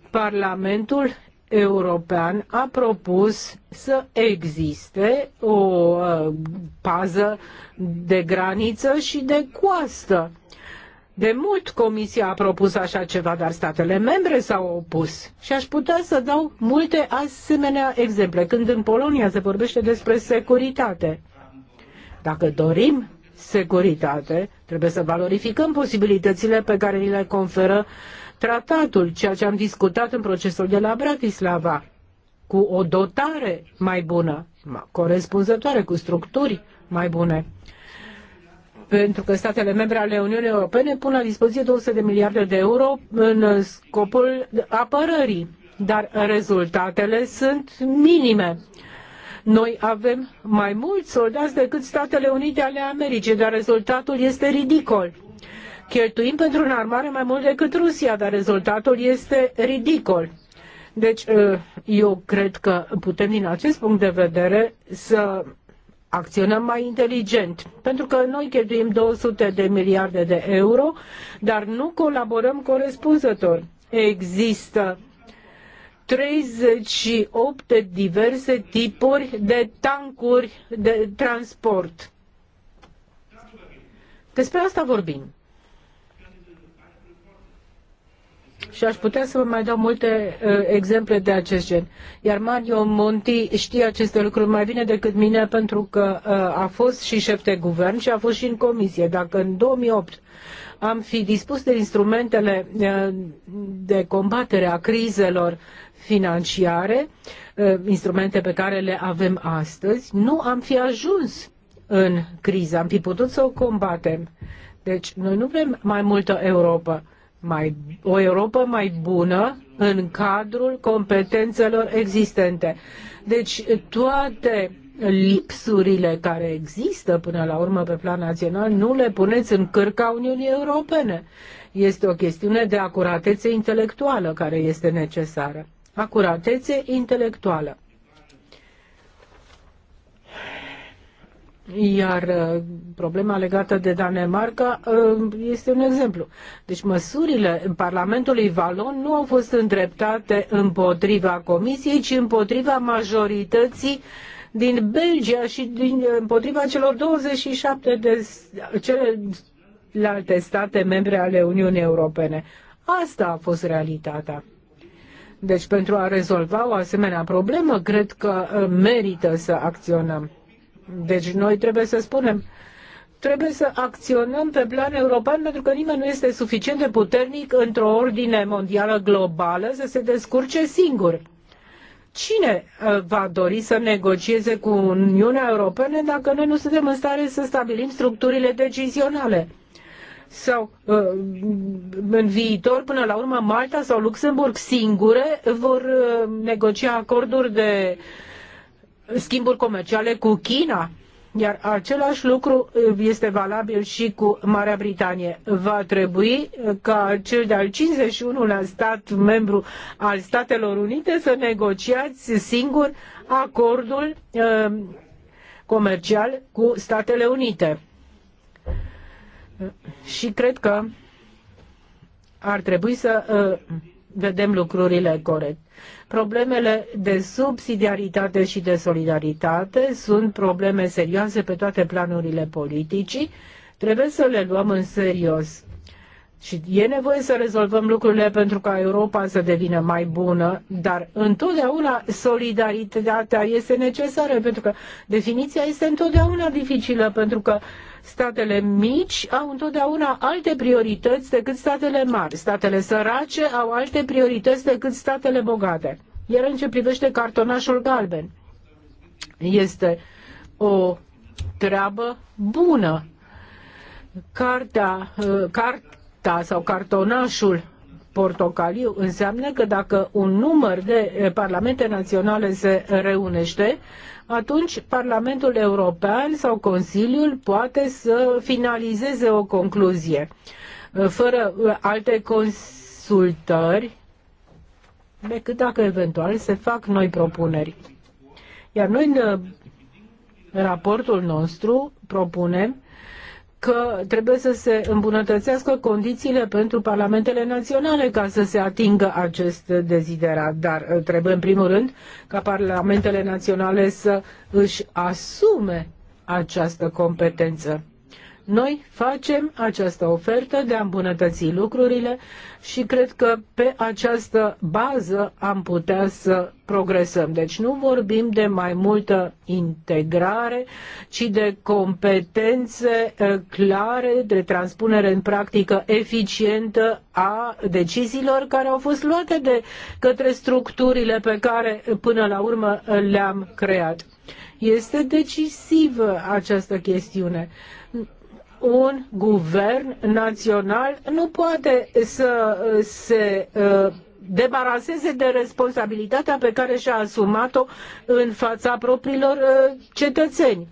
Parlamentul European a propus să existe o uh, pază de graniță și de coastă. De mult Comisia a propus așa ceva, dar statele membre s-au opus. Și aș putea să dau multe asemenea exemple, când în Polonia se vorbește despre securitate. Dacă dorim securitate, trebuie să valorificăm posibilitățile pe care ni le conferă tratatul, ceea ce am discutat în procesul de la Bratislava, cu o dotare mai bună, corespunzătoare, cu structuri mai bune. Pentru că statele membre ale Uniunii Europene pun la dispoziție 200 de miliarde de euro în scopul apărării, dar rezultatele sunt minime. Noi avem mai mulți soldați decât Statele Unite ale Americii, dar rezultatul este ridicol. Cheltuim pentru un armare mai mult decât Rusia, dar rezultatul este ridicol. Deci, ă, eu cred că putem din acest punct de vedere să acționăm mai inteligent, pentru că noi cheltuim 200 de miliarde de euro, dar nu colaborăm corespunzător. Există 38 de diverse tipuri de tancuri de transport. Despre asta vorbim. Și aș putea să vă mai dau multe uh, exemple de acest gen. Iar Mario Monti știe aceste lucruri mai bine decât mine pentru că uh, a fost și șef de guvern și a fost și în comisie. Dacă în 2008 am fi dispus de instrumentele uh, de combatere a crizelor financiare, uh, instrumente pe care le avem astăzi, nu am fi ajuns în criză, am fi putut să o combatem. Deci noi nu vrem mai multă Europa, mai, o Europa mai bună în cadrul competențelor existente. Deci toate lipsurile care există până la urmă pe plan național, nu le puneți în cărca Uniunii Europene. Este o chestiune de acuratețe intelectuală care este necesară acuratețe intelectuală. Iar uh, problema legată de Danemarca uh, este un exemplu. Deci măsurile Parlamentului Valon nu au fost îndreptate împotriva Comisiei, ci împotriva majorității din Belgia și din, uh, împotriva celor 27 de celelalte state membre ale Uniunii Europene. Asta a fost realitatea. Deci pentru a rezolva o asemenea problemă, cred că uh, merită să acționăm. Deci noi trebuie să spunem, trebuie să acționăm pe plan european pentru că nimeni nu este suficient de puternic într-o ordine mondială globală să se descurce singur. Cine uh, va dori să negocieze cu Uniunea Europeană dacă noi nu suntem în stare să stabilim structurile decizionale? sau uh, în viitor, până la urmă, Malta sau Luxemburg singure vor uh, negocia acorduri de schimburi comerciale cu China. Iar același lucru uh, este valabil și cu Marea Britanie. Va trebui ca cel de-al 51-lea stat membru al Statelor Unite să negociați singur acordul comercial cu Statele Unite și cred că ar trebui să uh, vedem lucrurile corect. Problemele de subsidiaritate și de solidaritate sunt probleme serioase pe toate planurile politicii. Trebuie să le luăm în serios. Și e nevoie să rezolvăm lucrurile pentru ca Europa să devină mai bună, dar întotdeauna solidaritatea este necesară, pentru că definiția este întotdeauna dificilă, pentru că uh, Statele mici au întotdeauna alte priorități decât statele mari. Statele sărace au alte priorități decât statele bogate. Iar în ce privește cartonașul galben, este o treabă bună. Cartea, uh, carta sau cartonașul portocaliu înseamnă că dacă un număr de eh, parlamente naționale se reunește, atunci Parlamentul European sau Consiliul poate să finalizeze o concluzie. Eh, fără eh, alte consultări, decât dacă eventual se fac noi propuneri. Iar noi în raportul nostru propunem că trebuie să se îmbunătățească condițiile pentru parlamentele naționale ca să se atingă acest deziderat, dar uh, trebuie în primul rând ca parlamentele naționale să își asume această competență. Noi facem această ofertă de a îmbunătăți lucrurile și cred că pe această bază am putea să progresăm. Deci nu vorbim de mai multă integrare, ci de competențe eh, clare, de transpunere în practică eficientă a deciziilor care au fost luate de către structurile pe care până la urmă le-am creat. Este decisivă această chestiune un guvern național nu poate să uh, se uh, debaraseze de responsabilitatea pe care și-a asumat-o în fața propriilor uh, cetățeni.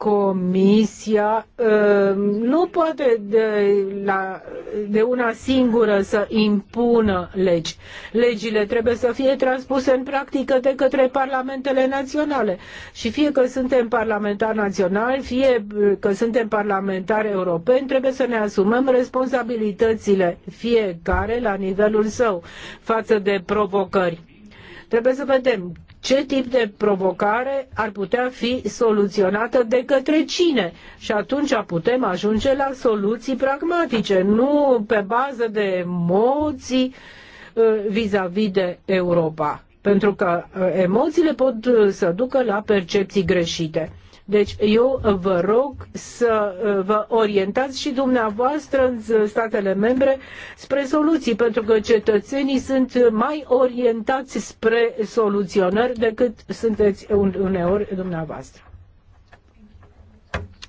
Comisia uh, nu poate de, la, de una singură să impună legi. Legile trebuie să fie transpuse în practică de către parlamentele naționale. Și fie că suntem parlamentari naționali, fie că suntem parlamentari europeni, trebuie să ne asumăm responsabilitățile fiecare la nivelul său față de provocări. Trebuie să vedem ce tip de provocare ar putea fi soluționată de către cine și atunci putem ajunge la soluții pragmatice, nu pe bază de emoii uh, vis-a-vis de Europa, pentru că uh, emoțiile pot uh, să ducă la percepții greșite. Deci eu uh, vă rog să uh, vă orientați și dumneavoastră în statele membre spre soluții, pentru că cetățenii sunt mai orientați spre soluționări decât sunteți uneori dumneavoastră.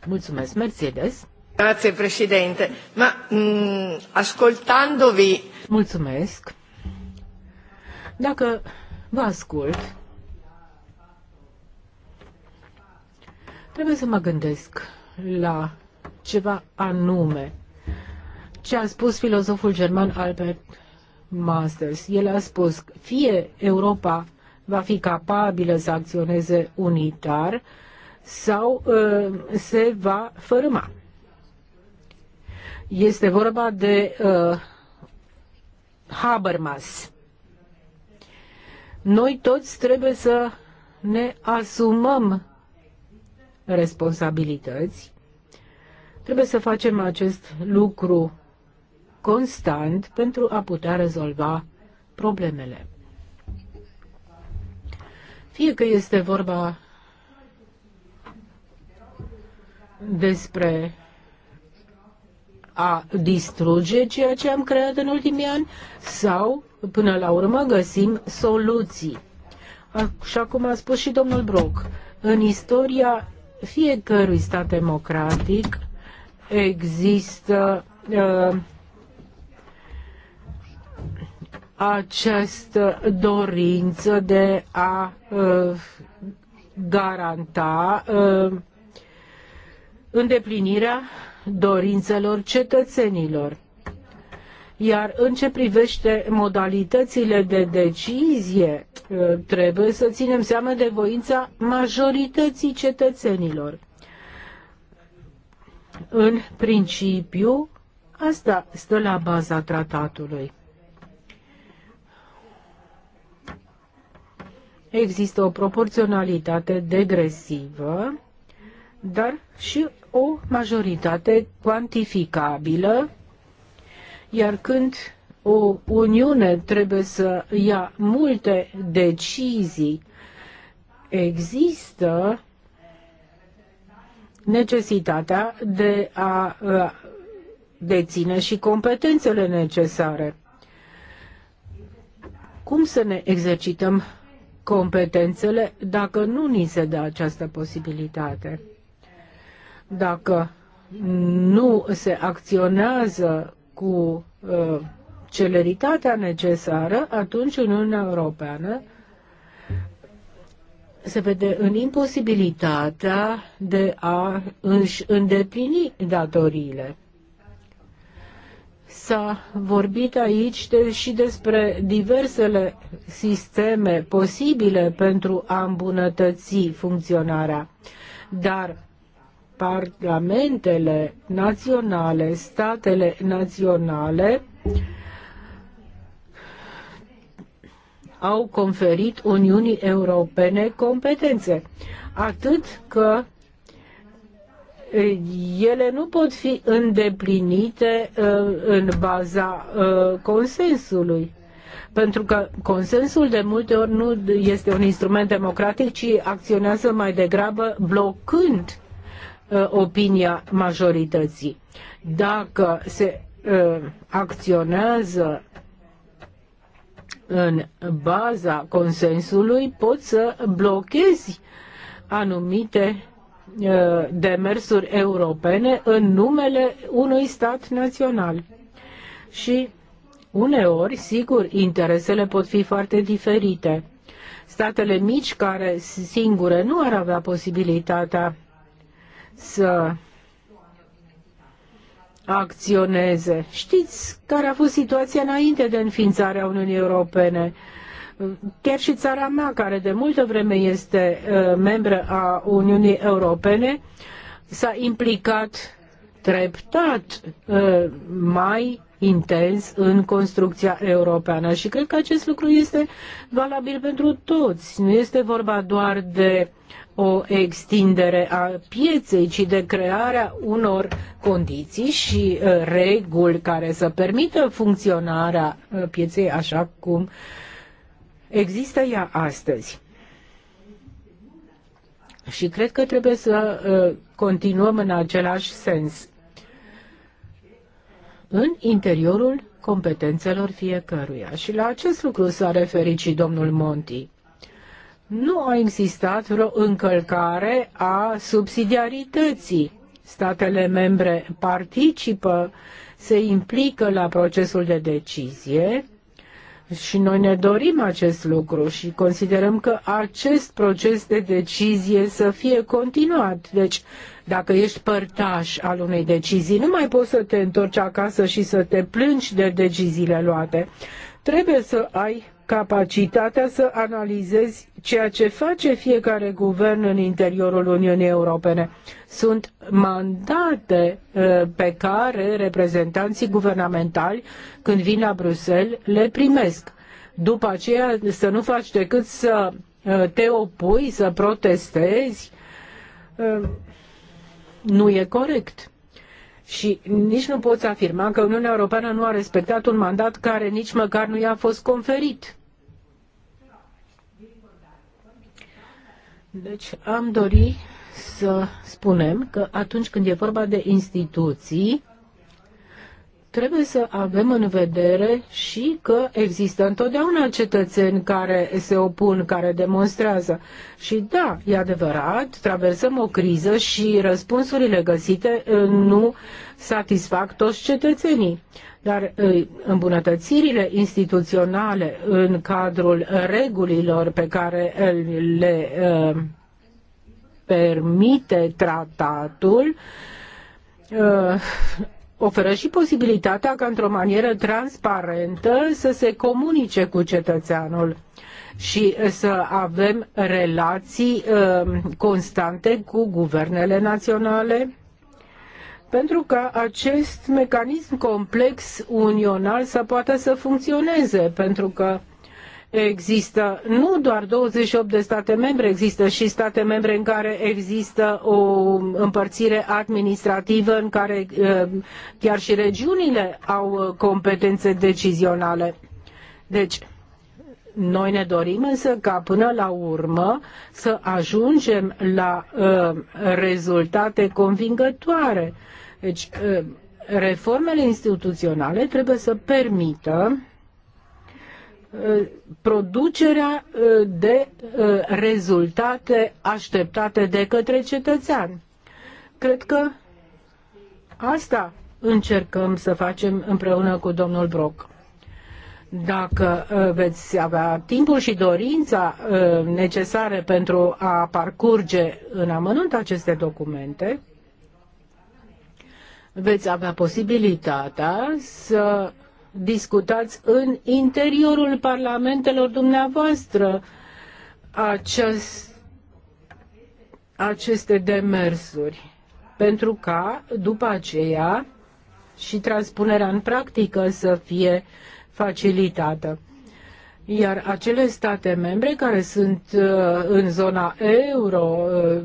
Mulțumesc, Mercedes. Grazie președinte. ma mh, mm, ascoltandovi... Mulțumesc. Dacă vă ascult, Trebuie să mă gândesc la ceva anume. Ce a spus filozoful german Albert Masters? El a spus, fie Europa va fi capabilă să acționeze unitar sau uh, se va fărâma. Este vorba de uh, Habermas. Noi toți trebuie să ne asumăm responsabilități. Trebuie să facem acest lucru constant pentru a putea rezolva problemele. Fie că este vorba despre a distruge ceea ce am creat în ultimii ani sau, până la urmă, găsim soluții. Așa cum a spus și domnul Brock, în istoria fiecărui stat democratic există uh, această dorință de a uh, garanta uh, îndeplinirea dorințelor cetățenilor. Iar în ce privește modalitățile de decizie, ă, trebuie să ținem seama de voința majorității cetățenilor. În principiu, asta stă la baza tratatului. Există o proporționalitate degresivă, dar și o majoritate cuantificabilă iar când o Uniune trebuie să ia multe decizii, există necesitatea de a deține și competențele necesare. Cum să ne exercităm competențele dacă nu ni se dă această posibilitate? Dacă nu se acționează cu uh, celeritatea necesară, atunci Uniunea Europeană se vede în imposibilitatea de a își îndeplini datoriile. S-a vorbit aici de, și despre diversele sisteme posibile pentru a îmbunătăți funcționarea, dar parlamentele naționale, statele naționale au conferit Uniunii Europene competențe, atât că eh, ele nu pot fi îndeplinite eh, în baza eh, consensului. Pentru că consensul de multe ori nu este un instrument democratic, ci acționează mai degrabă blocând Uh, opinia majorității. Dacă se uh, acționează în baza consensului, poți să blochezi anumite uh, demersuri europene în numele unui stat național. Și uneori, sigur, interesele pot fi foarte diferite. Statele mici care singure nu ar avea posibilitatea să acționeze. Știți care a fost situația înainte de înființarea Uniunii Europene? Chiar și țara mea, care de multă vreme este uh, membră a Uniunii Europene, s-a implicat treptat uh, mai intens în construcția europeană și cred că acest lucru este valabil pentru toți. Nu este vorba doar de o extindere a pieței, ci de crearea unor condiții și uh, reguli care să permită funcționarea uh, pieței așa cum există ea astăzi. Și cred că trebuie să uh, continuăm în același sens în interiorul competențelor fiecăruia. Și la acest lucru s-a referit și domnul Monti nu a existat vreo încălcare a subsidiarității. Statele membre participă, se implică la procesul de decizie și noi ne dorim acest lucru și considerăm că acest proces de decizie să fie continuat. Deci, dacă ești părtaș al unei decizii, nu mai poți să te întorci acasă și să te plângi de deciziile luate. Trebuie să ai capacitatea să analizezi ceea ce face fiecare guvern în interiorul Uniunii Europene. Sunt mandate uh, pe care reprezentanții guvernamentali, când vin la Bruxelles, le primesc. După aceea să nu faci decât să uh, te opui, să protestezi, uh, nu e corect. Și nici nu poți afirma că Uniunea Europeană nu a respectat un mandat care nici măcar nu i-a fost conferit. Deci am dori să spunem că atunci când e vorba de instituții, trebuie să avem în vedere și că există întotdeauna cetățeni care se opun, care demonstrează. Și da, e adevărat, traversăm o criză și răspunsurile găsite uh, nu satisfac toți cetățenii. Dar ă, îmbunătățirile instituționale în cadrul regulilor pe care le ă, permite tratatul ă, oferă și posibilitatea ca într-o manieră transparentă să se comunice cu cetățeanul și să avem relații constante cu guvernele naționale pentru ca acest mecanism complex unional să poată să funcționeze, pentru că există nu doar 28 de state membre, există și state membre în care există o împărțire administrativă, în care eh, chiar și regiunile au eh, competențe decizionale. Deci, noi ne dorim însă ca până la urmă să ajungem la uh, rezultate convingătoare. Uh, deci, ă, reformele instituționale trebuie să permită ă, producerea ă, de rezultate așteptate de către cetățean. Cred că asta încercăm să facem împreună cu domnul Broc. Dacă veți avea timpul și dorința necesare pentru a parcurge în amănunt aceste documente, veți avea posibilitatea să discutați în interiorul parlamentelor dumneavoastră acest, aceste demersuri, pentru ca după aceea și transpunerea în practică să fie facilitată iar acele state membre care sunt uh, în zona euro uh, uh,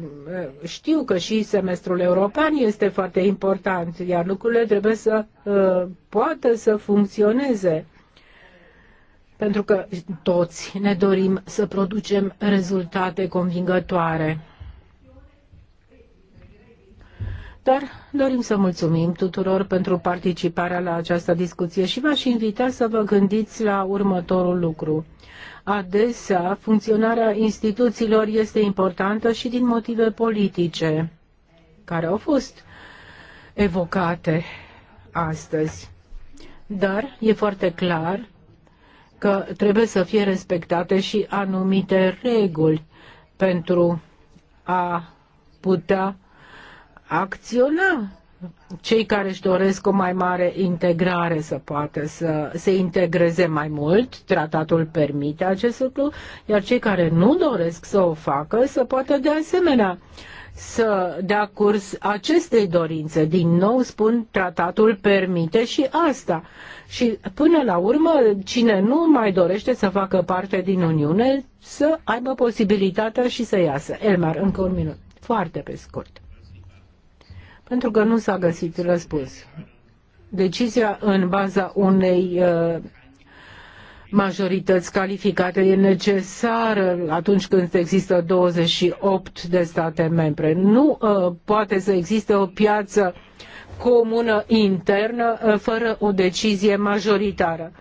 știu că și semestrul european este foarte important, iar lucrurile trebuie să poată să funcționeze. Pentru că toți ne dorim să producem rezultate convingătoare. Dar dorim să mulțumim tuturor pentru participarea la această discuție și v-aș invita să vă gândiți la următorul lucru. Adesea, funcționarea instituțiilor este importantă și din motive politice, care au fost evocate astăzi. Dar e foarte clar că trebuie să fie respectate și anumite reguli pentru a putea acționa. Cei care își doresc o mai mare integrare să poată să se integreze mai mult, tratatul permite acest lucru, iar cei care nu doresc să o facă să poată de asemenea să dea curs acestei dorințe. Din nou spun, tratatul permite și asta. Și până la urmă, cine nu mai dorește să facă parte din Uniune, să aibă posibilitatea și să iasă. Elmar, încă un minut. Foarte pe scurt pentru că nu s-a găsit răspuns. Decizia în baza unei uh, majorități calificate e necesară atunci când există 28 de state membre. Nu uh, poate să existe o piață comună internă uh, fără o decizie majoritară.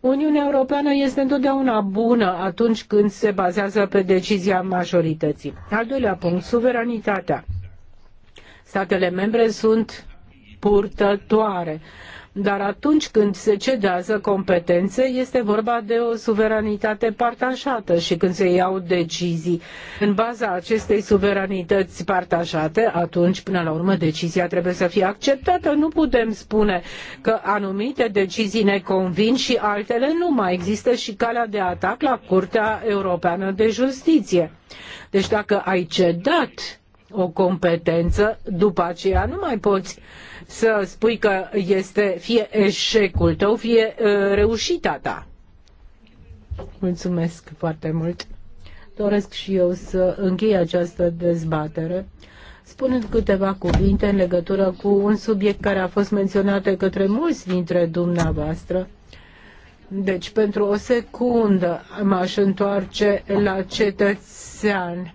Uniunea Europeană este întotdeauna bună atunci când se bazează pe decizia majorității. Al doilea punct, suveranitatea statele membre sunt purtătoare. Dar atunci când se cedează competențe, este vorba de o suveranitate partajată și când se iau decizii în baza acestei suveranități partajate, atunci, până la urmă, decizia trebuie să fie acceptată. Nu putem spune că anumite decizii ne convin și altele nu. Mai există și calea de atac la Curtea Europeană de Justiție. Deci dacă ai cedat o competență, după aceea nu mai poți să spui că este fie eșecul tău, fie uh, reușita ta. Mulțumesc foarte mult. Doresc și eu să închei această dezbatere spunând câteva cuvinte în legătură cu un subiect care a fost menționat de către mulți dintre dumneavoastră. Deci, pentru o secundă m-aș întoarce la cetățean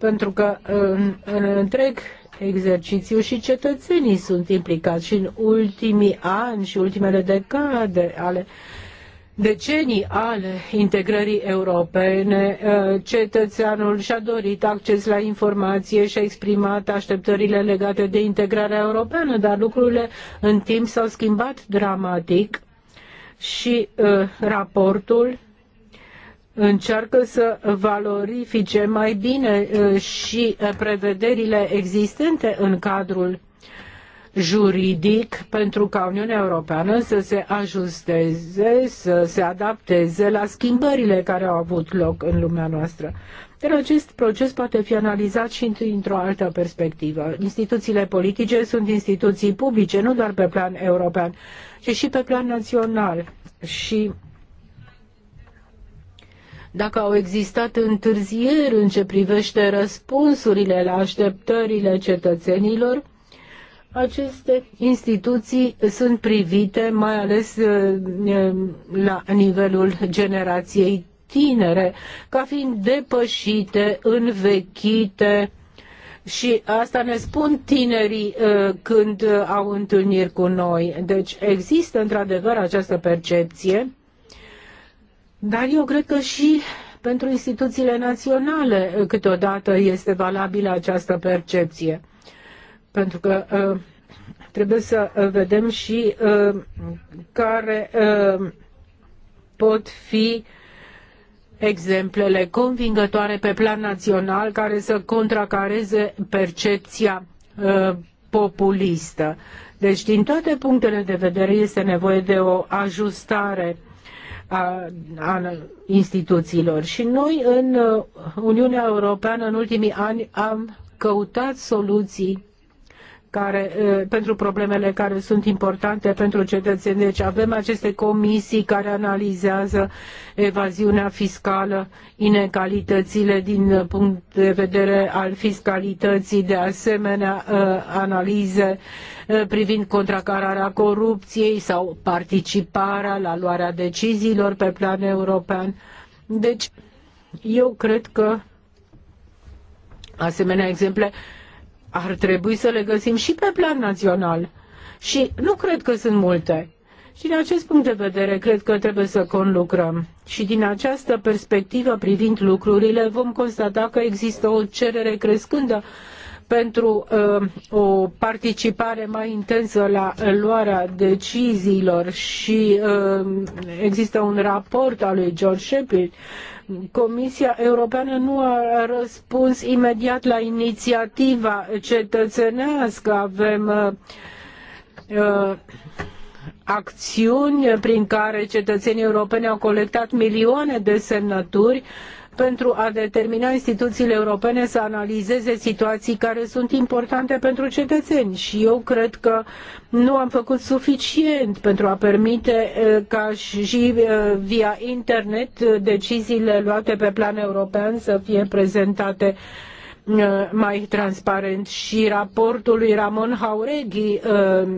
pentru că în, în întreg exercițiu și cetățenii sunt implicați și în ultimii ani și ultimele decade ale decenii ale integrării europene, ă, cetățeanul și-a dorit acces la informație și a exprimat așteptările legate de integrarea europeană, dar lucrurile în timp s-au schimbat dramatic și uh, raportul încearcă să valorifice mai bine uh, și uh, prevederile existente în cadrul juridic pentru ca Uniunea Europeană să se ajusteze, să se adapteze la schimbările care au avut loc în lumea noastră. Dar acest proces poate fi analizat și într-o altă perspectivă. Instituțiile politice sunt instituții publice, nu doar pe plan european, ci și pe plan național. Și dacă au existat întârzieri în ce privește răspunsurile la așteptările cetățenilor, aceste instituții sunt privite mai ales uh, uh, la nivelul generației tinere ca fiind depășite, învechite și asta ne spun tinerii uh, când au întâlniri cu noi. Deci există într-adevăr această percepție dar eu cred că și pentru instituțiile naționale câteodată este valabilă această percepție. Pentru că uh, trebuie să uh, vedem și uh, care pot fi exemplele convingătoare pe plan național care să contracareze percepția populistă. Deci, din toate punctele de vedere, este nevoie de o ajustare a, a instituțiilor. Și noi în uh, Uniunea Europeană în ultimii ani am căutat soluții care, uh, pentru problemele care sunt importante pentru cetățeni. Deci avem aceste comisii care analizează evaziunea fiscală, inegalitățile din punct de vedere al fiscalității, de asemenea uh, analize Uh, privind contracararea corupției sau participarea la luarea deciziilor pe plan european. Deci, eu cred că asemenea exemple ar trebui să le găsim și pe plan național. Și nu cred că sunt multe. Și din acest punct de vedere, cred că trebuie să conlucrăm. Și din această perspectivă, privind lucrurile, vom constata că există o cerere crescândă pentru uh, o participare mai intensă la luarea deciziilor și uh, există un raport al lui George Shepard Comisia Europeană nu a răspuns imediat la inițiativa cetățenească. Avem uh, uh acțiuni prin care cetățenii europeni au colectat milioane de semnături uh, pentru a determina instituțiile europene să analizeze situații care sunt importante pentru cetățeni și eu cred că nu am făcut suficient pentru a permite ca și via internet deciziile luate pe plan european să fie prezentate mai transparent și raportul lui Ramon Haureghi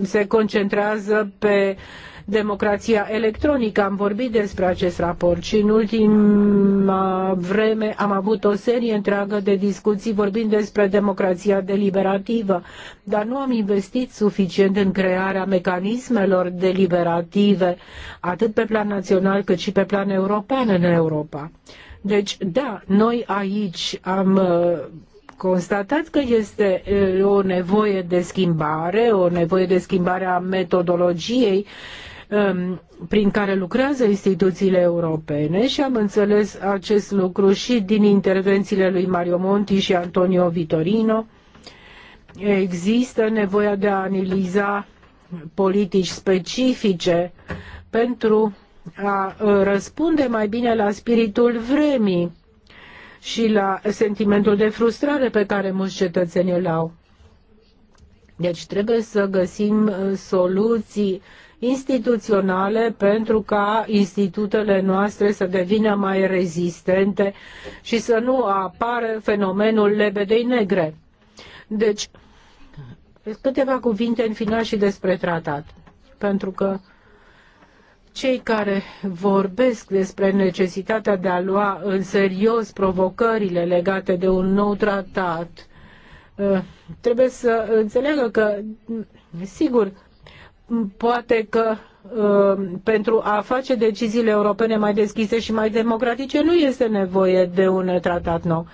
se concentrează pe democrația electronică. Am vorbit despre acest raport și în ultima vreme am avut o serie întreagă de discuții vorbind despre democrația deliberativă, dar nu am investit suficient în crearea mecanismelor deliberative, atât pe plan național cât și pe plan european în Europa. Deci, da, noi aici am uh, constatat că este uh, o nevoie de schimbare, o nevoie de schimbare a metodologiei Um, prin care lucrează instituțiile europene și am înțeles acest lucru și din intervențiile lui Mario Monti și Antonio Vitorino. Există nevoia de a analiza politici specifice pentru a uh, răspunde mai bine la spiritul vremii și la sentimentul de frustrare pe care mulți cetățenii îl au. Deci trebuie să găsim uh, soluții instituționale pentru ca institutele noastre să devină mai rezistente și să nu apară fenomenul lebedei negre. Deci, câteva cuvinte în final și despre tratat, pentru că cei care vorbesc despre necesitatea de a lua în serios provocările legate de un nou tratat, ă, trebuie să înțeleagă că, sigur, poate că uh, pentru a face deciziile europene mai deschise și mai democratice nu este nevoie de un tratat nou.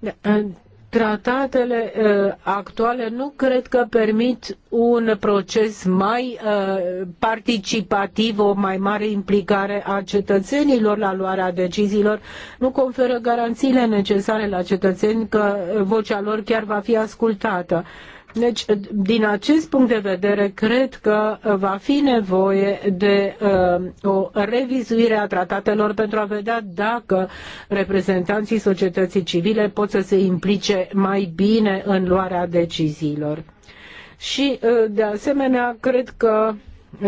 Uh, tratatele uh, actuale nu cred că permit un proces mai participativ, o mai mare implicare a cetățenilor la luarea deciziilor, nu conferă garanțiile necesare la cetățeni că vocea lor chiar va fi ascultată. Uh, deci, din acest punct de vedere, cred că uh, va fi nevoie de uh, o revizuire a tratatelor pentru a vedea dacă reprezentanții societății civile pot să se implice mai bine în luarea deciziilor. Și, uh, de asemenea, cred că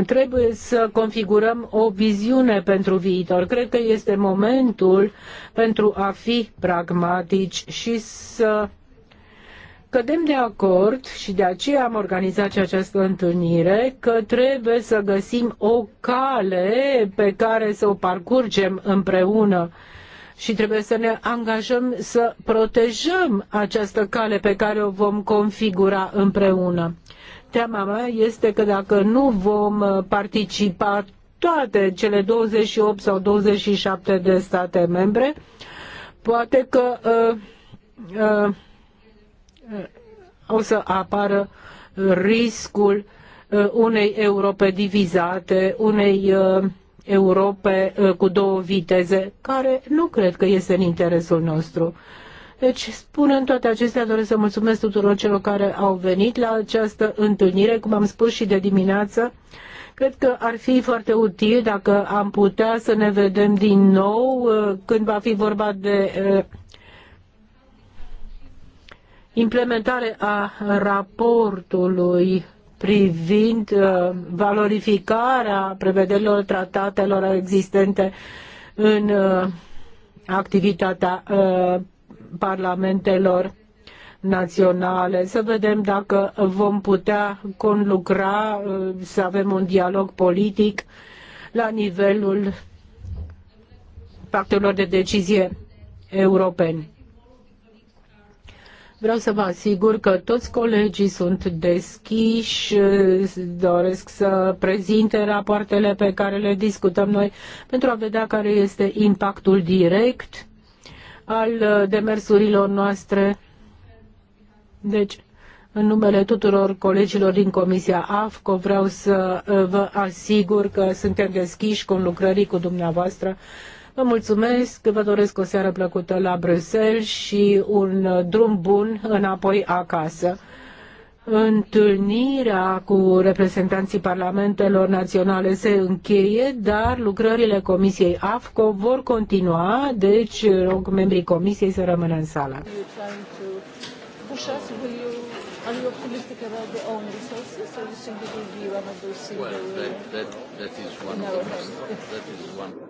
trebuie să configurăm o viziune pentru viitor. Cred că este momentul pentru a fi pragmatici și să Cădem de acord și de aceea am organizat această întâlnire că trebuie să găsim o cale pe care să o parcurgem împreună și trebuie să ne angajăm să protejăm această cale pe care o vom configura împreună. Teama mea este că dacă nu vom participa toate cele 28 sau 27 de state membre, poate că uh, uh, o să apară riscul uh, unei Europe divizate, unei uh, Europe uh, cu două viteze, care nu cred că este în interesul nostru. Deci, spunând toate acestea, doresc să mulțumesc tuturor celor care au venit la această întâlnire, cum am spus și de dimineață. Cred că ar fi foarte util dacă am putea să ne vedem din nou când va fi vorba de implementare a raportului privind uh, valorificarea prevederilor tratatelor existente în uh, activitatea uh, parlamentelor naționale, să vedem dacă vom putea conlucra, uh, să avem un dialog politic la nivelul factorilor de decizie europeni. Vreau să vă asigur că toți colegii sunt deschiși, doresc să prezinte rapoartele pe care le discutăm noi pentru a vedea care este impactul direct al demersurilor noastre. Deci, în numele tuturor colegilor din Comisia AFCO vreau să vă asigur că suntem deschiși cu lucrării cu dumneavoastră Vă mulțumesc, vă doresc o seară plăcută la Bruxelles și un drum bun înapoi acasă. Întâlnirea cu reprezentanții parlamentelor naționale se încheie, dar lucrările Comisiei AFCO vor continua, deci rog membrii Comisiei să rămână în sală. Are you optimistic about the own resources, or you think it will be one of those Well, that, that, that is one of That is one.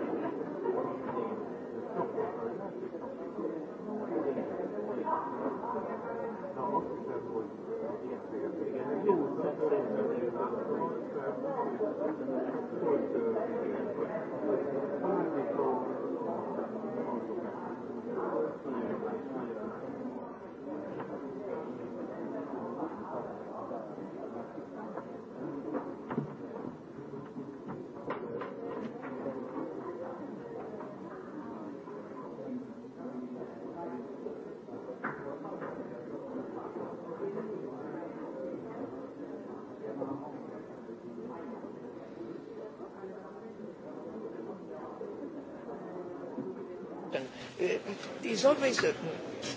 always,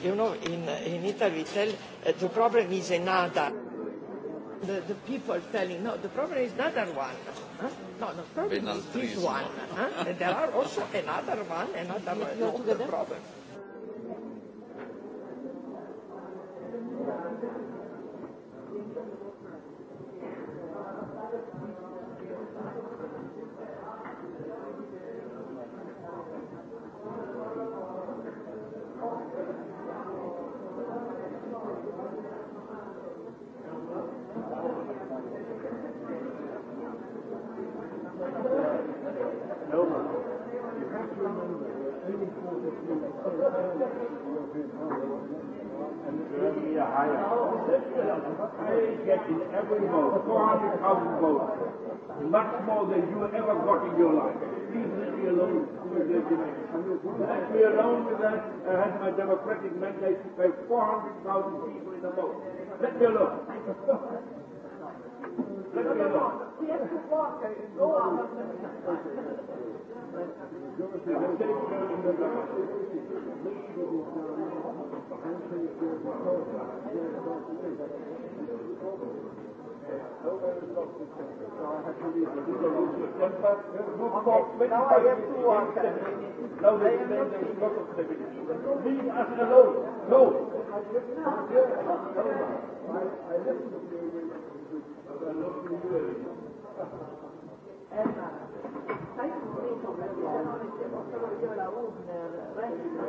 you know, in, in Italy we tell uh, the problem is another. The, the people telling, no, the problem is another one. Huh? No, the problem is this one. Huh? and there are also another one, another one. No, the problem. the every vote, 400,000 votes. Much more than you ever got in your life. Please let me alone Let me alone with that. I had my democratic mandate by 400,000 people in a vote. Let me alone. let me alone. Thank you. Nobody lost his temper. So I have to read the legal rules of temper. Who spoke 25 years to one Now they say there is lot of stability. Leave us alone. No. I listen to you with a lot of humility. Sai un momento perché se no mettiamo solo io la Wurner, resta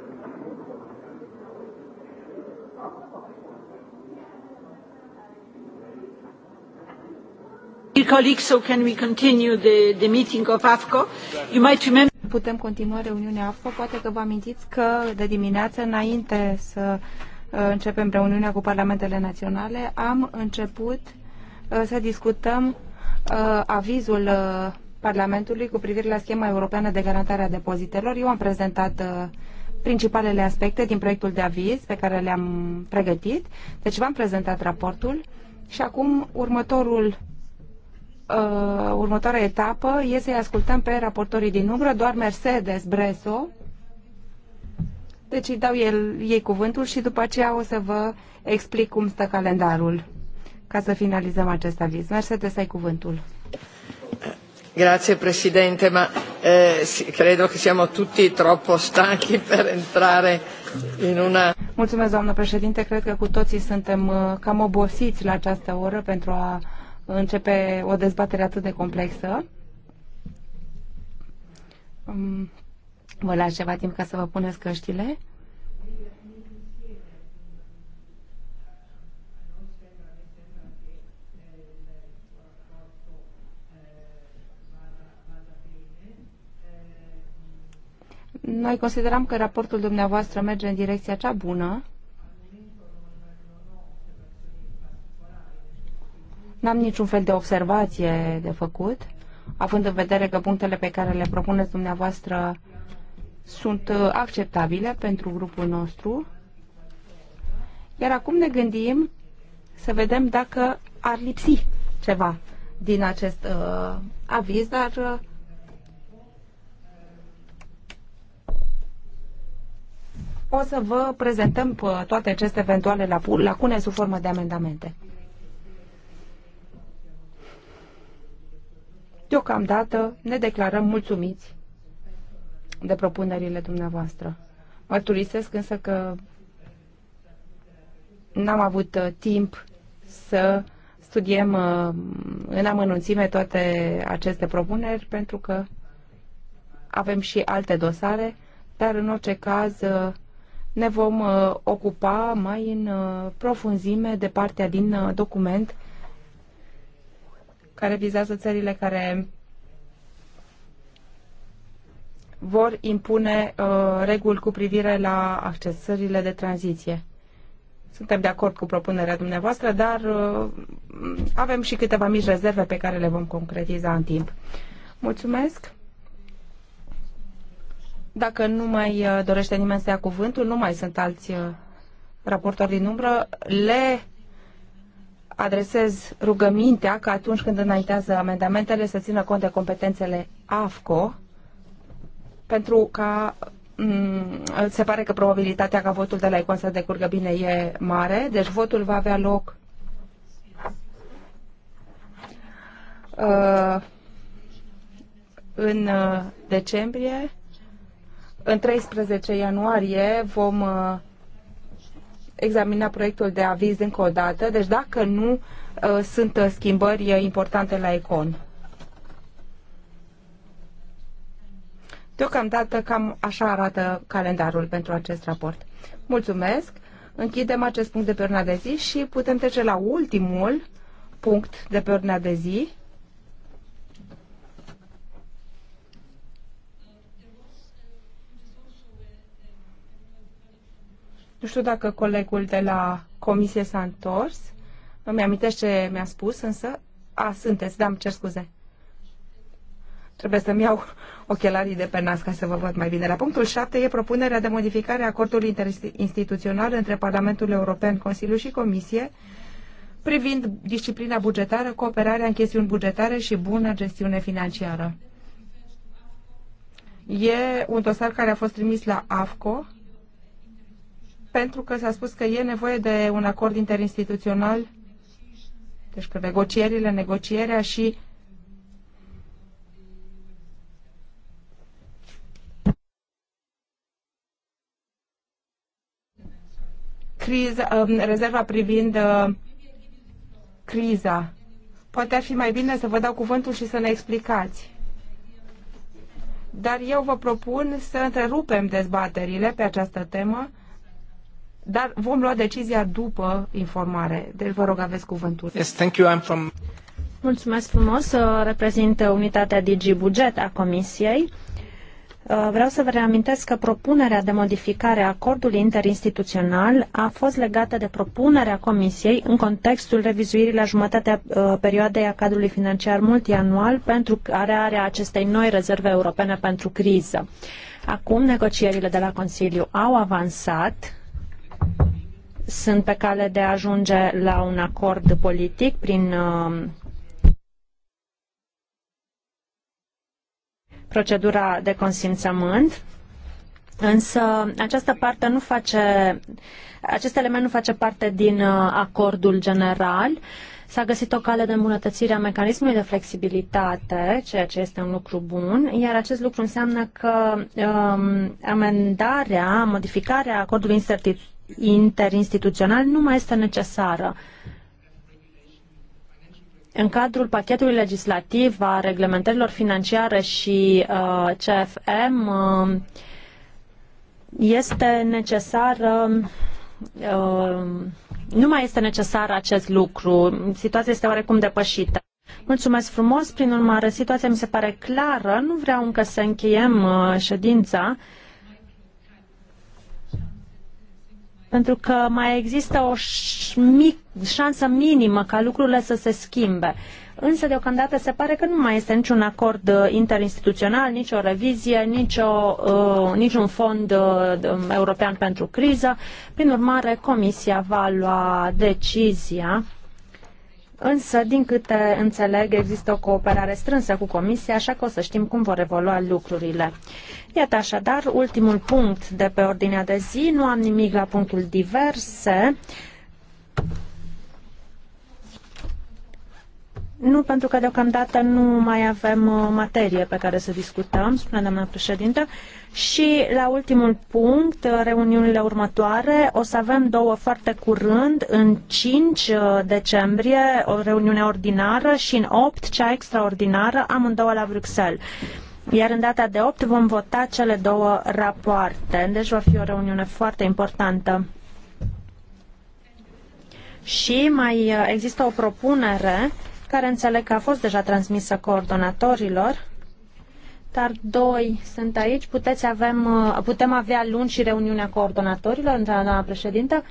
Dear colleagues, so can we continue the, the meeting of AFCO? You might remember putem continua reuniunea AFCO. Poate că vă amintiți că de dimineață, înainte să uh, începem reuniunea cu parlamentele naționale, am început uh, să discutăm uh, avizul Parlamentului cu privire la schema europeană de garantare a depozitelor. Eu am prezentat principalele aspecte din proiectul de aviz pe care le-am pregătit. Deci v-am prezentat raportul și acum următorul uh, următoarea etapă e să-i ascultăm pe raportorii din umbră, doar Mercedes Breso. Deci îi dau el, ei cuvântul și după aceea o să vă explic cum stă calendarul ca să finalizăm acest aviz. Mercedes, ai cuvântul. Grazie Presidente, ma eh, credo che siamo tutti troppo stanchi per entrare in una... Mulțumesc, doamnă președinte. Cred că cu toții suntem eh, cam obosiți la această oră pentru a începe o dezbatere atât de complexă. Um, vă las ceva timp ca să vă puneți căștile. Noi considerăm că raportul dumneavoastră merge în direcția cea bună. N-am niciun fel de observație de făcut, având în vedere că punctele pe care le propuneți dumneavoastră sunt uh, acceptabile pentru grupul nostru. Iar acum ne gândim să vedem dacă ar lipsi ceva din acest uh, aviz, dar uh, o să vă prezentăm uh, toate aceste eventuale lacune sub formă de amendamente. Deocamdată ne declarăm mulțumiți de propunerile dumneavoastră. Mărturisesc însă că n-am avut uh, timp să studiem uh, în amănunțime toate aceste propuneri pentru că avem și alte dosare, dar în orice caz uh, ne vom ocupa mai în profunzime de partea din document care vizează țările care vor impune uh, reguli cu privire la accesările de tranziție. Suntem de acord cu propunerea dumneavoastră, dar uh, avem și câteva mici rezerve pe care le vom concretiza în timp. Mulțumesc! Dacă nu mai uh, dorește nimeni să ia cuvântul, nu mai sunt alți uh, raportori din umbră, le adresez rugămintea că atunci când înaintează amendamentele să țină cont de competențele AFCO, pentru că mm, se pare că probabilitatea ca votul de la Icon să decurgă bine e mare, deci votul va avea loc uh, în uh, decembrie. În 13 ianuarie vom uh, examina proiectul de aviz încă o dată, deci dacă nu, uh, sunt uh, schimbări uh, importante la Econ. Deocamdată cam așa arată calendarul pentru acest raport. Mulțumesc! Închidem acest punct de pe de zi și putem trece la ultimul punct de pe de zi, Nu știu dacă colegul de la comisie s-a întors. Îmi amintește ce mi-a spus, însă... A, sunteți, da, îmi cer scuze. Trebuie să-mi iau ochelarii de pe nas ca să vă văd mai bine. La punctul 7 e propunerea de modificare a acordului interinstituțional între Parlamentul European, Consiliu și Comisie privind disciplina bugetară, cooperarea în chestiuni bugetare și bună gestiune financiară. E un dosar care a fost trimis la AFCO pentru că s-a spus că e nevoie de un acord interinstituțional, deci că negocierile, negocierea și criza, um, rezerva privind uh, criza. Poate ar fi mai bine să vă dau cuvântul și să ne explicați. Dar eu vă propun să întrerupem dezbaterile pe această temă dar vom lua decizia după informare. Deci vă rog, aveți cuvântul. Yes, thank you. I'm from... Mulțumesc frumos. Reprezint unitatea Digi Buget a Comisiei. Uh, vreau să vă reamintesc că propunerea de modificare a acordului interinstituțional a fost legată de propunerea Comisiei în contextul revizuirii la jumătatea uh, perioadei a cadrului financiar multianual pentru crearea acestei noi rezerve europene pentru criză. Acum negocierile de la Consiliu au avansat sunt pe cale de a ajunge la un acord politic prin uh, procedura de consimțământ, însă această parte nu face, acest element nu face parte din uh, acordul general. S-a găsit o cale de îmbunătățire a mecanismului de flexibilitate, ceea ce este un lucru bun, iar acest lucru înseamnă că um, amendarea, modificarea acordului interinstituțional nu mai este necesară. În cadrul pachetului legislativ a reglementărilor financiare și uh, CFM uh, este necesară uh, nu mai este necesar acest lucru. Situația este oarecum depășită. Mulțumesc frumos. Prin urmare, situația mi se pare clară. Nu vreau încă să încheiem uh, ședința. pentru că mai există o mic, șansă minimă ca lucrurile să se schimbe. Însă, deocamdată, se pare că nu mai este niciun acord uh, interinstituțional, nicio revizie, nicio, uh, niciun fond uh, um, european pentru criză. Prin urmare, Comisia va lua decizia Însă, din câte înțeleg, există o cooperare strânsă cu Comisia, așa că o să știm cum vor evolua lucrurile. Iată așadar, ultimul punct de pe ordinea de zi. Nu am nimic la punctul diverse. Nu, pentru că deocamdată nu mai avem uh, materie pe care să discutăm, spune doamna președintă. Și la ultimul punct, uh, reuniunile următoare, o să avem două foarte curând, în 5 uh, decembrie, o reuniune ordinară și în 8, cea extraordinară, amândouă la Bruxelles. Iar în data de 8 vom vota cele două rapoarte. Deci va fi o reuniune foarte importantă. Și mai există o propunere care înțeleg că a fost deja transmisă coordonatorilor, dar doi sunt aici. Puteți avem, putem avea luni și reuniunea coordonatorilor, întreabă doamna președintă.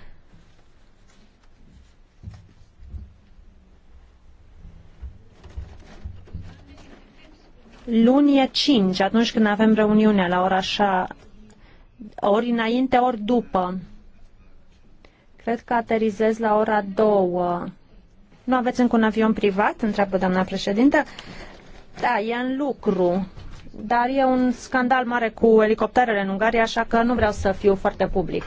Luni e 5, atunci când avem reuniunea la ora așa, ori înainte, ori după. Cred că aterizez la ora 2. Nu aveți încă un avion privat? Întreabă doamna președintă. Da, e în lucru. Dar e un scandal mare cu elicopterele în Ungaria, așa că nu vreau să fiu foarte public.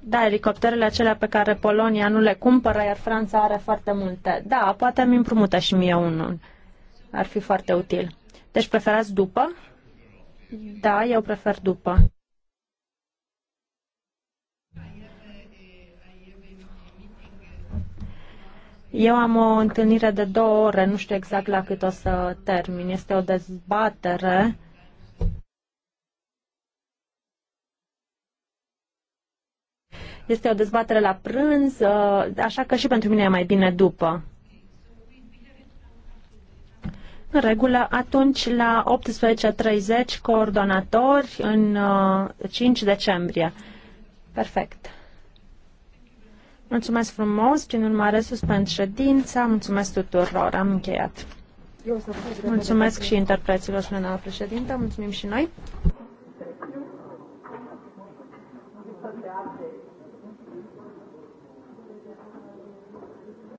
Da, elicopterele acelea pe care Polonia nu le cumpără, iar Franța are foarte multe. Da, poate mi împrumută și mie unul. Ar fi foarte util. Deci preferați după? Da, eu prefer după. Eu am o întâlnire de două ore, nu știu exact la cât o să termin. Este o dezbatere. Este o dezbatere la prânz, uh, așa că și pentru mine e mai bine după. În regulă, atunci la 18.30 coordonatori în 5 uh, decembrie. Perfect. Mulțumesc frumos, prin urmare suspend ședința, mulțumesc tuturor, am încheiat. Mulțumesc și interpreților, spunea președinte, mulțumim și noi.